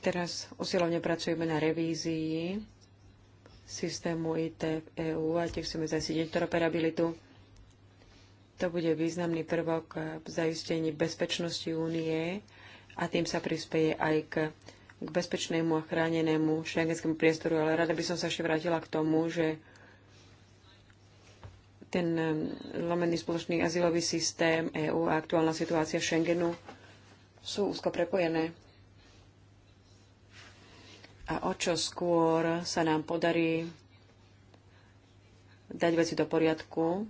Teraz usilovne pracujeme na revízii systému IT e v EÚ a tiež chceme zasiť interoperabilitu. To bude významný prvok v zaistení bezpečnosti únie a tým sa prispieje aj k, k bezpečnému a chránenému šengenskému priestoru. Ale rada by som sa ešte vrátila k tomu, že ten um, lomený spoločný azylový systém EÚ a aktuálna situácia Schengenu sú úzko prepojené. A o čo skôr sa nám podarí dať veci do poriadku,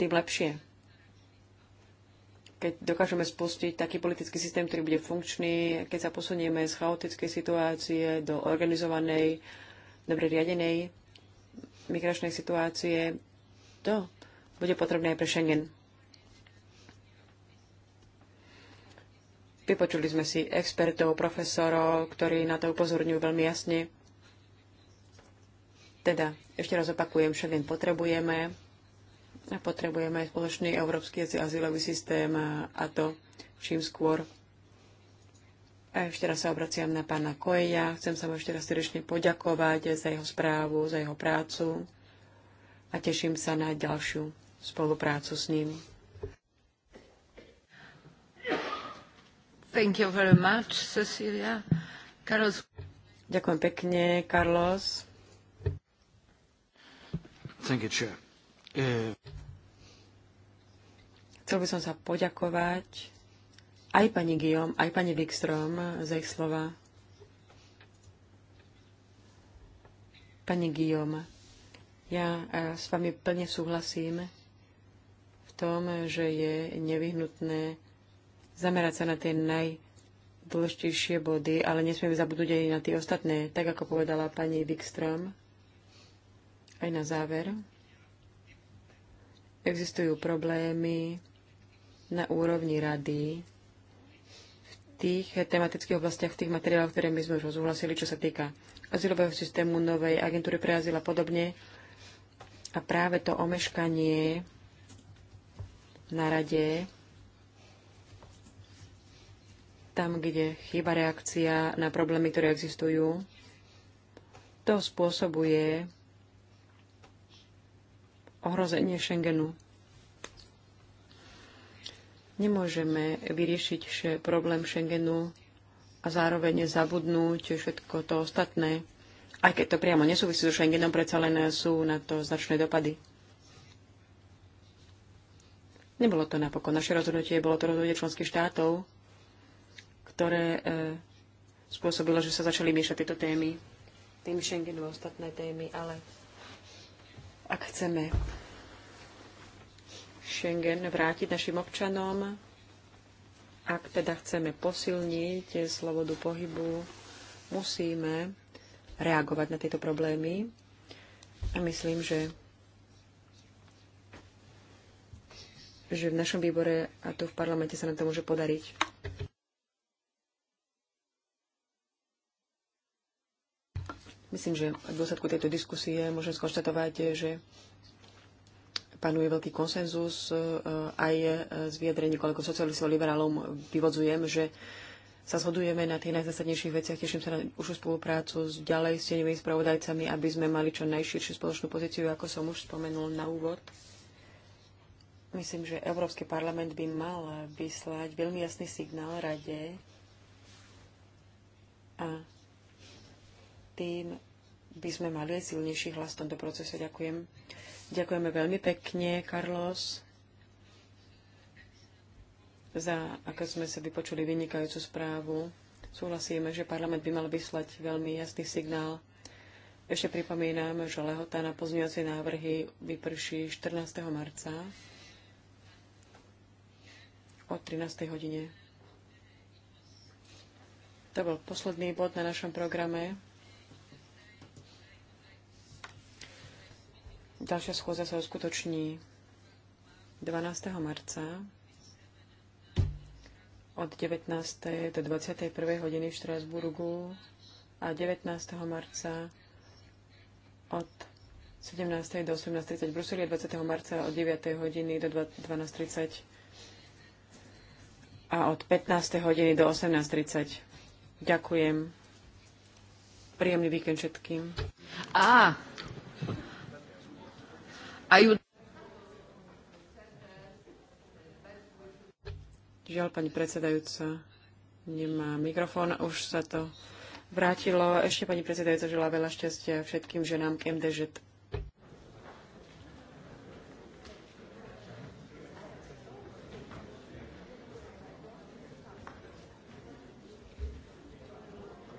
tým lepšie. Keď dokážeme spustiť taký politický systém, ktorý bude funkčný, keď sa posunieme z chaotickej situácie do organizovanej, dobre riadenej migračnej situácie, to bude potrebné aj pre Schengen. Vypočuli sme si expertov, profesorov, ktorí na to upozorňujú veľmi jasne. Teda, ešte raz opakujem, Schengen potrebujeme, a potrebujeme aj spoločný európsky azylový systém a to čím skôr. A ešte raz sa obraciam na pána Koeja. Chcem sa mu ešte raz srdečne poďakovať za jeho správu, za jeho prácu a teším sa na ďalšiu spoluprácu s ním. Thank you very much, Cecilia. Carlos. Ďakujem pekne, Carlos. Thank you, Chair. Uh... Chcel by som sa poďakovať aj pani Guillaume, aj pani Wikstrom za ich slova. Pani Guillaume, ja e, s vami plne súhlasím v tom, že je nevyhnutné zamerať sa na tie najdôležitejšie body, ale nesmieme zabudnúť aj na tie ostatné, tak ako povedala pani Wikström. Aj na záver. Existujú problémy, na úrovni rady v tých tematických oblastiach, v tých materiáloch, ktoré my sme už rozhlasili, čo sa týka azylového systému, novej agentúry pre azyl a podobne. A práve to omeškanie na rade, tam, kde chýba reakcia na problémy, ktoré existujú, to spôsobuje ohrozenie Schengenu. Nemôžeme vyriešiť problém Schengenu a zároveň zabudnúť všetko to ostatné, aj keď to priamo nesúvisí so Schengenom, predsa len sú na to značné dopady. Nebolo to napokon naše rozhodnutie, bolo to rozhodnutie členských štátov, ktoré e, spôsobilo, že sa začali miešať tieto témy, tým Schengenu ostatné témy, ale ak chceme Schengen vrátiť našim občanom, ak teda chceme posilniť slobodu pohybu, musíme reagovať na tieto problémy. A myslím, že že v našom výbore a tu v parlamente sa nám to môže podariť. Myslím, že v dôsledku tejto diskusie môžem skonštatovať, že panuje veľký konsenzus. E, aj e, z vyjadrení kolegov socialistov a liberálov vyvodzujem, že sa zhodujeme na tých najzásadnejších veciach. Teším sa na už spoluprácu s ďalej s tenými spravodajcami, aby sme mali čo najširšiu spoločnú pozíciu, ako som už spomenul na úvod. Myslím, že Európsky parlament by mal vyslať veľmi jasný signál rade a tým by sme mali aj silnejší hlas v tomto procese. Ďakujem. Ďakujeme veľmi pekne, Carlos, za, ako sme sa vypočuli, vynikajúcu správu. Súhlasíme, že parlament by mal vyslať veľmi jasný signál. Ešte pripomínam, že lehota na pozňovacie návrhy vyprší 14. marca o 13. hodine. To bol posledný bod na našom programe. Ďalšia schôza sa uskutoční 12. marca od 19. do 21. hodiny v Štrasburgu a 19. marca od 17. do 18.30 v Bruseli a 20. marca od 9. hodiny do 12.30 a od 15. hodiny do 18.30. Ďakujem. Príjemný víkend všetkým. A, aj... Žiaľ, pani predsedajúca, nemá mikrofón, už sa to vrátilo. Ešte pani predsedajúca želá veľa šťastia všetkým ženám k MDŽ.